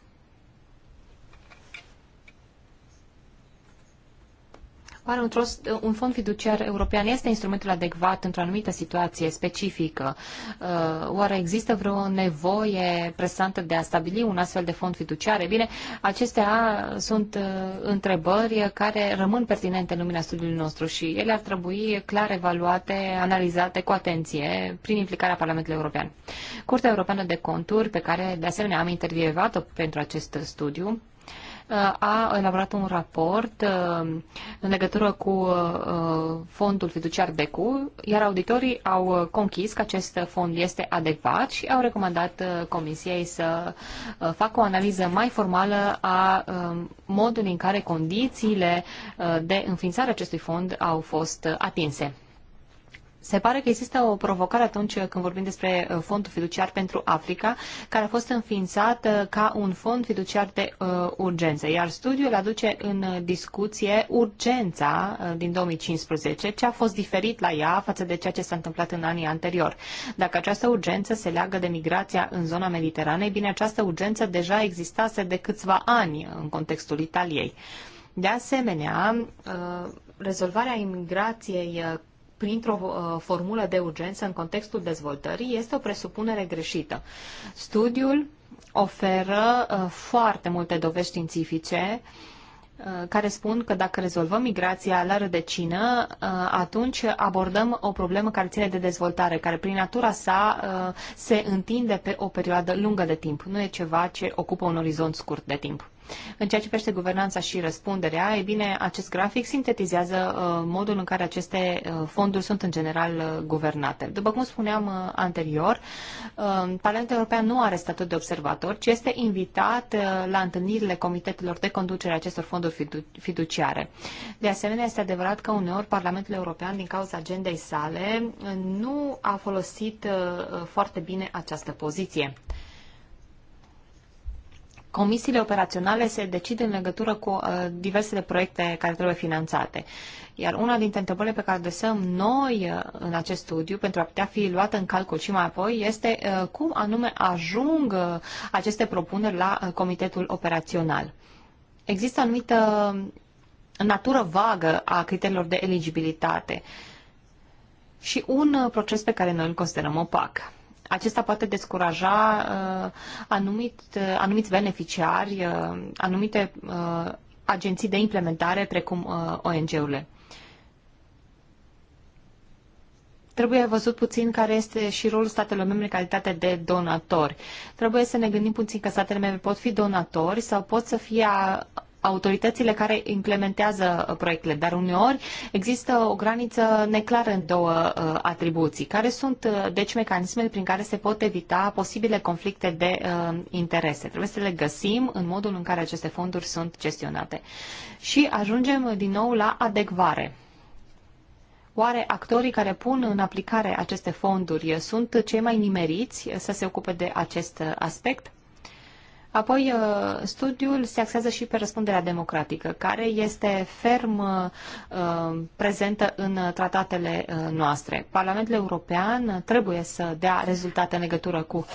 Oare un, trost, un fond fiduciar european este instrumentul adecvat într-o anumită situație specifică? Uh, oare există vreo nevoie presantă de a stabili un astfel de fond fiduciar? E bine, acestea sunt uh, întrebări care rămân pertinente în lumina studiului nostru și ele ar trebui clar evaluate, analizate cu atenție prin implicarea Parlamentului European. Curtea Europeană de Conturi, pe care de asemenea am intervievat-o pentru acest studiu, a elaborat un raport uh, în legătură cu uh, fondul fiduciar BECU, iar auditorii au uh, conchis că acest fond este adecvat și au recomandat Comisiei să facă o analiză mai formală a um, modului în care condițiile de înființare acestui fond au fost atinse. Se pare că există o provocare atunci când vorbim despre uh, fondul fiduciar pentru Africa, care a fost înființat uh, ca un fond fiduciar de uh, urgență, iar studiul aduce în discuție urgența uh, din 2015, ce a fost diferit la ea față de ceea ce s-a întâmplat în anii anterior. Dacă această urgență se leagă de migrația în zona Mediteranei, bine, această urgență deja existase de câțiva ani în contextul Italiei. De asemenea, uh, rezolvarea imigrației uh, printr-o uh, formulă de urgență în contextul dezvoltării este o presupunere greșită. Studiul oferă uh, foarte multe dovezi științifice uh, care spun că dacă rezolvăm migrația la rădăcină, atunci abordăm o problemă care ține de dezvoltare, care prin natura sa se întinde pe o perioadă lungă de timp. Nu e ceva ce ocupă un orizont scurt de timp. În ceea ce privește guvernanța și răspunderea, e bine, acest grafic sintetizează uh, modul în care aceste uh, fonduri sunt în general uh, guvernate. După cum spuneam anterior, Parlamentul European nu are statut de observator, ci este invitat la întâlnirile comitetelor de conducere a acestor fonduri fiduciare. De asemenea, este adevărat că uneori Parlamentul European, din cauza agendei sale, nu a folosit foarte bine această poziție comisiile operaționale se decid în legătură cu uh, diversele proiecte care trebuie finanțate. Iar una dintre întrebările pe care adresăm noi uh, în acest studiu, pentru a putea fi luată în calcul și mai apoi, este uh, cum anume ajung uh, aceste propuneri la uh, comitetul operațional. Există anumită natură vagă a criteriilor de eligibilitate și un uh, proces pe care noi îl considerăm opac acesta poate descuraja uh, anumit, uh, anumiți beneficiari, uh, anumite agenții de implementare, precum ONG-urile. Trebuie văzut puțin care este și rolul statelor membre în calitate de donatori. Trebuie să ne gândim puțin că statele membre pot fi donatori sau pot să fie autoritățile care implementează uh, proiectele, dar uneori există o graniță neclară în două uh, atribuții. Care sunt, uh, deci, mecanismele prin care se pot evita posibile conflicte de interese? Trebuie să le găsim în modul în care aceste fonduri sunt gestionate. Și ajungem din nou la adecvare. Oare actorii care pun în aplicare aceste fonduri sunt cei mai nimeriți să se ocupe de acest aspect? Apoi, uh, studiul se axează și pe răspunderea democratică, care este ferm uh, prezentă în tratatele uh, noastre. Parlamentul European trebuie să dea rezultate în legătură cu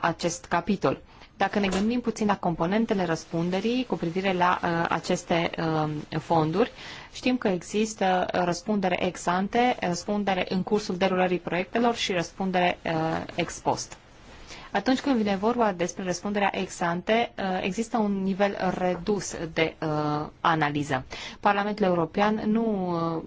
acest capitol. Dacă ne gândim puțin la componentele răspunderii cu privire la uh, aceste uh, fonduri, știm că există răspundere ex ante, răspundere în cursul derulării proiectelor și răspundere uh, ex post. Atunci când vine vorba despre răspunderea ex ante, uh, există un nivel redus de uh, analiză. Parlamentul European nu uh,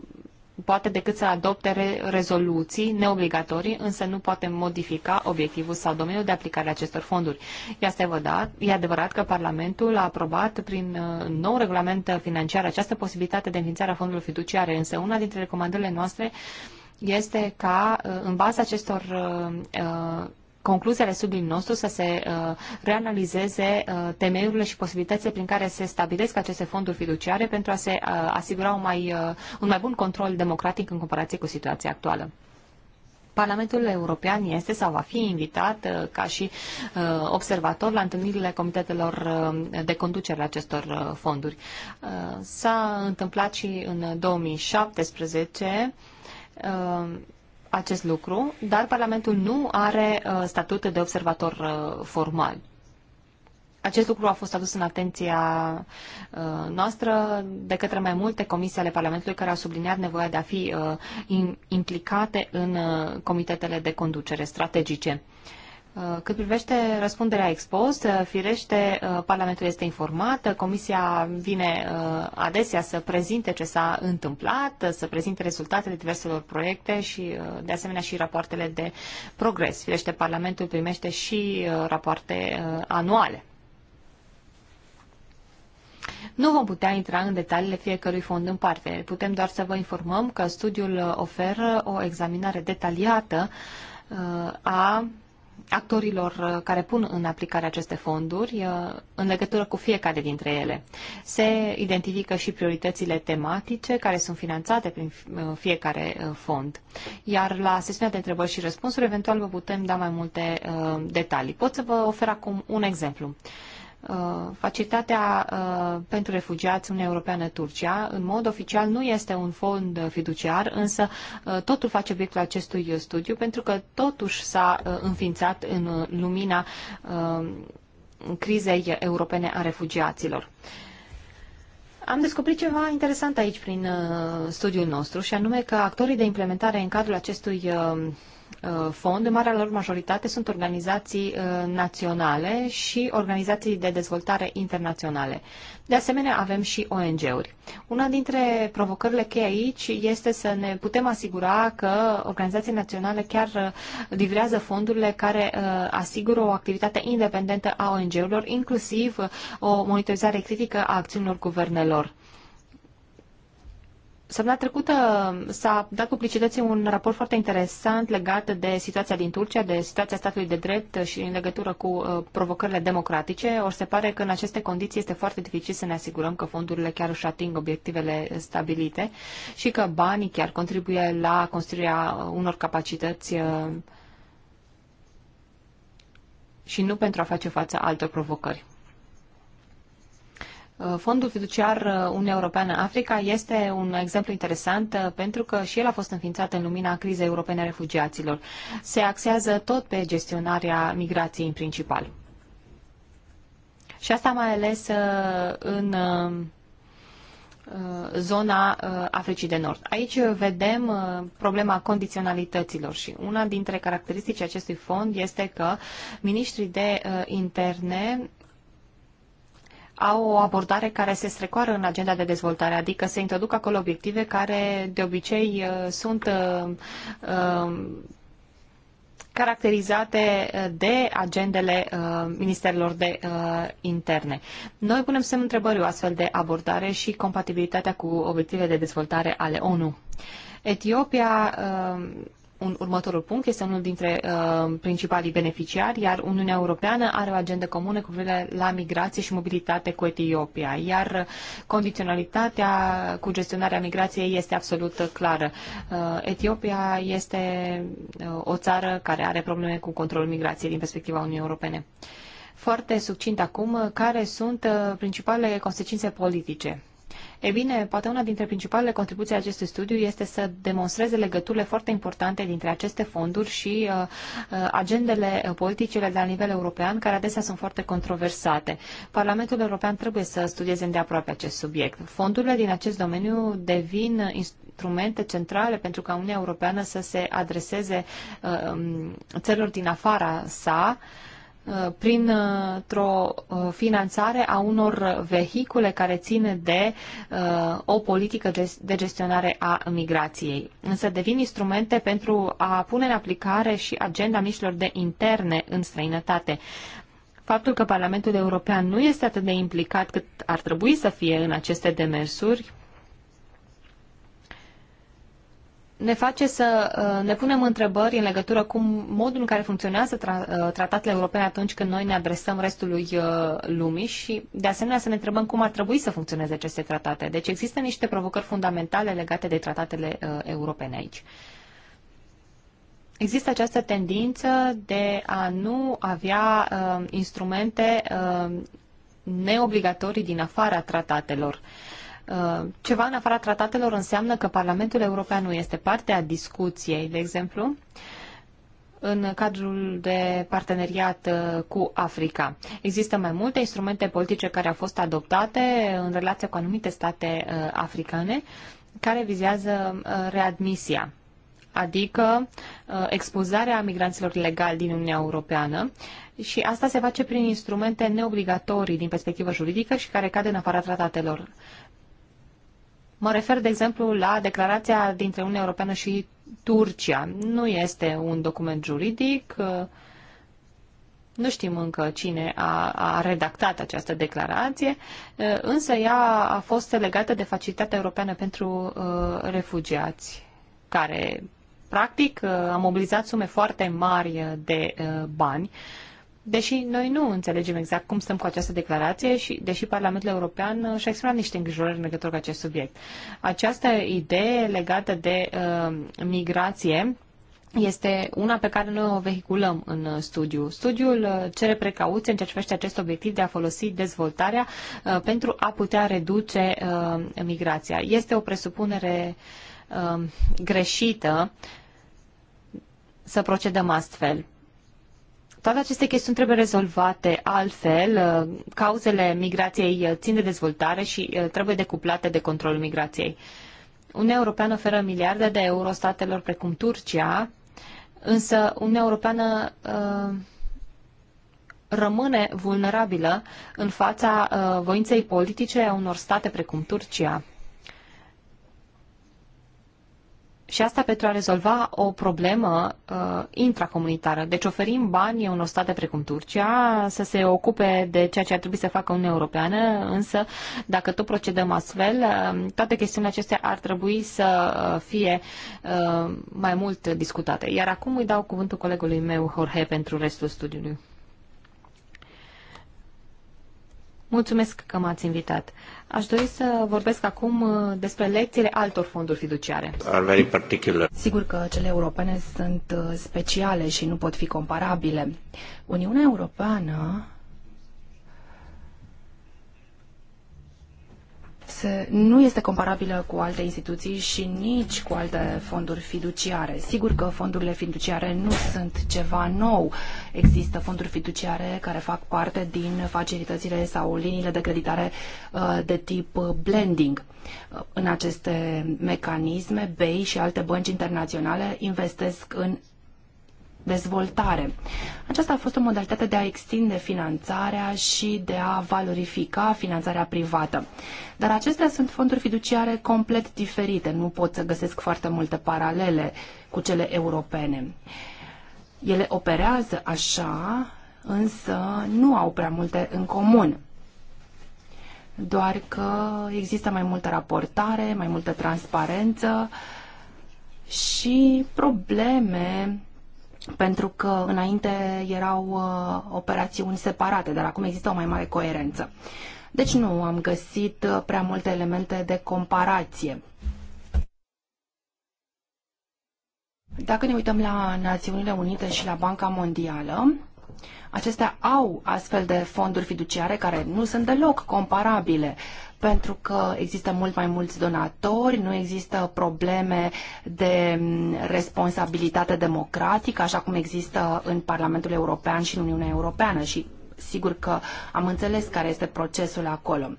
poate decât să adopte re- rezoluții neobligatorii, însă nu poate modifica obiectivul sau domeniul de aplicare a acestor fonduri. Este vădat, e adevărat că Parlamentul a aprobat prin uh, nou regulament financiar această posibilitate de înființare a fondurilor fiduciare, însă una dintre recomandările noastre este ca, uh, în baza acestor concluziile studiului nostru să se uh, reanalizeze uh, temeiurile și posibilitățile prin care se stabilesc aceste fonduri fiduciare pentru a se uh, asigura un mai, un mai bun control democratic în comparație cu situația actuală. Parlamentul European este sau va fi invitat ca și observator la întâlnirile comitetelor de conducere a acestor fonduri. S-a întâmplat și în 2017 acest lucru, dar Parlamentul nu are uh, statut de observator uh, formal. Acest lucru a fost adus în atenția uh, noastră de către mai multe comisii ale Parlamentului care au subliniat nevoia de a fi implicate în comitetele de conducere strategice. Uh, cât privește răspunderea expost, uh, firește, uh, Parlamentul este informat, Comisia vine adesea să prezinte ce s-a întâmplat, să prezinte rezultatele diverselor proiecte și, de asemenea, și rapoartele de progres. Firește, Parlamentul primește și rapoarte anuale. Nu vom putea intra în detaliile fiecărui fond în parte. Putem doar să vă informăm că studiul oferă o examinare detaliată a actorilor uh, care pun în aplicare aceste fonduri uh, în legătură cu fiecare dintre ele. Se identifică și prioritățile tematice care sunt finanțate prin uh, fiecare fond. Iar la sesiunea de întrebări și răspunsuri, eventual vă putem da mai multe detalii. Pot să vă ofer acum un exemplu. Uh, facilitatea uh, pentru refugiați Uniunea Europeană-Turcia, în mod oficial, nu este un fond fiduciar, însă uh, totul face obiectul acestui studiu, pentru că totuși s-a înființat în lumina crizei europene a refugiaților. Am descoperit ceva interesant aici prin studiul nostru și anume că actorii de implementare în cadrul acestui Uh, fond, în marea lor majoritate sunt organizații uh, naționale și organizații de dezvoltare internaționale. De asemenea, avem și ONG-uri. Una dintre provocările cheie aici este să ne putem asigura că organizații naționale chiar uh, livrează fondurile care asigură o activitate independentă a ONG-urilor, inclusiv o monitorizare critică a acțiunilor guvernelor. Săptămâna trecută s-a dat publicității un raport foarte interesant legat de situația din Turcia, de situația statului de drept și în legătură cu uh, provocările democratice. Ori se pare că în aceste condiții este foarte dificil să ne asigurăm că fondurile chiar își ating obiectivele stabilite și că banii chiar contribuie la construirea unor capacități uh, și nu pentru a face față altor provocări. Uh, Fondul fiduciar uh, Uniunea Europeană Africa este un exemplu interesant uh, pentru că și el a fost înființat în lumina crizei europene a refugiaților. Se axează tot pe gestionarea migrației în principal. Și asta mai ales în zona Africii de Nord. Aici vedem problema condiționalităților și una dintre caracteristici acestui fond este că ministrii de interne au o abordare care se strecoară în agenda de dezvoltare, adică se introduc acolo obiective care de obicei uh, sunt uh, uh, caracterizate de agendele ministerilor de interne. Noi punem semn întrebări o astfel de abordare și compatibilitatea cu obiectivele de dezvoltare ale ONU. Etiopia un următorul punct, este unul dintre uh, principalii beneficiari, iar Uniunea Europeană are o agendă comună cu privire la migrație și mobilitate cu Etiopia, iar condiționalitatea cu gestionarea migrației este absolut clară. Uh, Etiopia este uh, o țară care are probleme cu controlul migrației din perspectiva Uniunii Europene. Foarte succint acum, care sunt uh, principalele consecințe politice E bine, poate una dintre principalele contribuții acestui studiu este să demonstreze legăturile foarte importante dintre aceste fonduri și uh, uh agendele politicile de la nivel european, care adesea sunt foarte controversate. Parlamentul European trebuie să studieze îndeaproape acest subiect. Fondurile din acest domeniu devin instrumente centrale pentru ca Uniunea Europeană să se adreseze uh, um, țărilor din afara sa, uh, Uh, printr-o uh, uh, finanțare a unor vehicule care țin de o politică de gestionare a migrației. Însă devin instrumente pentru a pune în aplicare și agenda mișilor de interne în străinătate. Faptul că Parlamentul European nu este atât de implicat cât ar trebui să fie în aceste demersuri ne face să uh, ne punem întrebări în legătură cu modul în care funcționează uh, tratatele europene atunci când noi ne adresăm restului uh, lumii și, de asemenea, să ne întrebăm cum ar trebui să funcționeze aceste tratate. Deci există niște provocări fundamentale legate de tratatele europene aici. Există această tendință de a nu avea instrumente neobligatorii din afara tratatelor. Uh, ceva în afara tratatelor înseamnă că Parlamentul European nu este parte a discuției, de exemplu, în cadrul de parteneriat uh, cu Africa. Există mai multe instrumente politice care au fost adoptate în relația cu anumite state uh, africane care vizează readmisia adică expulzarea migranților legali din Uniunea Europeană și asta se face prin instrumente neobligatorii din perspectivă juridică și care cad în afara tratatelor. Mă refer, de exemplu, la declarația dintre Uniunea Europeană și Turcia. Nu este un document juridic. Nu știm încă cine a, a redactat această declarație, însă ea a fost legată de Facilitatea Europeană pentru uh, Refugiați, care practic uh, a mobilizat sume foarte mari uh, de bani Deși noi nu înțelegem exact cum stăm cu această declarație și deși Parlamentul European uh, și-a exprimat niște îngrijorări în legătură cu acest subiect. Această idee legată de uh, migrație este una pe care noi o vehiculăm în uh, studiu. Studiul uh, cere precauție în ceea ce face acest obiectiv de a folosi dezvoltarea uh, pentru a putea reduce uh, migrația. Este o presupunere uh, greșită să procedăm astfel. Toate aceste chestiuni trebuie rezolvate altfel. Cauzele migrației țin de dezvoltare și uh, trebuie decuplate de controlul migrației. Uniunea Europeană oferă miliarde de euro statelor precum Turcia, însă Uniunea Europeană uh, rămâne vulnerabilă în fața uh, voinței politice a unor state precum Turcia. Și asta pentru a rezolva o problemă uh, intracomunitară. Deci oferim bani unor state precum Turcia să se ocupe de ceea ce ar trebui să facă Uniunea Europeană, însă dacă tot procedăm astfel, uh, toate chestiunile acestea ar trebui să uh, fie uh, mai mult discutate. Iar acum îi dau cuvântul colegului meu, Jorge, pentru restul studiului. Mulțumesc că m-ați invitat. Aș dori să vorbesc acum uh, despre lecțiile altor fonduri fiduciare. Are very particular. Sigur că cele europene sunt uh, speciale și nu pot fi comparabile. Uniunea Europeană se, nu este comparabilă cu alte instituții și nici cu alte fonduri fiduciare. Sigur că fondurile fiduciare nu sunt ceva nou. Există fonduri fiduciare care fac parte din facilitățile sau liniile de creditare uh, de tip blending. Uh, în aceste mecanisme, BEI și alte bănci internaționale investesc în dezvoltare. Aceasta a fost o modalitate de a extinde finanțarea și de a valorifica finanțarea privată. Dar acestea sunt fonduri fiduciare complet diferite, nu pot să găsesc foarte multe paralele cu cele europene. Ele operează așa, însă nu au prea multe în comun doar că există mai multă raportare, mai multă transparență și probleme pentru că înainte erau uh, operațiuni separate, dar acum există o mai mare coerență. Deci nu am găsit uh, prea multe elemente de comparație. Dacă ne uităm la Națiunile Unite și la Banca Mondială, acestea au astfel de fonduri fiduciare care nu sunt deloc comparabile pentru că există mult mai mulți donatori, nu există probleme de mm, responsabilitate democratică, așa cum există în Parlamentul European și în Uniunea Europeană și sigur că am înțeles care este procesul acolo.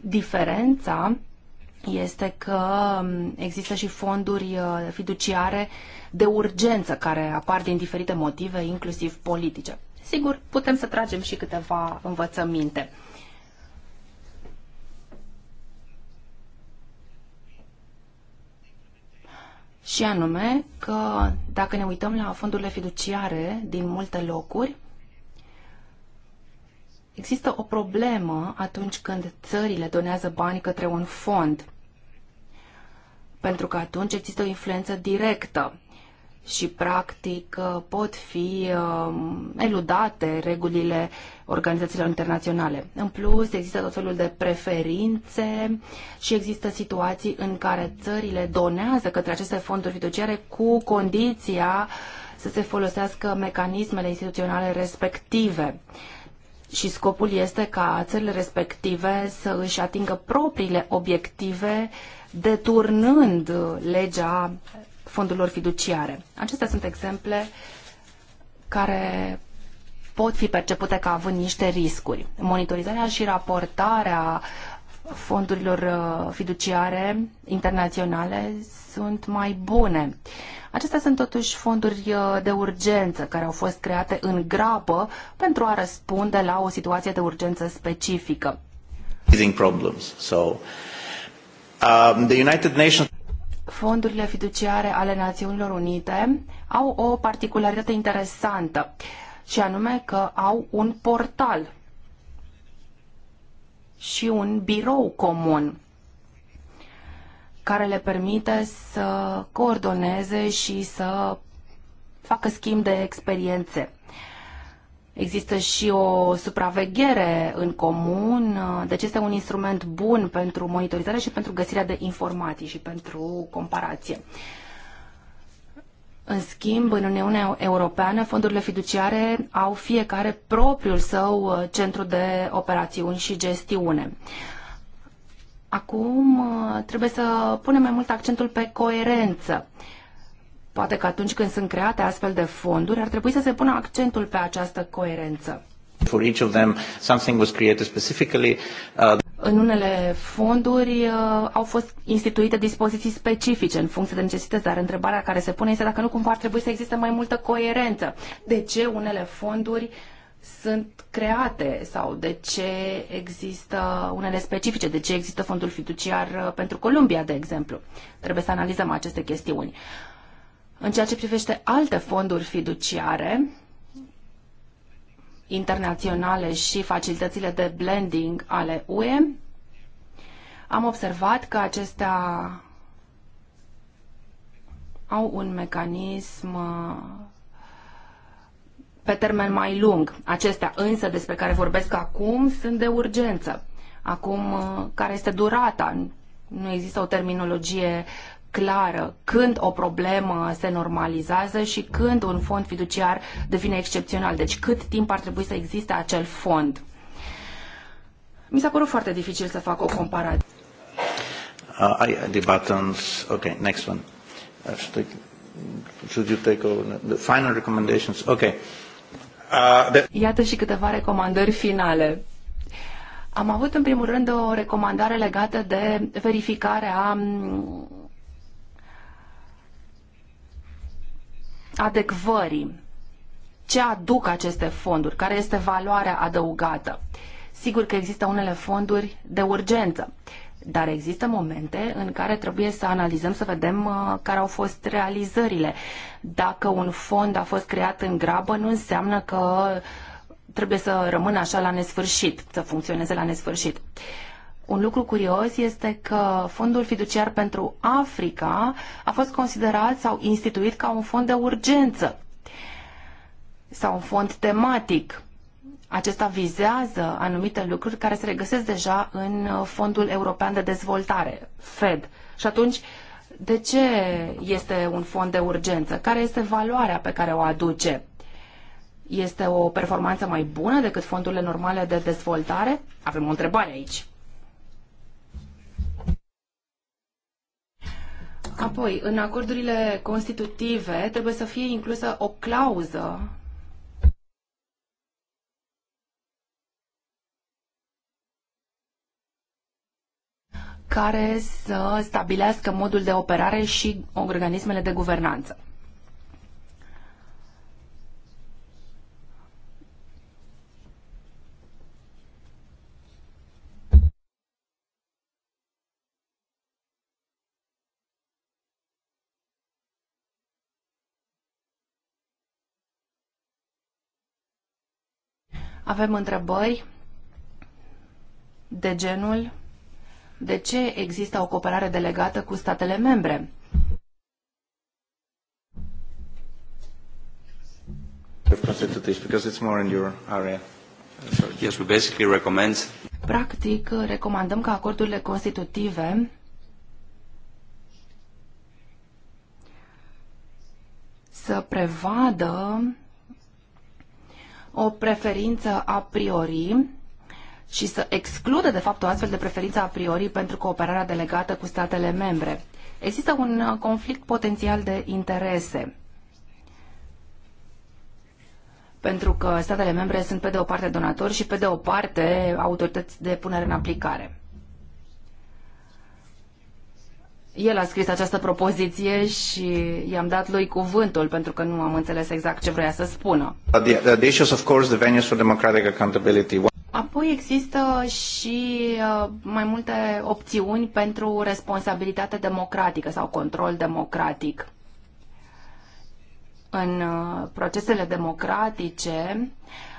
Diferența este că mm, există și fonduri uh, fiduciare de urgență care apar din diferite motive, inclusiv politice. Sigur, putem să tragem și câteva învățăminte. și anume că dacă ne uităm la fondurile fiduciare din multe locuri, există o problemă atunci când țările donează bani către un fond, pentru că atunci există o influență directă și practic pot fi um, eludate regulile organizațiilor internaționale. În plus, există tot felul de preferințe și există situații în care țările donează către aceste fonduri fiduciare cu condiția să se folosească mecanismele instituționale respective și scopul este ca țările respective să își atingă propriile obiective, deturnând legea fondurilor fiduciare. Acestea sunt exemple care pot fi percepute ca având niște riscuri. Monitorizarea și raportarea fondurilor uh, fiduciare internaționale sunt mai bune. Acestea sunt totuși fonduri uh, de urgență care au fost create în grabă pentru a răspunde la o situație de urgență specifică fondurile fiduciare ale Națiunilor Unite au o particularitate interesantă și anume că au un portal și un birou comun care le permite să coordoneze și să facă schimb de experiențe. Există și o supraveghere în comun, uh, deci este un instrument bun pentru monitorizare și pentru găsirea de informații și pentru comparație. În schimb, în Uniunea Europeană, fondurile fiduciare au fiecare propriul său uh, centru de operațiuni și gestiune. Acum uh, trebuie să punem mai mult accentul pe coerență. Uh, Poate că atunci când sunt create astfel de fonduri, ar trebui să se pună accentul pe această coerență. For each of them, something was created specifically. Uh... În unele fonduri uh, au fost instituite dispoziții specifice în funcție de necesități, dar întrebarea care se pune este dacă nu cumva ar trebui să existe mai multă coerență. De ce unele fonduri sunt create sau de ce există unele specifice, de ce există fondul fiduciar uh, pentru Columbia, de exemplu. Trebuie să analizăm aceste chestiuni. Uh, în ceea ce privește alte fonduri fiduciare, internaționale și facilitățile de blending ale UE, am observat că acestea au un mecanism uh, pe termen mai lung. Acestea însă despre care vorbesc acum sunt de urgență. Acum, uh, care este durata? Nu există o terminologie clară când o problemă se normalizează și când un fond fiduciar devine excepțional. Deci cât timp ar trebui să existe acel fond. Mi s-a părut foarte dificil să fac o comparație. Uh, I, the buttons. Okay, next one. Uh, should, should you take over the final recommendations? Okay. Uh, the... Iată și câteva recomandări finale. Am avut în primul rând o recomandare legată de verificarea mm, adecvării. Ce aduc aceste fonduri? Care este valoarea adăugată? Sigur că există unele fonduri de urgență, dar există momente în care trebuie să analizăm, să vedem uh, care au fost realizările. Dacă un fond a fost creat în grabă, nu înseamnă că trebuie să rămână așa la nesfârșit, să funcționeze la nesfârșit. Uh, un lucru curios este că Fondul Fiduciar pentru Africa a fost considerat sau instituit ca un fond de urgență sau un fond tematic. Acesta vizează anumite lucruri care se regăsesc deja în Fondul European de Dezvoltare, FED. Și atunci, de ce este un fond de urgență? Care este valoarea pe care o aduce? Este o performanță mai bună decât fondurile normale de dezvoltare? Avem o întrebare aici. Apoi, în acordurile constitutive trebuie să fie inclusă o clauză care să stabilească modul de operare și organismele de guvernanță. Avem întrebări de genul de ce există o cooperare delegată cu statele membre? Practic, recomandăm ca acordurile constitutive să prevadă o preferință a priori și să excludă, de fapt, o astfel de preferință a priori pentru cooperarea delegată cu statele membre. Există un uh, conflict potențial de interese pentru că statele membre sunt pe de o parte donatori și pe de o parte autorități de punere în aplicare. El a scris această propoziție și i-am dat lui cuvântul pentru că nu am înțeles exact ce vrea să spună. Apoi există și uh, mai multe opțiuni pentru responsabilitate democratică sau control democratic. În uh, procesele democratice, uh,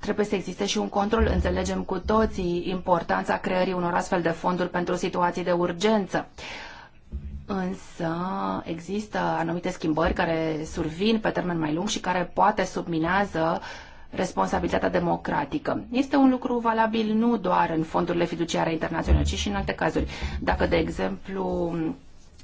Trebuie să existe și un control. Înțelegem cu toții importanța creării unor astfel de fonduri pentru situații de urgență. Însă există anumite schimbări care survin pe termen mai lung și care poate subminează responsabilitatea democratică. Este un lucru valabil nu doar în fondurile fiduciare internaționale, ci și în alte cazuri. Dacă, de exemplu,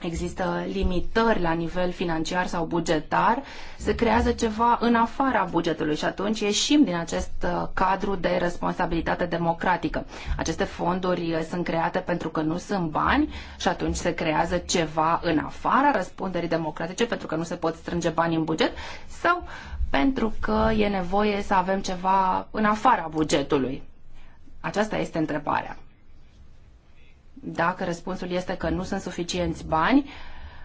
există limitări la nivel financiar sau bugetar, se creează ceva în afara bugetului și atunci ieșim din acest uh, cadru de responsabilitate democratică. Aceste fonduri uh, sunt create pentru că nu sunt bani și atunci se creează ceva în afara răspunderii democratice pentru că nu se pot strânge bani în buget sau pentru că e nevoie să avem ceva în afara bugetului. Aceasta este întrebarea. Dacă răspunsul este că nu sunt suficienți bani,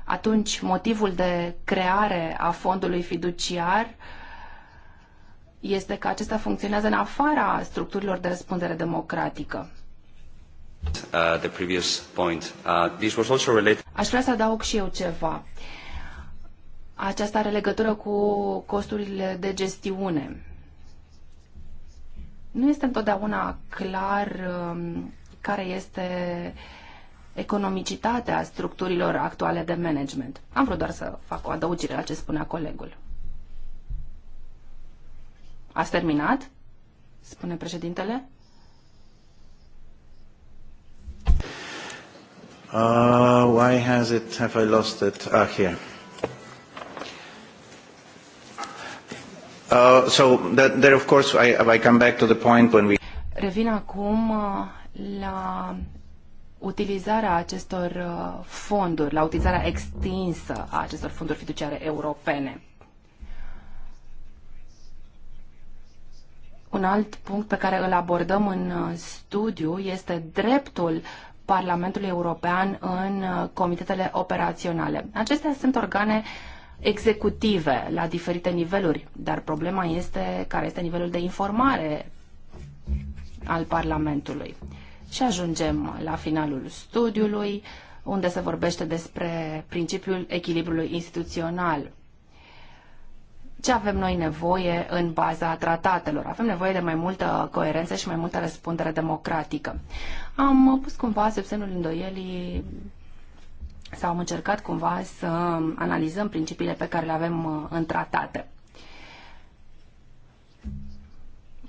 atunci motivul de creare a fondului fiduciar este că acesta funcționează în afara structurilor de răspundere democratică. Uh, the previous point. Uh, this was also related... Aș vrea să adaug și eu ceva. Aceasta are legătură cu costurile de gestiune. Nu este întotdeauna clar um, care este economicitatea structurilor actuale de management. Am vrut doar să fac o adăugire la ce spunea colegul. Ați terminat? Spune președintele. Uh, why has it, have I lost it? Ah, here. Uh, so, that, there of course, I, I come back to the point when we... Revin acum uh, la utilizarea acestor uh, fonduri, la utilizarea extinsă a acestor fonduri fiduciare europene. Un alt punct pe care îl abordăm în uh, studiu este dreptul Parlamentului European în uh, comitetele operaționale. Acestea sunt organe executive la diferite niveluri, dar problema este care este nivelul de informare al Parlamentului și ajungem la finalul studiului, unde se vorbește despre principiul echilibrului instituțional. Ce avem noi nevoie în baza tratatelor? Avem nevoie de mai multă coerență și mai multă răspundere democratică. Am pus cumva sub semnul îndoielii sau am încercat cumva să analizăm principiile pe care le avem uh, în tratate.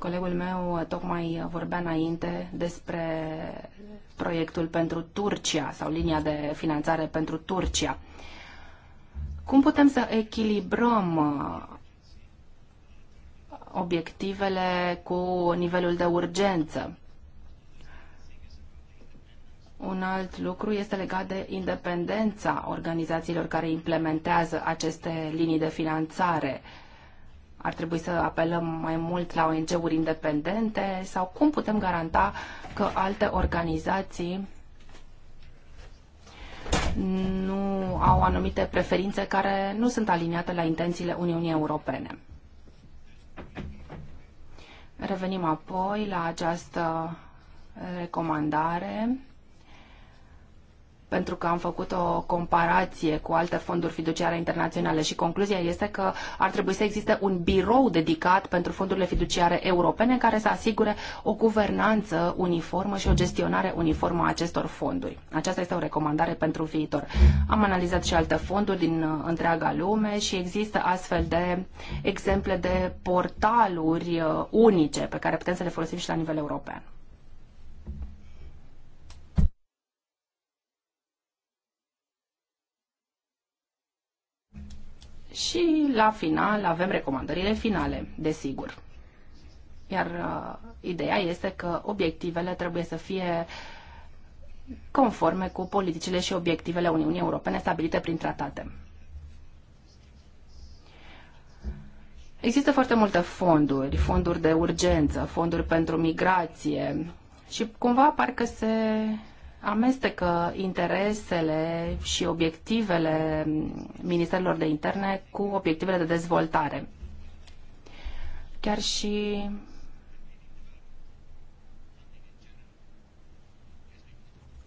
Colegul meu uh, tocmai uh, vorbea înainte despre proiectul pentru Turcia sau linia de finanțare pentru Turcia. Cum putem să echilibrăm uh, obiectivele cu nivelul de urgență? Un alt lucru este legat de independența organizațiilor care implementează aceste linii de finanțare ar trebui să apelăm mai mult la ONG-uri independente sau cum putem garanta că alte organizații nu au anumite preferințe care nu sunt aliniate la intențiile Uniunii Europene. Revenim apoi la această recomandare pentru că am făcut o comparație cu alte fonduri fiduciare internaționale și concluzia este că ar trebui să existe un birou dedicat pentru fondurile fiduciare europene care să asigure o guvernanță uniformă și o gestionare uniformă a acestor fonduri. Aceasta este o recomandare pentru viitor. Am analizat și alte fonduri din uh, întreaga lume și există astfel de exemple de portaluri uh, unice pe care putem să le folosim și la nivel european. și la final avem recomandările finale, desigur. Iar uh, ideea este că obiectivele trebuie să fie conforme cu politicile și obiectivele Uniunii Europene stabilite prin tratate. Există foarte multe fonduri, fonduri de urgență, fonduri pentru migrație și cumva parcă se amestecă interesele și obiectivele ministerilor de interne cu obiectivele de dezvoltare. Chiar și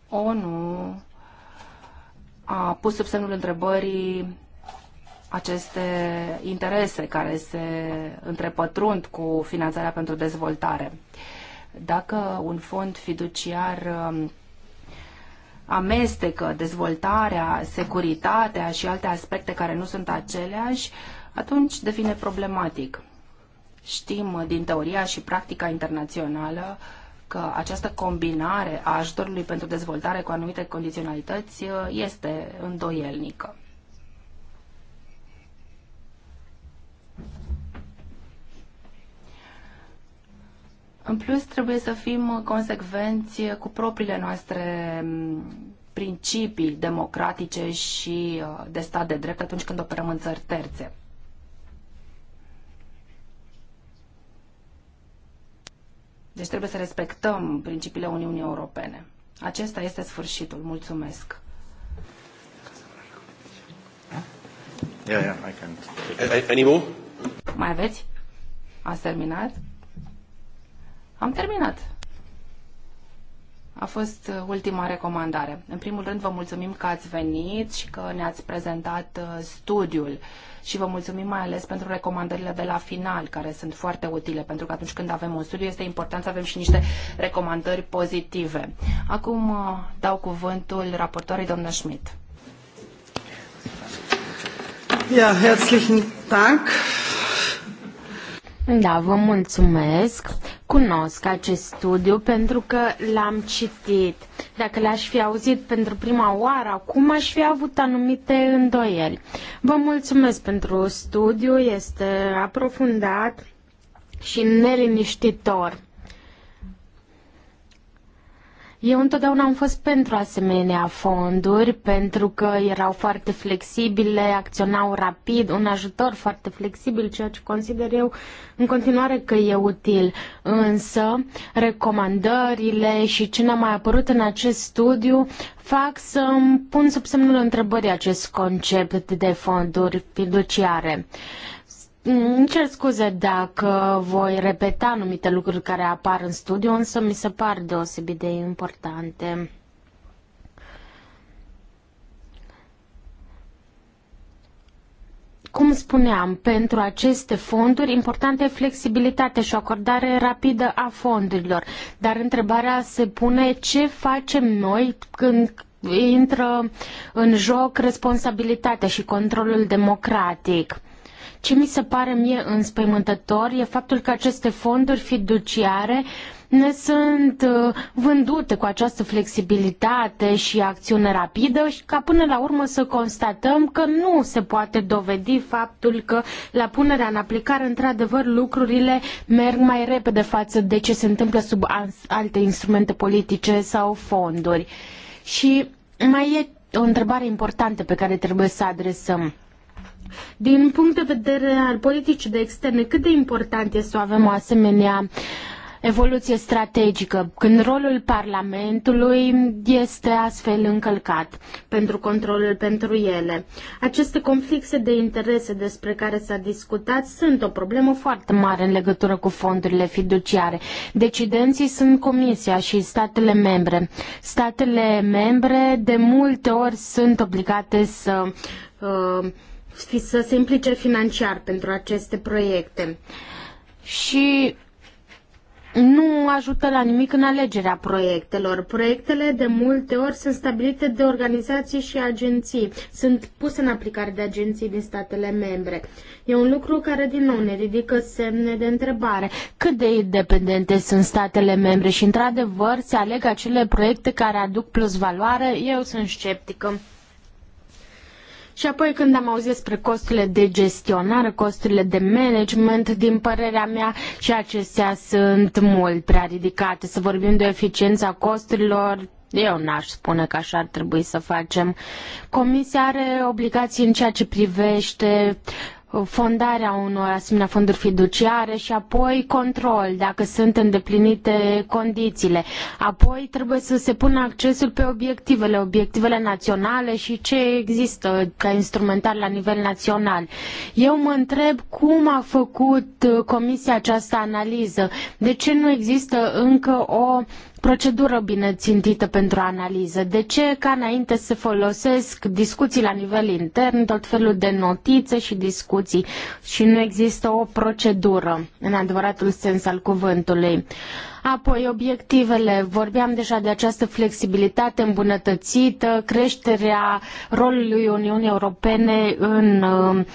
ONU a pus sub semnul întrebării aceste interese care se întrepătrund cu finanțarea pentru dezvoltare. Dacă un fond fiduciar um, amestecă dezvoltarea, securitatea și alte aspecte care nu sunt aceleași, atunci devine problematic. Știm din teoria și practica internațională că această combinare a ajutorului pentru dezvoltare cu anumite condiționalități este îndoielnică. În plus, trebuie să fim consecvenți cu propriile noastre mm, principii democratice și uh, de stat de drept atunci când operăm în țări terțe. Deci trebuie să respectăm principiile Uniunii Europene. Acesta este sfârșitul. Mulțumesc. Yeah, yeah, I can't. Any more? Mai aveți? Ați terminat? Am terminat. A fost uh, ultima recomandare. În primul rând, vă mulțumim că ați venit și că ne-ați prezentat uh, studiul și vă mulțumim mai ales pentru recomandările de la final, care sunt foarte utile, pentru că atunci când avem un studiu este important să avem și niște recomandări pozitive. Acum uh, dau cuvântul raportorii, doamna Schmidt. Ja, herzlichen Dank da, vă mulțumesc. Cunosc acest studiu pentru că l-am citit. Dacă l-aș fi auzit pentru prima oară, acum aș fi avut anumite îndoieli. Vă mulțumesc pentru studiu, este aprofundat și neliniștitor. Eu întotdeauna am fost pentru asemenea fonduri, pentru că erau foarte flexibile, acționau rapid, un ajutor foarte flexibil, ceea ce consider eu în continuare că e util. Însă, recomandările și ce ne-a mai apărut în acest studiu fac să pun sub semnul întrebării acest concept de fonduri fiduciare. Mm, îmi cer scuze dacă voi repeta anumite lucruri care apar în studiu, însă mi se par deosebit de importante. Cum spuneam, pentru aceste fonduri importantă e flexibilitate și o acordare rapidă a fondurilor. Dar întrebarea se pune ce facem noi când intră în joc responsabilitatea și controlul democratic. Ce mi se pare mie înspăimântător e faptul că aceste fonduri fiduciare ne sunt uh, vândute cu această flexibilitate și acțiune rapidă și ca până la urmă să constatăm că nu se poate dovedi faptul că la punerea în aplicare, într-adevăr, lucrurile merg mai repede față de ce se întâmplă sub alte instrumente politice sau fonduri. Și mai e o întrebare importantă pe care trebuie să adresăm din punct de vedere al politicii de externe, cât de important este să avem o asemenea evoluție strategică, când rolul Parlamentului este astfel încălcat pentru controlul pentru ele. Aceste conflicte de interese despre care s-a discutat sunt o problemă foarte mare în legătură cu fondurile fiduciare. Decidenții sunt Comisia și statele membre. Statele membre de multe ori sunt obligate să uh, să se implice financiar pentru aceste proiecte. Și nu ajută la nimic în alegerea proiectelor. Proiectele de multe ori sunt stabilite de organizații și agenții, sunt puse în aplicare de agenții din statele membre. E un lucru care din nou ne ridică semne de întrebare. Cât de independente sunt statele membre și într-adevăr se aleg acele proiecte care aduc plus valoare? Eu sunt sceptică. Și apoi când am auzit despre costurile de gestionare, costurile de management, din părerea mea, și acestea sunt mult prea ridicate. Să vorbim de eficiența costurilor, eu n-aș spune că așa ar trebui să facem. Comisia are obligații în ceea ce privește fondarea unor asemenea fonduri fiduciare și apoi control, dacă sunt îndeplinite condițiile. Apoi trebuie să se pună accesul pe obiectivele, obiectivele naționale și ce există ca instrumentar la nivel național. Eu mă întreb cum a făcut uh, Comisia această analiză, de ce nu există încă o procedură bine țintită pentru analiză. De ce? Ca înainte să folosesc discuții la nivel intern, tot felul de notițe și discuții și nu există o procedură în adevăratul sens al cuvântului. Apoi, obiectivele. Vorbeam deja de această flexibilitate îmbunătățită, creșterea rolului Uniunii Europene în uh,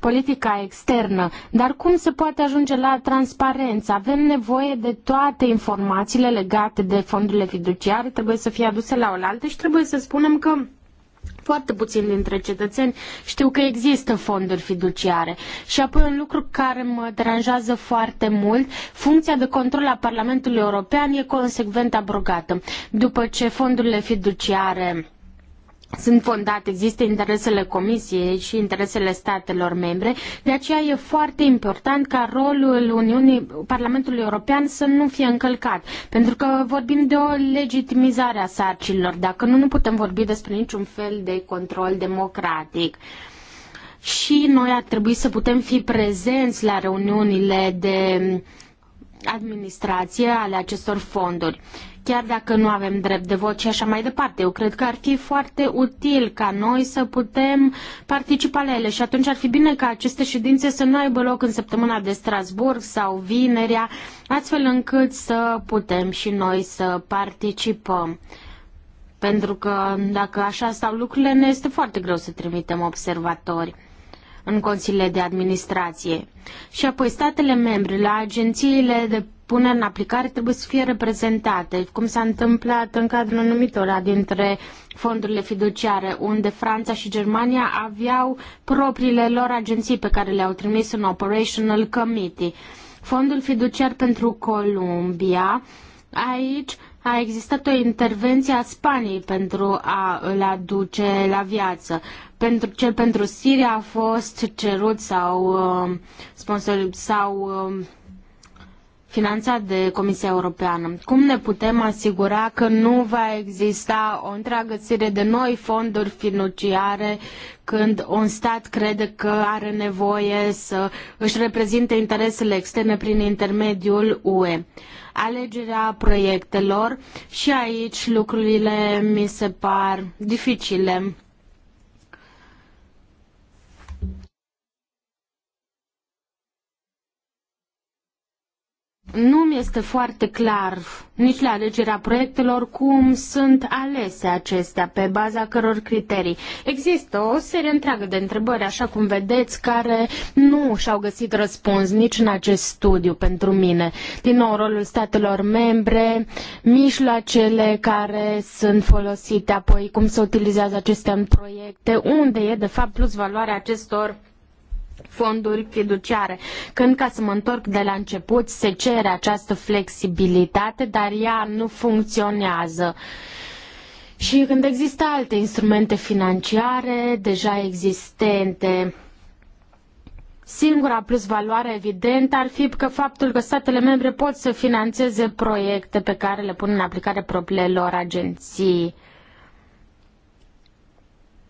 politica externă, dar cum se poate ajunge la transparență? Avem nevoie de toate informațiile legate de fondurile fiduciare, trebuie să fie aduse la oaltă și trebuie să spunem că foarte puțin dintre cetățeni știu că există fonduri fiduciare. Și apoi un lucru care mă deranjează foarte mult, funcția de control a Parlamentului European e consecvent abrogată. După ce fondurile fiduciare sunt fondate, există interesele Comisiei și interesele statelor membre, de aceea e foarte important ca rolul Uniunii Parlamentului European să nu fie încălcat, pentru că vorbim de o legitimizare a sarcinilor, dacă nu, nu putem vorbi despre niciun fel de control democratic și noi ar trebui să putem fi prezenți la reuniunile de administrație ale acestor fonduri chiar dacă nu avem drept de vot și așa mai departe. Eu cred că ar fi foarte util ca noi să putem participa la ele și atunci ar fi bine ca aceste ședințe să nu aibă loc în săptămâna de Strasburg sau vinerea, astfel încât să putem și noi să participăm. Pentru că dacă așa stau lucrurile, ne este foarte greu să trimitem observatori în consiliile de administrație. Și apoi statele membre la agențiile de punere în aplicare trebuie să fie reprezentate, cum s-a întâmplat în cadrul anumitora dintre fondurile fiduciare, unde Franța și Germania aveau propriile lor agenții pe care le-au trimis în Operational Committee. Fondul fiduciar pentru Columbia Aici a existat o intervenție a Spaniei pentru a îl aduce la viață. Pentru, cel pentru Siria a fost cerut sau um, sponsor sau um, finanțat de Comisia Europeană. Cum ne putem asigura că nu va exista o întreagă de noi fonduri financiare când un stat crede că are nevoie să își reprezinte interesele externe prin intermediul UE? alegerea proiectelor și aici lucrurile mi se par dificile. nu mi este foarte clar nici la alegerea proiectelor cum sunt alese acestea, pe baza căror criterii. Există o serie întreagă de întrebări, așa cum vedeți, care nu și-au găsit răspuns nici în acest studiu pentru mine. Din nou, rolul statelor membre, mijloacele care sunt folosite, apoi cum se utilizează acestea în proiecte, unde e de fapt plus valoarea acestor fonduri fiduciare. Când, ca să mă întorc de la început, se cere această flexibilitate, dar ea nu funcționează. Și când există alte instrumente financiare deja existente, Singura plus valoare evidentă ar fi că faptul că statele membre pot să financeze proiecte pe care le pun în aplicare propriile lor agenții.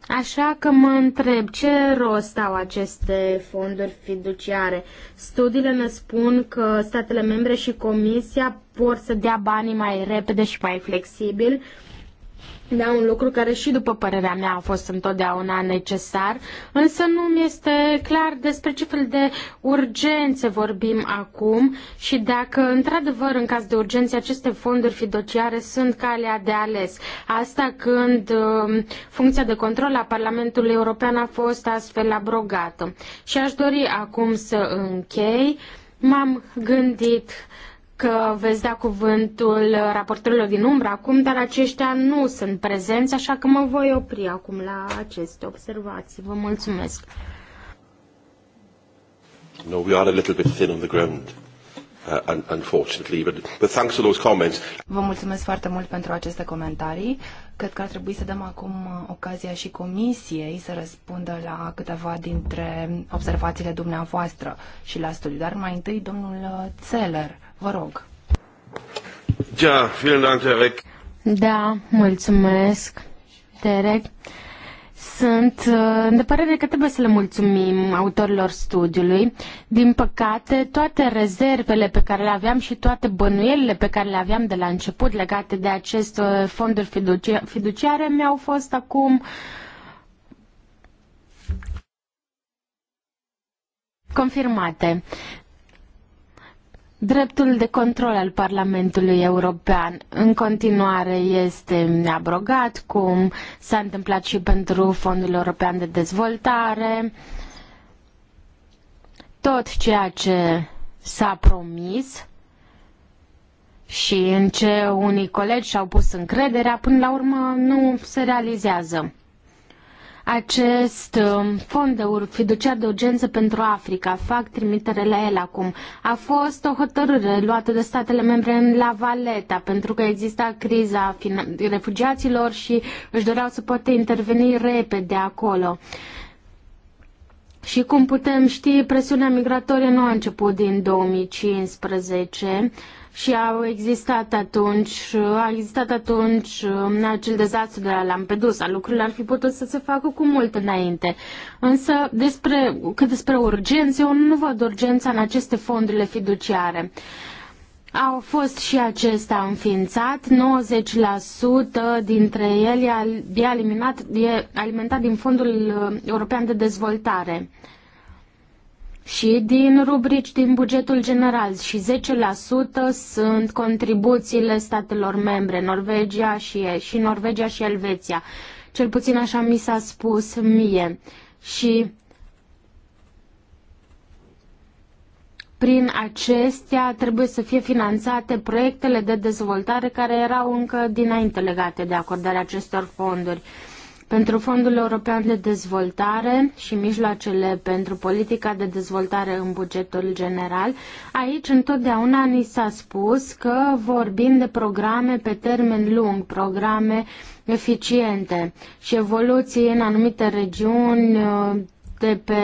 Așa că mă întreb, ce rost au aceste fonduri fiduciare? Studiile ne spun că statele membre și Comisia vor să dea banii mai repede și mai flexibil, uh, da, un lucru care și după părerea mea a fost întotdeauna necesar, însă nu mi este clar despre ce fel de urgențe vorbim acum și dacă, într-adevăr, în caz de urgențe, aceste fonduri fiduciare sunt calea de ales. Asta când uh, funcția de control a Parlamentului European a fost astfel abrogată. Și aș dori acum să închei. M-am gândit uh, că veți da cuvântul raportorilor din umbră acum, dar aceștia nu sunt prezenți, așa că mă voi opri acum la aceste observații. Vă mulțumesc. No, we are a little bit thin on the ground. Uh, unfortunately, but, but thanks for those comments. Vă mulțumesc foarte mult pentru aceste comentarii. Cred că ar trebui să dăm acum uh, ocazia și comisiei să răspundă la câteva dintre observațiile dumneavoastră și la studiu. Dar mai întâi, domnul uh, Țeler Vă rog. Ja, vielen Dank, Derek. Da, mulțumesc, Derek. Sunt uh, de părere că trebuie să le mulțumim autorilor studiului. Din păcate, toate rezervele pe care le aveam și toate bănuielile pe care le aveam de la început legate de aceste uh, fonduri fiduciare mi-au fost acum confirmate. Dreptul de control al Parlamentului European în continuare este abrogat, cum s-a întâmplat și pentru Fondul European de Dezvoltare. Tot ceea ce s-a promis și în ce unii colegi și-au pus încrederea, până la urmă nu se realizează acest um, fond de fiduciar de urgență pentru Africa, fac trimitere la el acum, a fost o hotărâre luată de statele membre în La Valeta, pentru că exista criza refugiaților și își doreau să poată interveni repede acolo. Și cum putem ști, presiunea migratorie nu a început din 2015 și au existat atunci, a existat atunci um, acel dezastru de la Lampedusa. Lucrurile ar fi putut să se facă cu mult înainte. Însă, despre, cât despre urgențe, eu nu văd urgența în aceste fondurile fiduciare. Au fost și acesta înființat, 90% dintre ele e, e alimentat din Fondul uh, European de Dezvoltare. Uh, și din rubrici din bugetul general și 10% sunt contribuțiile statelor membre, Norvegia și, și Norvegia și Elveția. Cel puțin așa mi s-a spus mie. Și prin acestea trebuie să fie finanțate proiectele de dezvoltare care erau încă dinainte legate de acordarea acestor fonduri. Uh, pentru Fondul European de Dezvoltare și mijloacele pentru politica de dezvoltare în bugetul general, aici întotdeauna ni s-a spus că vorbim de programe pe termen lung, programe eficiente și evoluții în anumite regiuni uh, de pe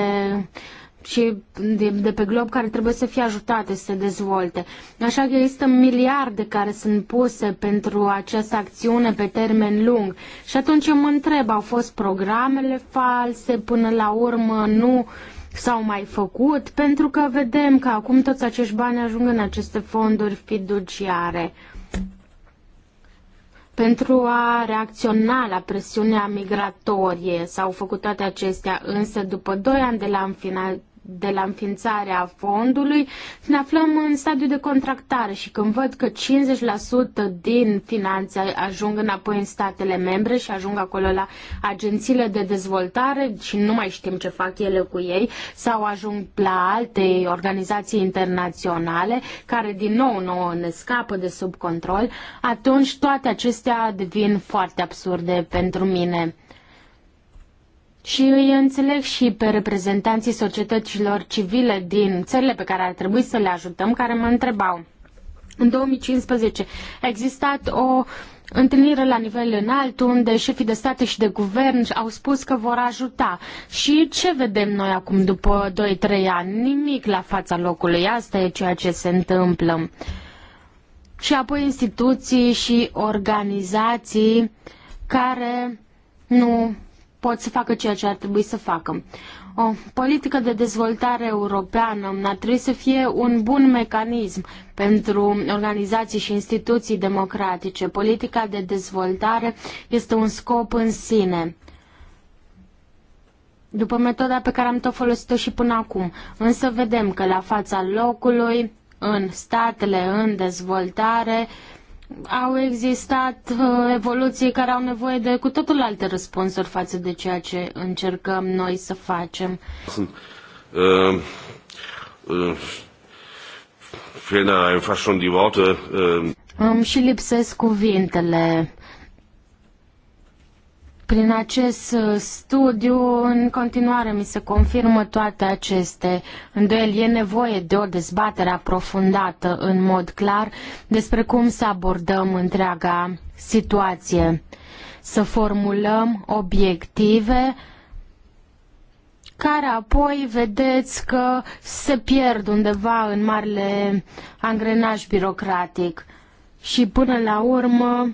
și de, de pe glob care trebuie să fie ajutate să se dezvolte. Așa că există miliarde care sunt puse pentru această acțiune pe termen lung. Și atunci eu mă întreb, au fost programele false până la urmă, nu s-au mai făcut, pentru că vedem că acum toți acești bani ajung în aceste fonduri fiduciare pentru a reacționa la presiunea migratorie. S-au făcut toate acestea, însă după doi ani de la, de la înființarea fondului, ne aflăm în stadiu de contractare și când văd că 50% din finanțe ajung înapoi în statele membre și ajung acolo la agențiile de dezvoltare și nu mai știm ce fac ele cu ei sau ajung la alte organizații internaționale care din nou nouă ne scapă de sub control, atunci toate acestea devin foarte absurde pentru mine. Și îi înțeleg și pe reprezentanții societăților civile din țările pe care ar trebui să le ajutăm, care mă întrebau. În 2015 a existat o întâlnire la nivel înalt unde șefii de state și de guvern au spus că vor ajuta. Și ce vedem noi acum după 2-3 ani? Nimic la fața locului. Asta e ceea ce se întâmplă. Și apoi instituții și organizații care nu pot să facă ceea ce ar trebui să facă. O politică de dezvoltare europeană ar trebui să fie un bun mecanism pentru organizații și instituții democratice. Politica de dezvoltare este un scop în sine după metoda pe care am tot folosit-o și până acum. Însă vedem că la fața locului, în statele în dezvoltare, uh, au existat uh, evoluții care au nevoie de cu totul alte răspunsuri față de ceea ce încercăm noi să facem. Uh, uh, fehlen einfach schon die Worte. Uh, uh. Îmi și lipsesc cuvintele. Prin acest uh, studiu, în continuare, mi se confirmă toate aceste îndoieli. E nevoie de o dezbatere aprofundată, în mod clar, despre cum să abordăm întreaga situație. Să formulăm obiective care apoi vedeți că se pierd undeva în marele angrenaj birocratic. Și până la urmă,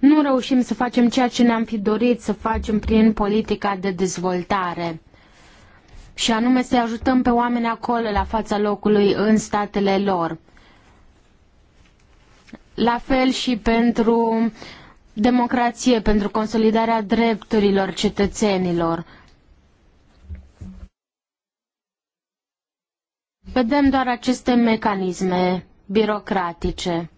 nu reușim să facem ceea ce ne-am fi dorit să facem prin politica de dezvoltare și anume să ajutăm pe oameni acolo la fața locului în statele lor. La fel și pentru democrație, pentru consolidarea drepturilor cetățenilor. Vedem doar aceste mecanisme birocratice.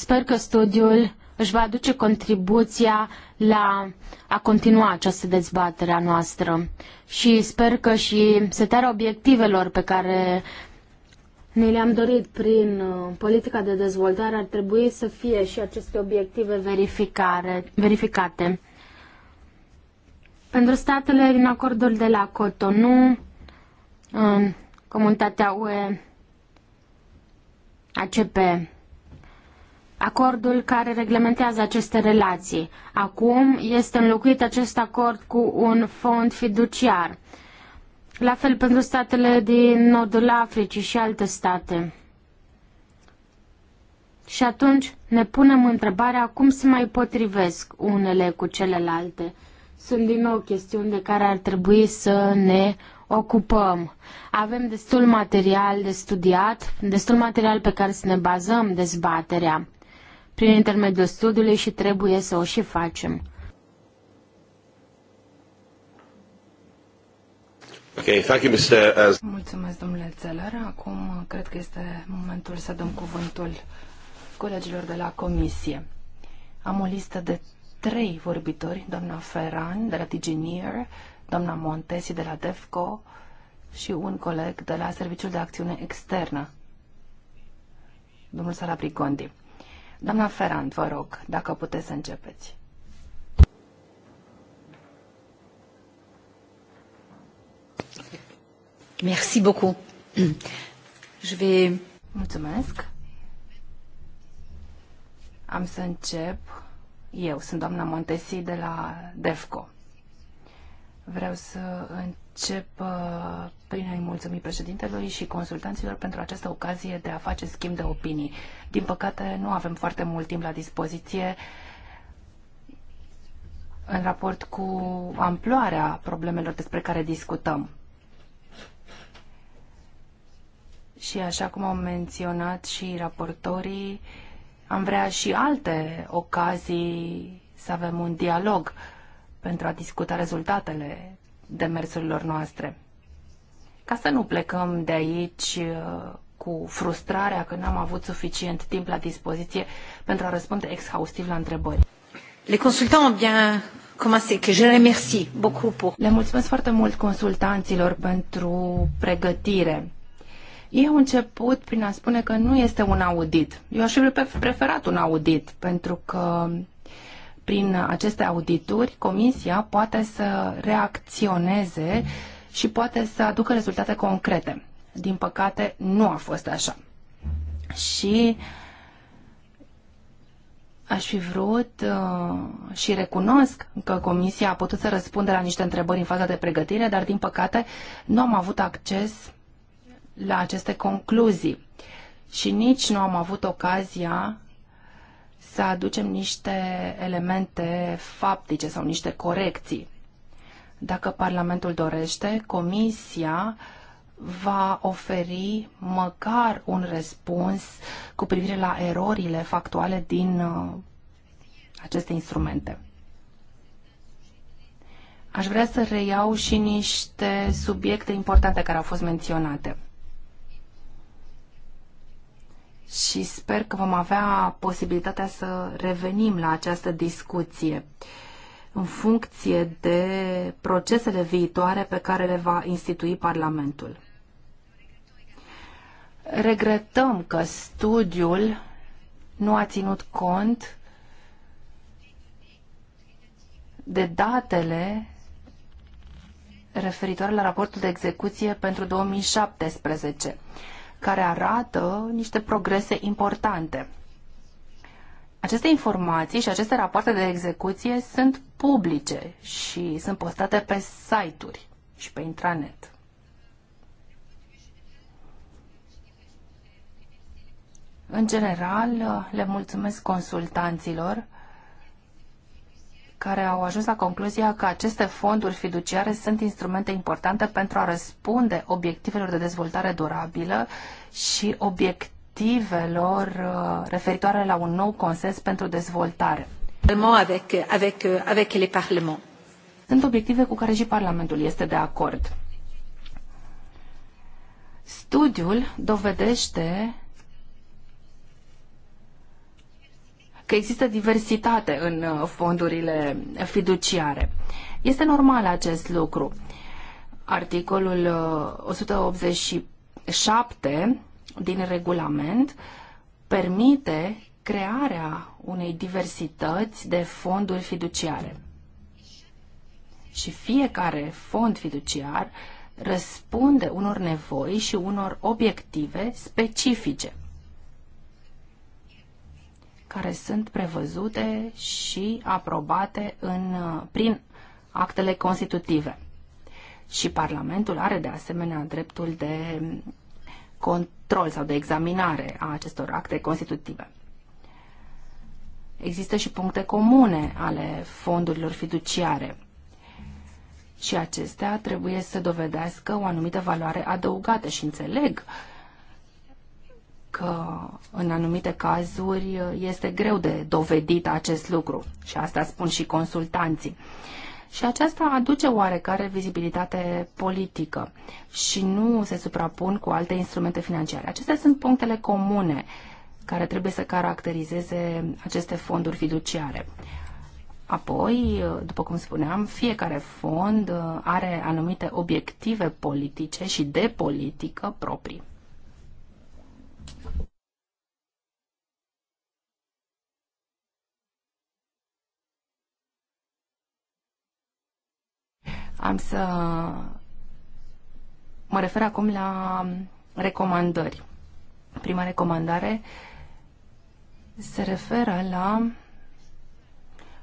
Sper că studiul își va aduce contribuția la a continua această dezbatere a noastră și sper că și setarea obiectivelor pe care ne le-am dorit prin uh, politica de dezvoltare ar trebui să fie și aceste obiective verificare, verificate. Pentru statele din acordul de la Cotonou, în comunitatea UE, ACP, acordul care reglementează aceste relații. Acum este înlocuit acest acord cu un fond fiduciar. La fel pentru statele din nordul Africii și alte state. Și atunci ne punem întrebarea cum se mai potrivesc unele cu celelalte. Sunt din nou chestiuni de care ar trebui să ne ocupăm. Avem destul material de studiat, destul material pe care să ne bazăm dezbaterea prin intermediul studiului și trebuie să o și facem. Okay, thank you, Mr. Mulțumesc, domnule Zeller. Acum cred că este momentul să dăm cuvântul colegilor de la comisie. Am o listă de trei vorbitori, doamna Ferran de la Tigenier, doamna Montesi de la DEFCO și un coleg de la Serviciul de Acțiune Externă, domnul Uh, Doamna Ferrand, vă rog, dacă puteți să începeți. Merci beaucoup. Je vais... Mulțumesc. Am să încep eu. Sunt doamna Montesi de la DEFCO. Vreau să încep uh, prin a-i mulțumi președintelui și consultanților pentru această ocazie de a face schimb de opinii. Din păcate, nu avem foarte mult timp la dispoziție în raport cu amploarea problemelor despre care discutăm. Și așa cum au menționat și raportorii, am vrea și alte ocazii să avem un dialog pentru a discuta rezultatele demersurilor noastre. Ca să nu plecăm de aici uh, cu frustrarea că n-am avut suficient timp la dispoziție pentru a răspunde exhaustiv la întrebări. Le consultants bien commencé, que je remercie beaucoup pour. Le mulțumesc foarte mult consultanților pentru pregătire. Ei au început prin a spune că nu este un audit. Eu aș fi preferat un audit, pentru că prin aceste audituri, Comisia poate să reacționeze și poate să aducă rezultate concrete. Din păcate, nu a fost așa. Și aș fi vrut uh, și recunosc că Comisia a putut să răspundă la niște întrebări în faza de pregătire, dar, din păcate, nu am avut acces la aceste concluzii și nici nu am avut ocazia să aducem niște elemente faptice sau niște corecții. Dacă Parlamentul dorește, Comisia va oferi măcar un răspuns cu privire la erorile factuale din uh, aceste instrumente. Aș vrea să reiau și niște subiecte importante care au fost menționate și sper că vom avea posibilitatea să revenim la această discuție în funcție de procesele viitoare pe care le va institui Parlamentul. Regretăm că studiul nu a ținut cont de datele referitoare la raportul de execuție pentru 2017 care arată niște progrese importante. Aceste informații și aceste rapoarte de execuție sunt publice și sunt postate pe site-uri și pe intranet. În general, le mulțumesc consultanților care au ajuns la concluzia că aceste fonduri fiduciare sunt instrumente importante pentru a răspunde obiectivelor de dezvoltare durabilă și obiectivelor uh, referitoare la un nou consens pentru dezvoltare. Avec, avec, euh, avec les parlements. Sunt obiective cu care și Parlamentul este de acord. Studiul dovedește că există diversitate în uh, fondurile fiduciare. Este normal acest lucru. Articolul 187 uh, din regulament permite crearea unei diversități de fonduri fiduciare. Și fiecare fond fiduciar răspunde unor nevoi și unor obiective specifice care sunt prevăzute și aprobate în, prin actele constitutive. Și Parlamentul are de asemenea dreptul de control sau de examinare a acestor acte constitutive. Există și puncte comune ale fondurilor fiduciare și acestea trebuie să dovedească o anumită valoare adăugată și înțeleg că în anumite cazuri este greu de dovedit acest lucru și asta spun și consultanții. Și aceasta aduce oarecare vizibilitate politică și nu se suprapun cu alte instrumente financiare. Acestea sunt punctele comune care trebuie să caracterizeze aceste fonduri fiduciare. Apoi, după cum spuneam, fiecare fond are anumite obiective politice și de politică proprii. Am să mă refer acum la recomandări. Prima recomandare se referă la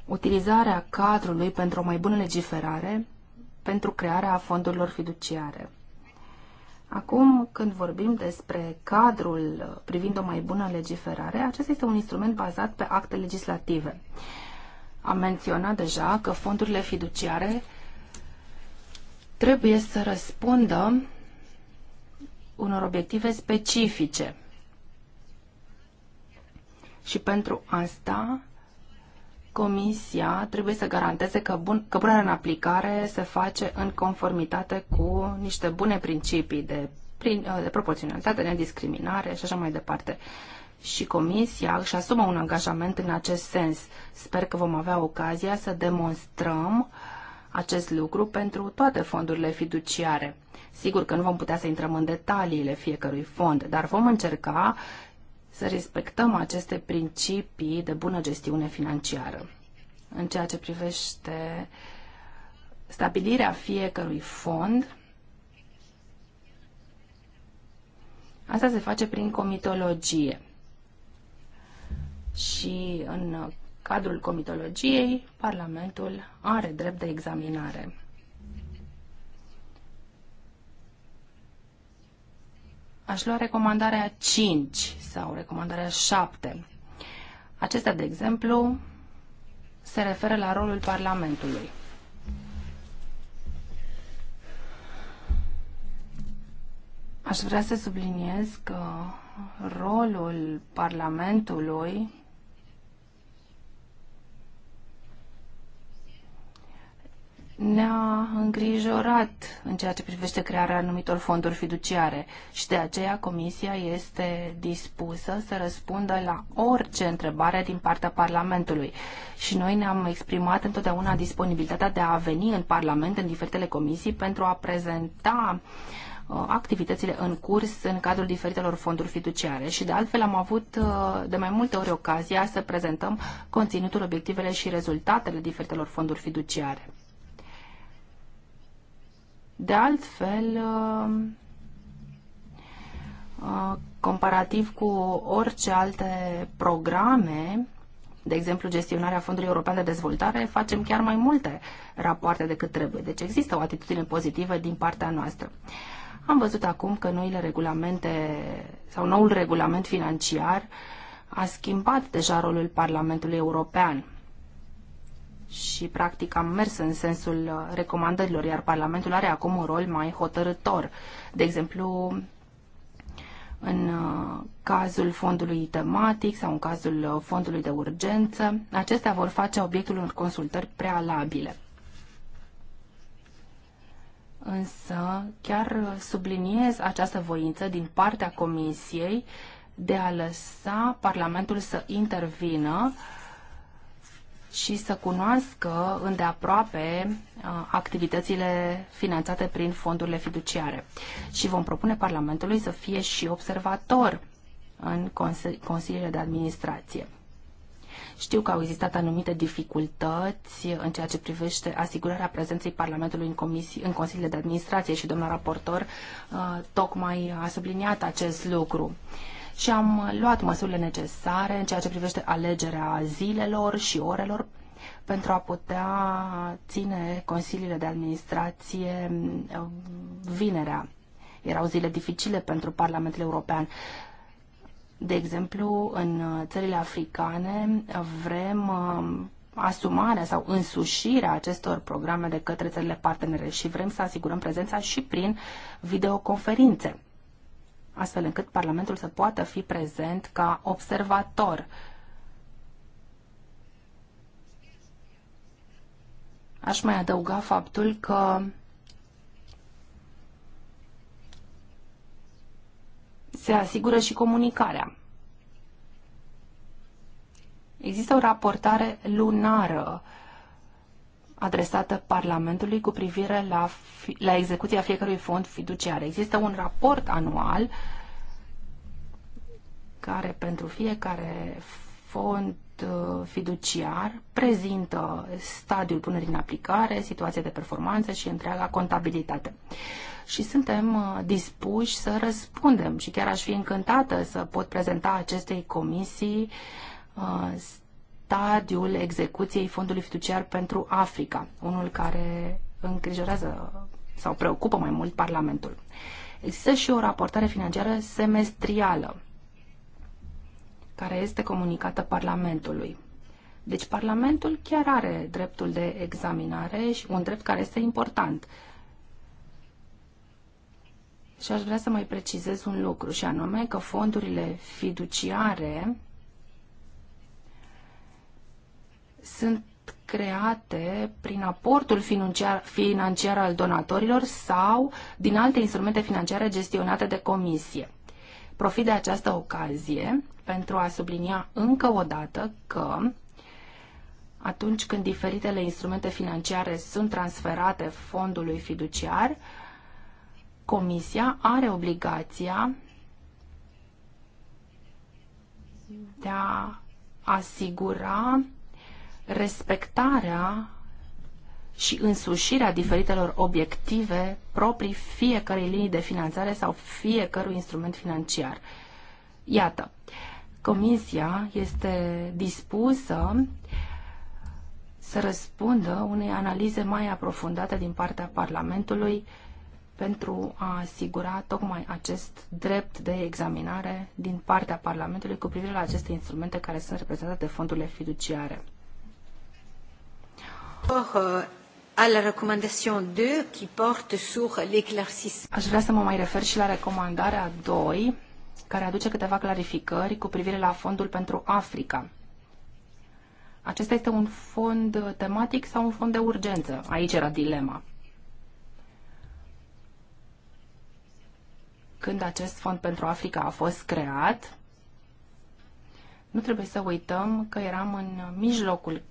utilizarea cadrului pentru o mai bună legiferare pentru crearea fondurilor fiduciare. Acum, când vorbim despre cadrul privind o mai bună legiferare, acesta este un instrument bazat pe acte legislative. Am menționat deja că fondurile fiduciare trebuie să răspundă unor obiective specifice. Și pentru asta, Comisia trebuie să garanteze că, bun, că punerea în aplicare se face în conformitate cu niște bune principii de, prin, de proporționalitate, de discriminare și așa mai departe. Și Comisia își asumă un angajament în acest sens. Sper că vom avea ocazia să demonstrăm uh, acest lucru pentru toate fondurile fiduciare. Sigur că nu vom putea să intrăm în detaliile fiecărui fond, dar vom încerca să respectăm aceste principii de bună gestiune financiară. În ceea ce privește stabilirea fiecărui fond, asta se face prin comitologie. Și în cadrul comitologiei, Parlamentul are drept de examinare. Aș lua recomandarea 5 sau recomandarea 7. Acestea, de exemplu, se referă la rolul Parlamentului. Aș vrea să subliniez că rolul Parlamentului ne-a îngrijorat în ceea ce privește crearea anumitor fonduri fiduciare și de aceea Comisia este dispusă să răspundă la orice întrebare din partea Parlamentului. Și noi ne-am exprimat întotdeauna disponibilitatea de a veni în Parlament, în diferitele comisii, pentru a prezenta uh, activitățile în curs în cadrul diferitelor fonduri fiduciare și de altfel am avut uh, de mai multe ori ocazia să prezentăm conținutul, obiectivele și rezultatele diferitelor fonduri fiduciare. De altfel, uh, uh, comparativ cu orice alte programe, de exemplu gestionarea Fondului European de Dezvoltare, facem chiar mai multe rapoarte decât trebuie. Deci există o atitudine pozitivă din partea noastră. Am văzut acum că noile regulamente sau noul regulament financiar a schimbat deja rolul Parlamentului European și practic am mers în sensul uh, recomandărilor, iar Parlamentul are acum un rol mai hotărător. De exemplu, în uh, cazul fondului tematic sau în cazul uh, fondului de urgență, acestea vor face obiectul unor consultări prealabile. Însă chiar subliniez această voință din partea Comisiei de a lăsa Parlamentul să intervină uh, și să cunoască îndeaproape uh, activitățile finanțate prin fondurile fiduciare. Și vom propune Parlamentului să fie și observator în consiliile de administrație. Știu că au existat anumite dificultăți în ceea ce privește asigurarea prezenței Parlamentului în, comisii, în consiliile de administrație și domnul raportor uh, tocmai a subliniat acest lucru. Uh, și am uh, luat măsurile necesare în ceea ce privește alegerea zilelor și orelor pentru a putea ține consiliile de administrație uh, vinerea. Erau zile dificile pentru Parlamentul European. De exemplu, în uh, țările africane vrem asumarea sau însușirea acestor programe de către țările partenere și vrem să asigurăm prezența și prin videoconferințe astfel încât Parlamentul să poată fi prezent ca observator. Aș mai adăuga faptul că se asigură și comunicarea. Există o raportare lunară adresată Parlamentului cu privire la, la execuția fiecărui fond fiduciar. Există un raport anual care pentru fiecare fond uh, fiduciar prezintă stadiul punerii în aplicare, situația de performanță și întreaga contabilitate. Și suntem uh, dispuși să răspundem și chiar aș fi încântată să pot prezenta acestei comisii uh, stadiul execuției Fondului Fiduciar pentru Africa, unul care îngrijorează sau preocupă mai mult Parlamentul. Există și o raportare financiară semestrială care este comunicată Parlamentului. Deci Parlamentul chiar are dreptul de examinare și un drept care este important. Și aș vrea să mai precizez un lucru, și anume că fondurile fiduciare sunt create prin aportul financiar, financiar al donatorilor sau din alte instrumente financiare gestionate de comisie. Profit de această ocazie pentru a sublinia încă o dată că atunci când diferitele instrumente financiare sunt transferate fondului fiduciar, Comisia are obligația de a asigura respectarea și însușirea diferitelor obiective proprii fiecărei linii de finanțare sau fiecărui instrument financiar. Iată, Comisia este dispusă să răspundă unei analize mai aprofundate din partea Parlamentului pentru a asigura tocmai acest drept de examinare din partea Parlamentului cu privire la aceste instrumente care sunt reprezentate de fondurile fiduciare. Euh, Aș vrea să mă mai refer și la recomandarea 2, care aduce câteva clarificări cu privire la fondul pentru Africa. Acesta este un fond tematic sau un fond de urgență? Aici era dilema. Când acest fond pentru Africa a fost creat, nu trebuie să uităm că eram în mijlocul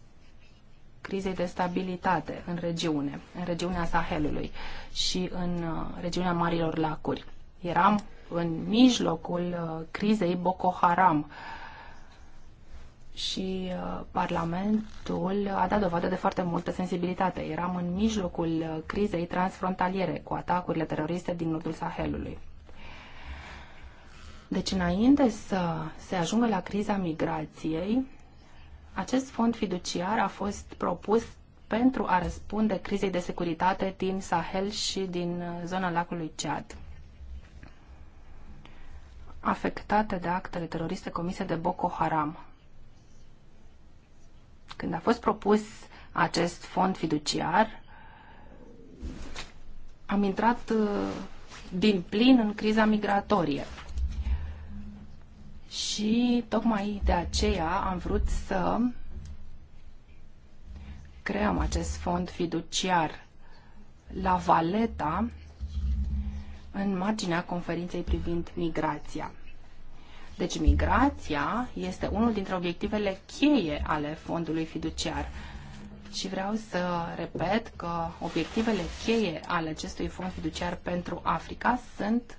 crizei de stabilitate în regiune, în regiunea Sahelului și în uh, regiunea Marilor Lacuri. Eram în mijlocul uh, crizei Boko Haram și uh, Parlamentul a dat dovadă de foarte multă sensibilitate. Eram în mijlocul crizei transfrontaliere cu atacurile teroriste din nordul Sahelului. Deci, înainte să se ajungă la criza migrației, acest fond fiduciar a fost propus pentru a răspunde crizei de securitate din Sahel și din uh, zona lacului Chad, afectate de actele teroriste comise de Boko Haram. Când a fost propus acest fond fiduciar, am intrat uh, din plin în criza migratorie. Și tocmai de aceea am vrut să creăm acest fond fiduciar la Valeta în marginea conferinței privind migrația. Deci migrația este unul dintre obiectivele cheie ale fondului fiduciar. Și vreau să repet că obiectivele cheie ale acestui fond fiduciar pentru Africa sunt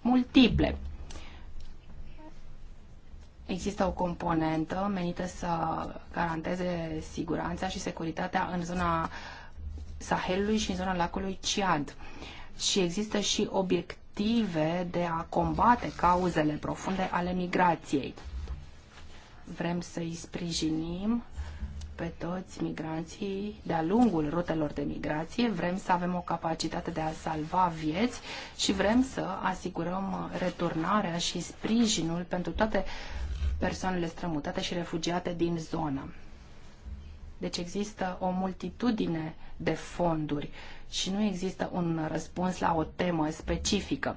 multiple. Există o componentă menită să garanteze siguranța și securitatea în zona Sahelului și în zona lacului Ciad. Și există și obiective de a combate cauzele profunde ale migrației. Vrem să-i sprijinim pe toți migranții de-a lungul rutelor de migrație, vrem să avem o capacitate de a salva vieți și vrem să asigurăm returnarea și sprijinul pentru toate uh, persoanele strămutate și refugiate din zonă. Deci există o multitudine de fonduri și nu există un răspuns la o temă specifică,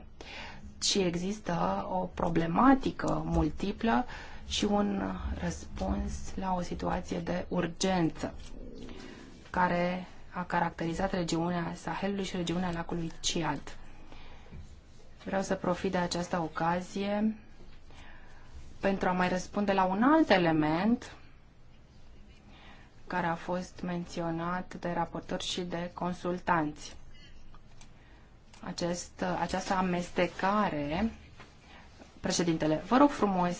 ci există o problematică multiplă și un răspuns la o situație de urgență care a caracterizat regiunea Sahelului și regiunea lacului Ciad. Vreau să profit de această ocazie pentru a mai răspunde la un alt element care a fost menționat de raportori și de consultanți. Acest, această amestecare, președintele, vă rog frumos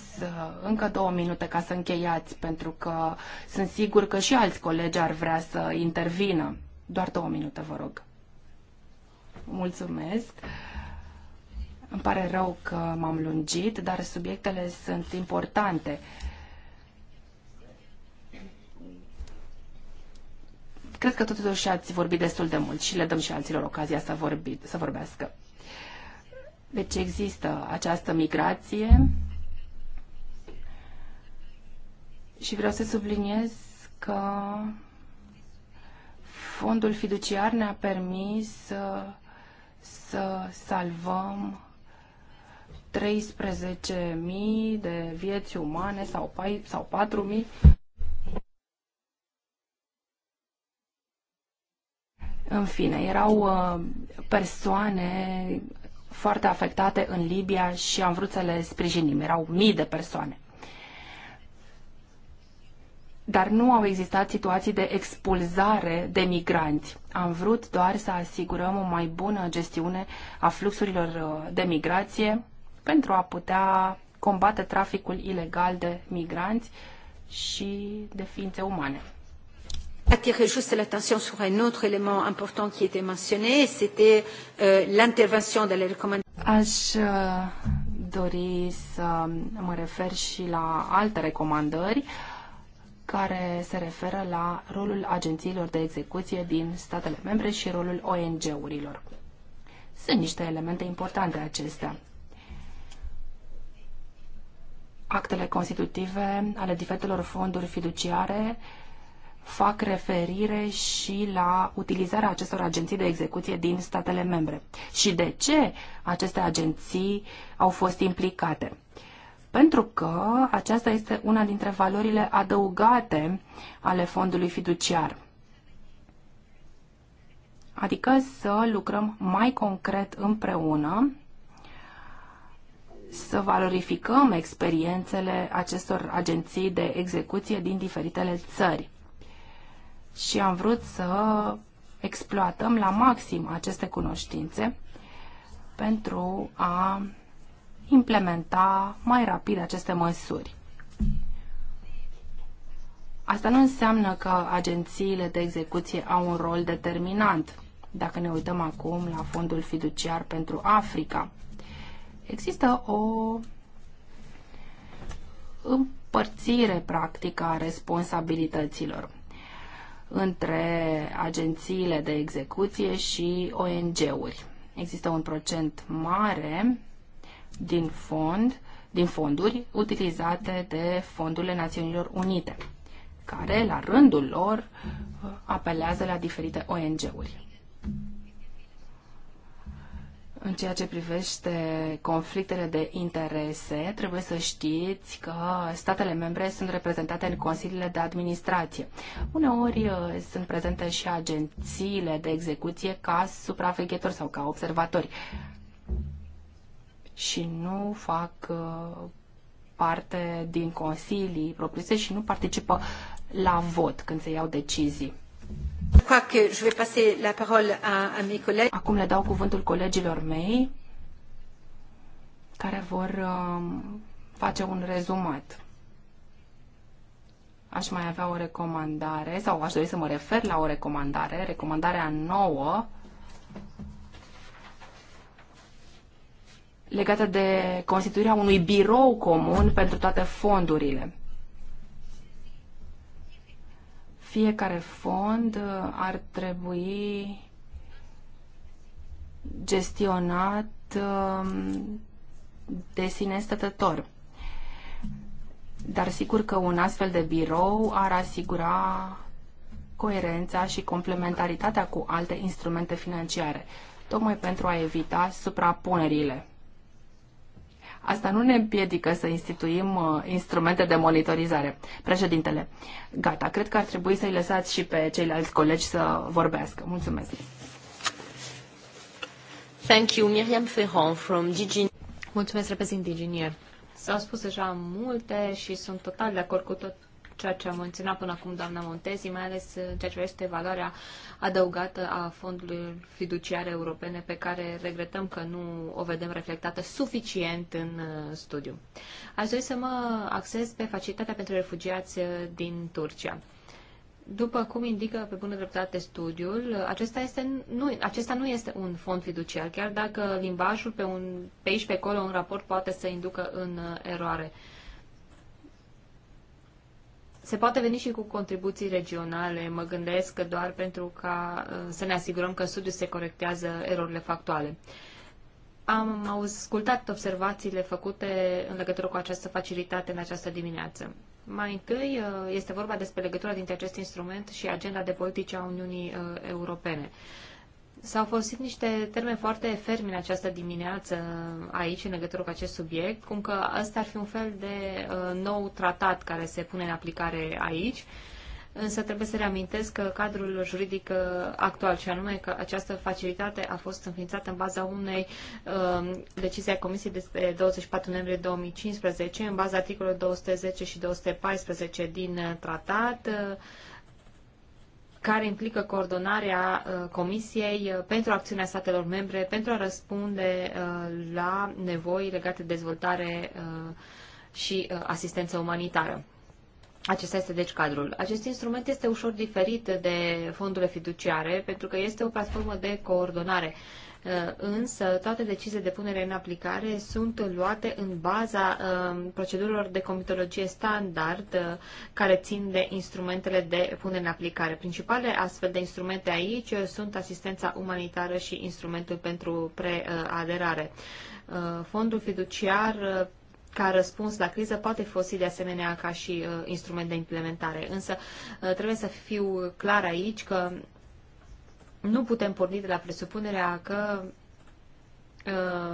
încă două minute ca să încheiați, pentru că sunt sigur că și alți colegi ar vrea să intervină. Doar două minute, vă rog. Mulțumesc. Uh, îmi pare rău că m-am lungit, dar subiectele sunt importante. Cred că totuși ați vorbit destul de mult și le dăm și alților ocazia să, vorbi, să vorbească. Deci există această migrație și vreau să subliniez că fondul fiduciar ne-a permis să, să salvăm 13.000 de vieți umane sau, sau 4.000. În fine, erau uh, persoane foarte afectate în Libia și am vrut să le sprijinim. Erau mii de persoane. Dar nu au existat situații de expulzare de migranți. Am vrut doar să asigurăm o mai bună gestiune a fluxurilor uh, de migrație pentru a putea combate traficul ilegal de migranți și de ființe umane. Attirer juste l'attention sur un autre élément important qui était mentionné, c'était euh, l'intervention de la recommandations. Aș euh, dori să mă refer și la alte recomandări care se referă la rolul agențiilor de execuție din statele membre și rolul ONG-urilor. Sunt niște elemente importante acestea actele constitutive ale diferitelor fonduri fiduciare fac referire și la utilizarea acestor agenții de execuție din statele membre și de ce aceste agenții au fost implicate. Pentru că aceasta este una dintre valorile adăugate ale fondului fiduciar. Adică să lucrăm mai concret împreună să valorificăm experiențele acestor agenții de execuție din diferitele țări. Și am vrut să exploatăm la maxim aceste cunoștințe pentru a implementa mai rapid aceste măsuri. Asta nu înseamnă că agențiile de execuție au un rol determinant, dacă ne uităm acum la fondul fiduciar pentru Africa, Există o împărțire practică a responsabilităților între agențiile de execuție și ONG-uri. Există un procent mare din fond din fonduri utilizate de fondurile Națiunilor Unite, care, la rândul lor, apelează la diferite ONG-uri. În ceea ce privește conflictele de interese, trebuie să știți că statele membre sunt reprezentate în consiliile de administrație. Uneori uh, sunt prezente și agențiile de execuție ca supraveghetori sau ca observatori și nu fac uh, parte din consilii propriu și nu participă la vot când se iau decizii. Acum le dau cuvântul colegilor mei care vor um, face un rezumat. Aș mai avea o recomandare sau aș dori să mă refer la o recomandare, recomandarea nouă legată de constituirea unui birou comun pentru toate fondurile. Fiecare fond uh, ar trebui gestionat um, de sine stătător. Dar sigur că un astfel de birou ar asigura coerența și complementaritatea cu alte instrumente financiare, tocmai pentru a evita suprapunerile. Asta nu ne împiedică să instituim uh, instrumente de monitorizare. Președintele, gata, cred că ar trebui să-i lăsați și pe ceilalți colegi să vorbească. Mulțumesc. Thank you, Miriam Ferrand from DG. Mulțumesc, reprezint Diginier. S-au spus deja multe și sunt total de acord cu tot ceea ce a menționat până acum doamna Montezi, mai ales ceea ce este valoarea uh, adăugată a fondului fiduciare europene pe care regretăm că nu o vedem reflectată suficient în uh, studiu. Aș dori să mă acces pe facilitatea pentru refugiați uh, din Turcia. După cum indică pe bună dreptate studiul, uh, acesta, este, nu, acesta nu este un fond fiduciar, chiar dacă limbajul pe, un, pe aici, pe acolo, un raport poate să inducă în eroare. Uh, se poate veni și cu contribuții regionale, mă gândesc că doar pentru ca uh, să ne asigurăm că studiul se corectează erorile factuale. Am ascultat observațiile făcute în legătură cu această facilitate în această dimineață. Mai întâi uh, este vorba despre legătura dintre acest instrument și agenda de politice a Uniunii uh, Europene. S-au folosit niște termeni foarte fermi în această dimineață aici, în legătură cu acest subiect, cum că ăsta ar fi un fel de uh, nou tratat care se pune în aplicare aici, însă trebuie să reamintesc că cadrul juridic uh, actual, și anume că această facilitate a fost înființată în baza unei uh, decizii a Comisiei de 24 noiembrie 2015, în baza articolului 210 și 214 din uh, tratat, uh, care implică coordonarea uh, Comisiei uh, pentru acțiunea statelor membre pentru a răspunde uh, la nevoi legate de dezvoltare și asistență umanitară. Acesta este deci cadrul. Acest instrument este ușor diferit de fondurile fiduciare pentru că este o platformă de coordonare. Uh, Uh, însă toate deciziile de punere în aplicare sunt luate în baza uh, procedurilor de comitologie standard uh, care țin de instrumentele de punere în aplicare. Principale astfel de instrumente aici sunt asistența umanitară și instrumentul pentru preaderare. Fondul fiduciar ca răspuns la criză poate folosi de asemenea ca și uh, instrument de implementare. Însă uh, trebuie să fiu clar aici că nu putem porni de la presupunerea că uh,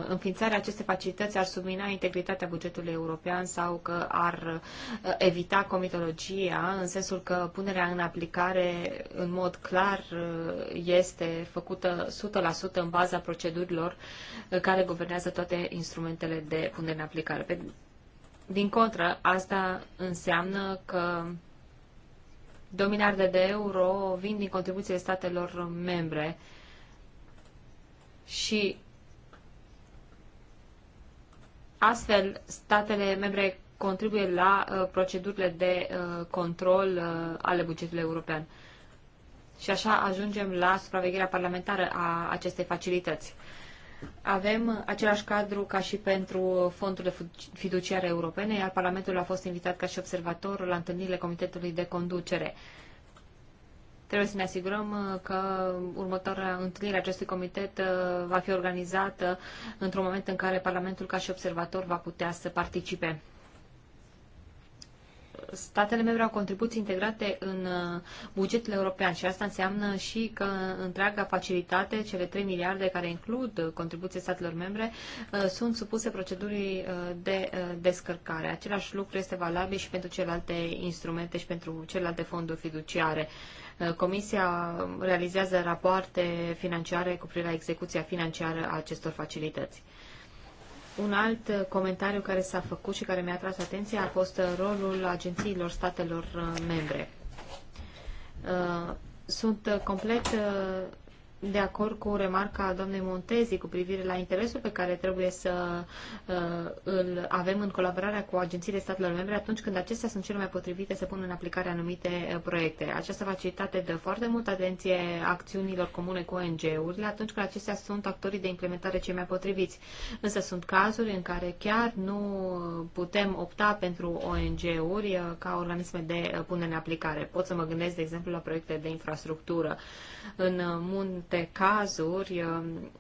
înființarea acestei facilități ar submina integritatea bugetului european sau că ar uh, evita comitologia, în sensul că punerea în aplicare în mod clar uh, este făcută 100% în baza procedurilor uh, care guvernează toate instrumentele de punere în aplicare. Pe, din contră, asta înseamnă că 2 miliarde de euro vin din contribuțiile statelor membre și astfel statele membre contribuie la uh, procedurile de uh, control uh, ale bugetului european. Și așa ajungem la supravegherea parlamentară a acestei facilități. Uh, avem același cadru ca și pentru fondurile fiduciare europene, iar Parlamentul a fost invitat ca și observator la întâlnirile Comitetului de Conducere. Trebuie să ne asigurăm uh, că următoarea întâlnire a acestui comitet uh, va fi organizată într-un moment în care Parlamentul ca și observator va putea să participe statele membre au contribuții integrate în uh, bugetul european și asta înseamnă și că întreaga facilitate, cele 3 miliarde care includ uh, contribuții statelor membre, uh, sunt supuse procedurii de descărcare. Același lucru este valabil și pentru celelalte instrumente și pentru celelalte fonduri fiduciare. Comisia realizează rapoarte financiare cu privire la execuția financiară a acestor facilități. Un alt uh, comentariu care s-a făcut și care mi-a atras atenția a fost uh, rolul agențiilor statelor uh, membre. Sunt complet de acord cu remarca doamnei Montezi cu privire la interesul pe care trebuie să uh, îl avem în colaborarea cu agențiile statelor membre atunci când acestea sunt cele mai potrivite să pună în aplicare anumite uh, proiecte. Această facilitate dă foarte mult atenție acțiunilor comune cu ONG-urile atunci când acestea sunt actorii de implementare cei mai potriviți. Însă sunt cazuri în care chiar nu putem opta pentru ONG-uri uh, ca organisme de uh, punere în aplicare. Pot să mă gândesc, de exemplu, la proiecte de infrastructură. În uh, mun multe cazuri, um,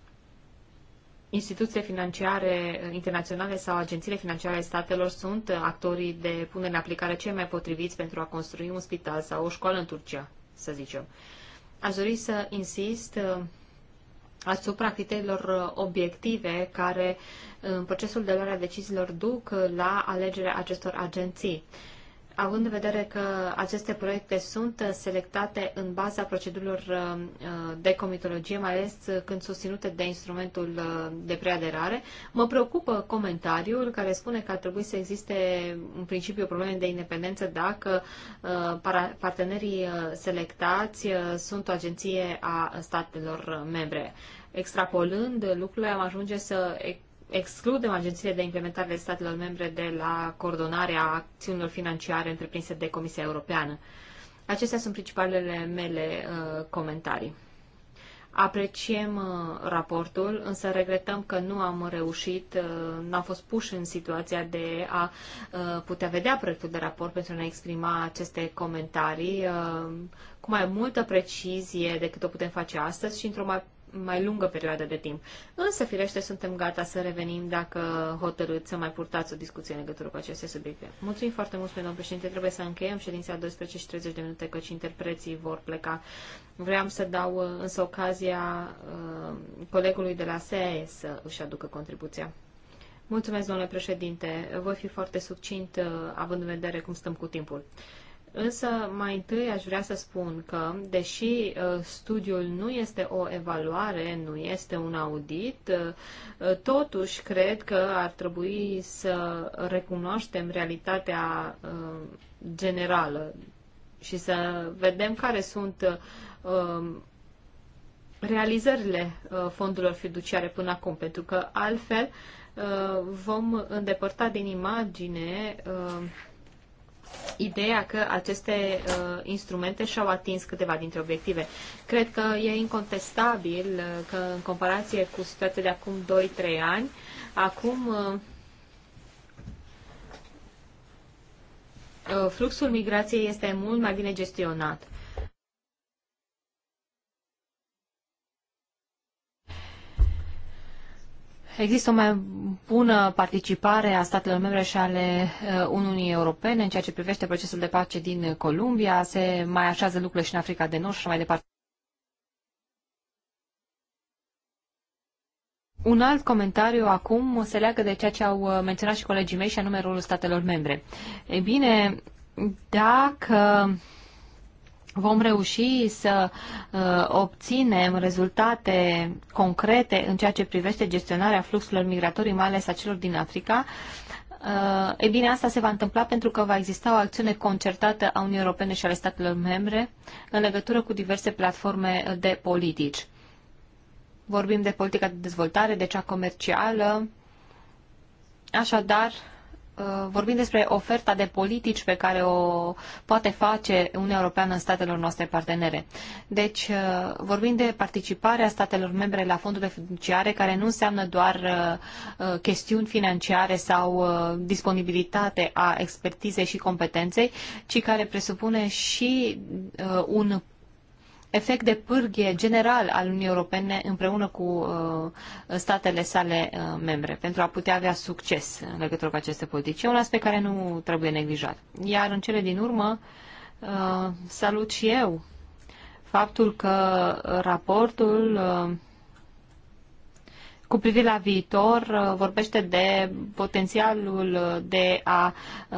instituțiile financiare internaționale sau agențiile financiare ale statelor sunt actorii de punere în aplicare cei mai potriviți pentru a construi un spital sau o școală în Turcia, să zicem. Aș dori să insist um, asupra criteriilor obiective care în procesul de luare a deciziilor duc la alegerea acestor agenții având în vedere că aceste proiecte sunt selectate în baza procedurilor uh, de comitologie, mai ales când susținute de instrumentul uh, de preaderare, mă preocupă comentariul care spune că ar trebui să existe în principiu probleme de independență dacă uh, partenerii selectați sunt o agenție a statelor membre. Extrapolând lucrurile, am ajunge să excludem agențiile de implementare statelor membre de la coordonarea acțiunilor financiare întreprinse de Comisia Europeană. Acestea sunt principalele mele uh, comentarii. Apreciem uh, raportul, însă regretăm că nu am reușit, uh, n-am fost puși în situația de a uh, putea vedea proiectul de raport pentru a ne exprima aceste comentarii uh, cu mai multă precizie decât o putem face astăzi și într-o mai mai lungă perioadă de timp. Însă, firește, suntem gata să revenim dacă hotărâți să mai purtați o discuție în legătură cu aceste subiecte. Mulțumim foarte mult, domnul președinte. Trebuie să încheiem ședința 12 30 de minute, căci interpreții vor pleca. Vreau să dau uh, însă ocazia uh, colegului de la SEE să își aducă contribuția. Mulțumesc, domnule președinte. Voi fi foarte succint, uh, având în vedere cum stăm cu timpul. Însă, mai întâi aș vrea să spun că, deși uh, studiul nu este o evaluare, nu este un audit, uh, totuși cred că ar trebui să recunoaștem realitatea uh, generală și să vedem care sunt realizările fondurilor fiduciare până acum, pentru că altfel vom îndepărta din imagine uh, ideea că aceste uh, instrumente și-au atins câteva dintre obiective. Cred că e incontestabil uh, că în comparație cu situația de acum 2-3 ani, acum uh, uh, fluxul migrației este mult mai bine gestionat. Există o mai bună participare a statelor membre și ale uh, Uniunii Europene în ceea ce privește procesul de pace din Columbia, se mai așează lucrurile și în Africa de Nord și mai departe. Un alt comentariu acum se leagă de ceea ce au uh, menționat și colegii mei și anume rolul statelor membre. Ei bine, dacă vom reuși să uh, obținem rezultate concrete în ceea ce privește gestionarea fluxurilor migratorii, mai ales a celor din Africa, uh, e bine, asta se va întâmpla pentru că va exista o acțiune concertată a Uniunii Europene și ale statelor membre în legătură cu diverse platforme de politici. Vorbim de politica de dezvoltare, de cea comercială. Așadar, Uh, vorbim despre oferta de politici pe care o poate face Uniunea Europeană în statelor noastre partenere. Deci, uh, vorbim de participarea statelor membre la fondurile financiare, care nu înseamnă doar uh, chestiuni financiare sau disponibilitate a expertizei și competenței, ci care presupune și un efect de pârghie general al Uniunii Europene împreună cu uh, statele sale uh, membre pentru a putea avea succes în legătură cu aceste politici. E un aspect care nu trebuie neglijat. Iar în cele din urmă, uh, salut și eu faptul că raportul cu privire la viitor uh, vorbește de potențialul de a uh,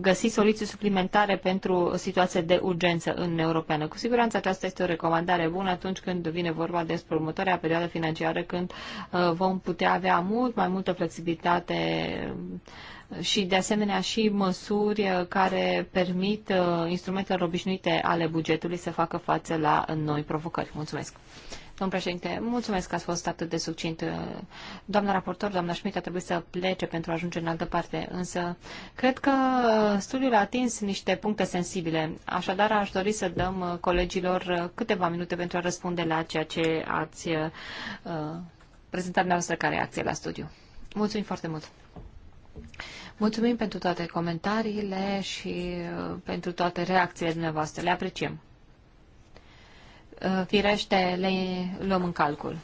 găsi soluții suplimentare pentru situații de urgență în Europeană. Cu siguranță aceasta este o recomandare bună atunci când vine vorba despre următoarea perioadă financiară, când uh, vom putea avea mult mai multă flexibilitate și de asemenea și măsuri care permit instrumentelor obișnuite ale bugetului să facă față la noi provocări. Mulțumesc! Domnul președinte, mulțumesc că ați fost atât de succint. Doamna raportor, doamna Schmidt a trebuit să plece pentru a ajunge în altă parte, însă cred că studiul a atins niște puncte sensibile. Așadar, aș dori să dăm colegilor câteva minute pentru a răspunde la ceea ce ați uh, prezentat dumneavoastră ca reacție la studiu. Mulțumim foarte mult! Mulțumim pentru toate comentariile și uh, pentru toate reacțiile dumneavoastră. Le apreciem. Uh, firește, le luăm în calcul.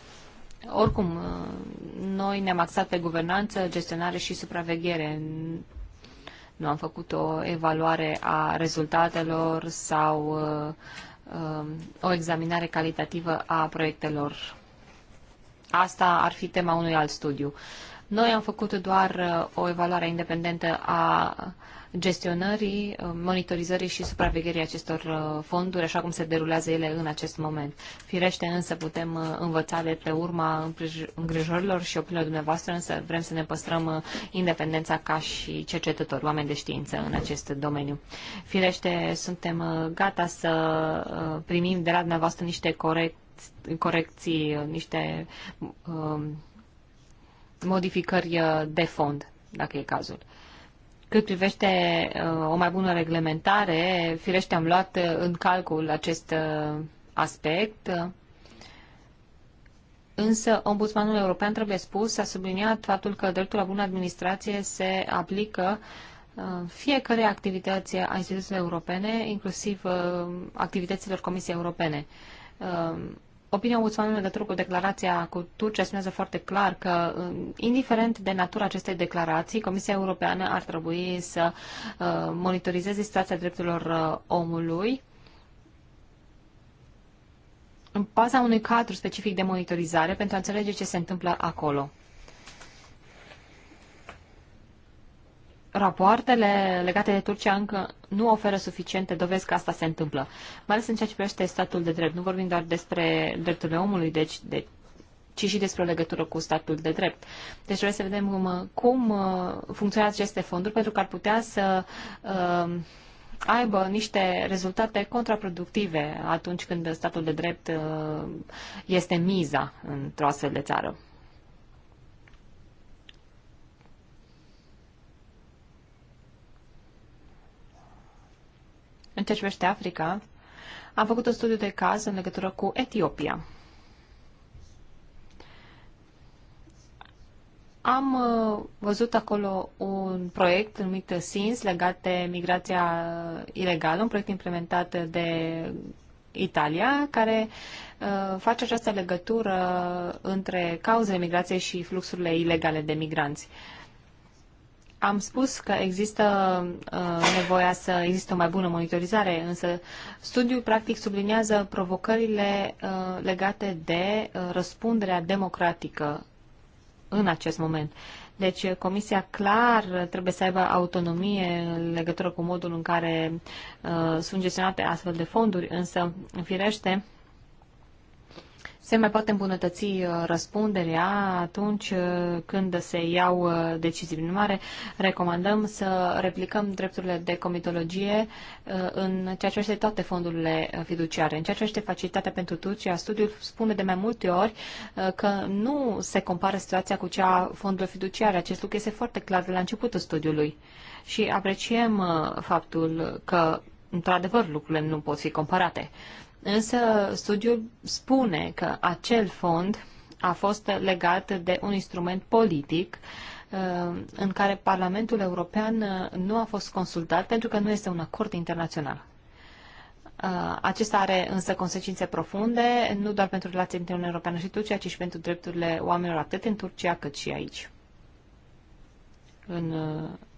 Oricum, uh, noi ne-am axat pe guvernanță, gestionare și supraveghere. Nu am făcut o evaluare a rezultatelor sau uh, o examinare calitativă a proiectelor. Asta ar fi tema unui alt studiu. Noi am făcut doar o evaluare independentă a gestionării, uh, monitorizării și supravegherii acestor uh, fonduri, așa cum se derulează ele în acest moment. Firește însă putem uh, învăța de pe urma îngrijorilor și opiniilor dumneavoastră, însă vrem să ne păstrăm independența ca și cercetători, oameni de știință în acest domeniu. Firește, suntem gata să primim de la dumneavoastră niște corect, corecții, niște modificări de fond, dacă e cazul. Cât privește uh, o mai bună reglementare, firește am luat uh, în calcul acest uh, aspect. Însă, ombudsmanul european, trebuie spus, a subliniat faptul că dreptul la bună administrație se aplică fiecare activități a instituțiilor europene, inclusiv activităților Comisiei Europene. Opinia Ombudsmanului în legătură cu declarația cu Turcia spunează foarte clar că, indiferent de natura acestei declarații, Comisia Europeană ar trebui să uh, monitorizeze situația drepturilor uh, omului în baza unui cadru specific de monitorizare pentru a înțelege ce se întâmplă acolo. rapoartele legate de Turcia încă nu oferă suficiente dovezi că asta se întâmplă, mai ales în ceea ce privește statul de drept. Nu vorbim doar despre drepturile omului, deci de, ci și despre o legătură cu statul de drept. Deci trebuie să vedem cum, cum uh, funcționează aceste fonduri, pentru că ar putea să uh, aibă niște rezultate contraproductive atunci când statul de drept uh, este miza într-o astfel de țară. În ceea ce privește Africa, am făcut un studiu de caz în legătură cu Etiopia. Am uh, văzut acolo un proiect numit SINS legat de migrația ilegală, un proiect implementat de Italia, care uh, face această legătură între cauzele migrației și fluxurile ilegale de migranți. Uh, am spus că există uh, nevoia să există o mai bună monitorizare, însă studiul practic subliniază provocările uh, legate de uh, răspunderea democratică în acest moment. Deci uh, Comisia clar trebuie să aibă autonomie în legătură cu modul în care uh, sunt gestionate astfel de fonduri, însă, firește, uh, se mai poate îmbunătăți uh, răspunderea atunci uh, când se iau uh, decizii. Prin urmare, recomandăm să replicăm drepturile de comitologie în ceea ce este toate fondurile fiduciare. În ceea ce este facilitatea pentru Turcia, studiul spune de mai multe ori că nu se compară situația cu cea a fondurilor fiduciare. Acest lucru este foarte clar de la începutul studiului. Și apreciem faptul că, într-adevăr, lucrurile nu pot fi comparate. Însă studiul spune că acel fond a fost legat de un instrument politic uh, în care Parlamentul European uh, nu a fost consultat pentru că nu este un acord internațional. Uh, acesta are însă consecințe profunde, nu doar pentru relația dintre Uniunea Europeană și Turcia, ci și pentru drepturile oamenilor atât în Turcia cât și aici, în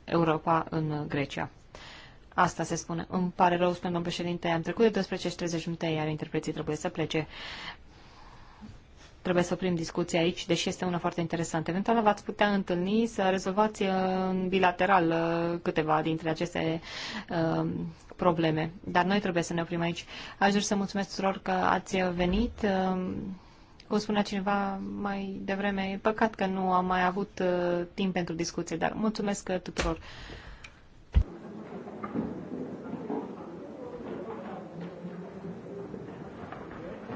Europa, în Grecia. Asta se spune. Îmi pare rău, spune domnul președinte, am trecut de 12 și 30 minute, iar interpreții trebuie să plece. Trebuie să oprim discuția aici, deși este una foarte interesantă. Eventual v-ați putea întâlni să rezolvați uh, în bilateral uh, câteva dintre aceste uh, probleme. Dar noi trebuie să ne oprim aici. Aș dori să mulțumesc tuturor că ați venit. cum spunea cineva mai devreme, e păcat că nu am mai avut timp pentru discuție, dar mulțumesc tuturor.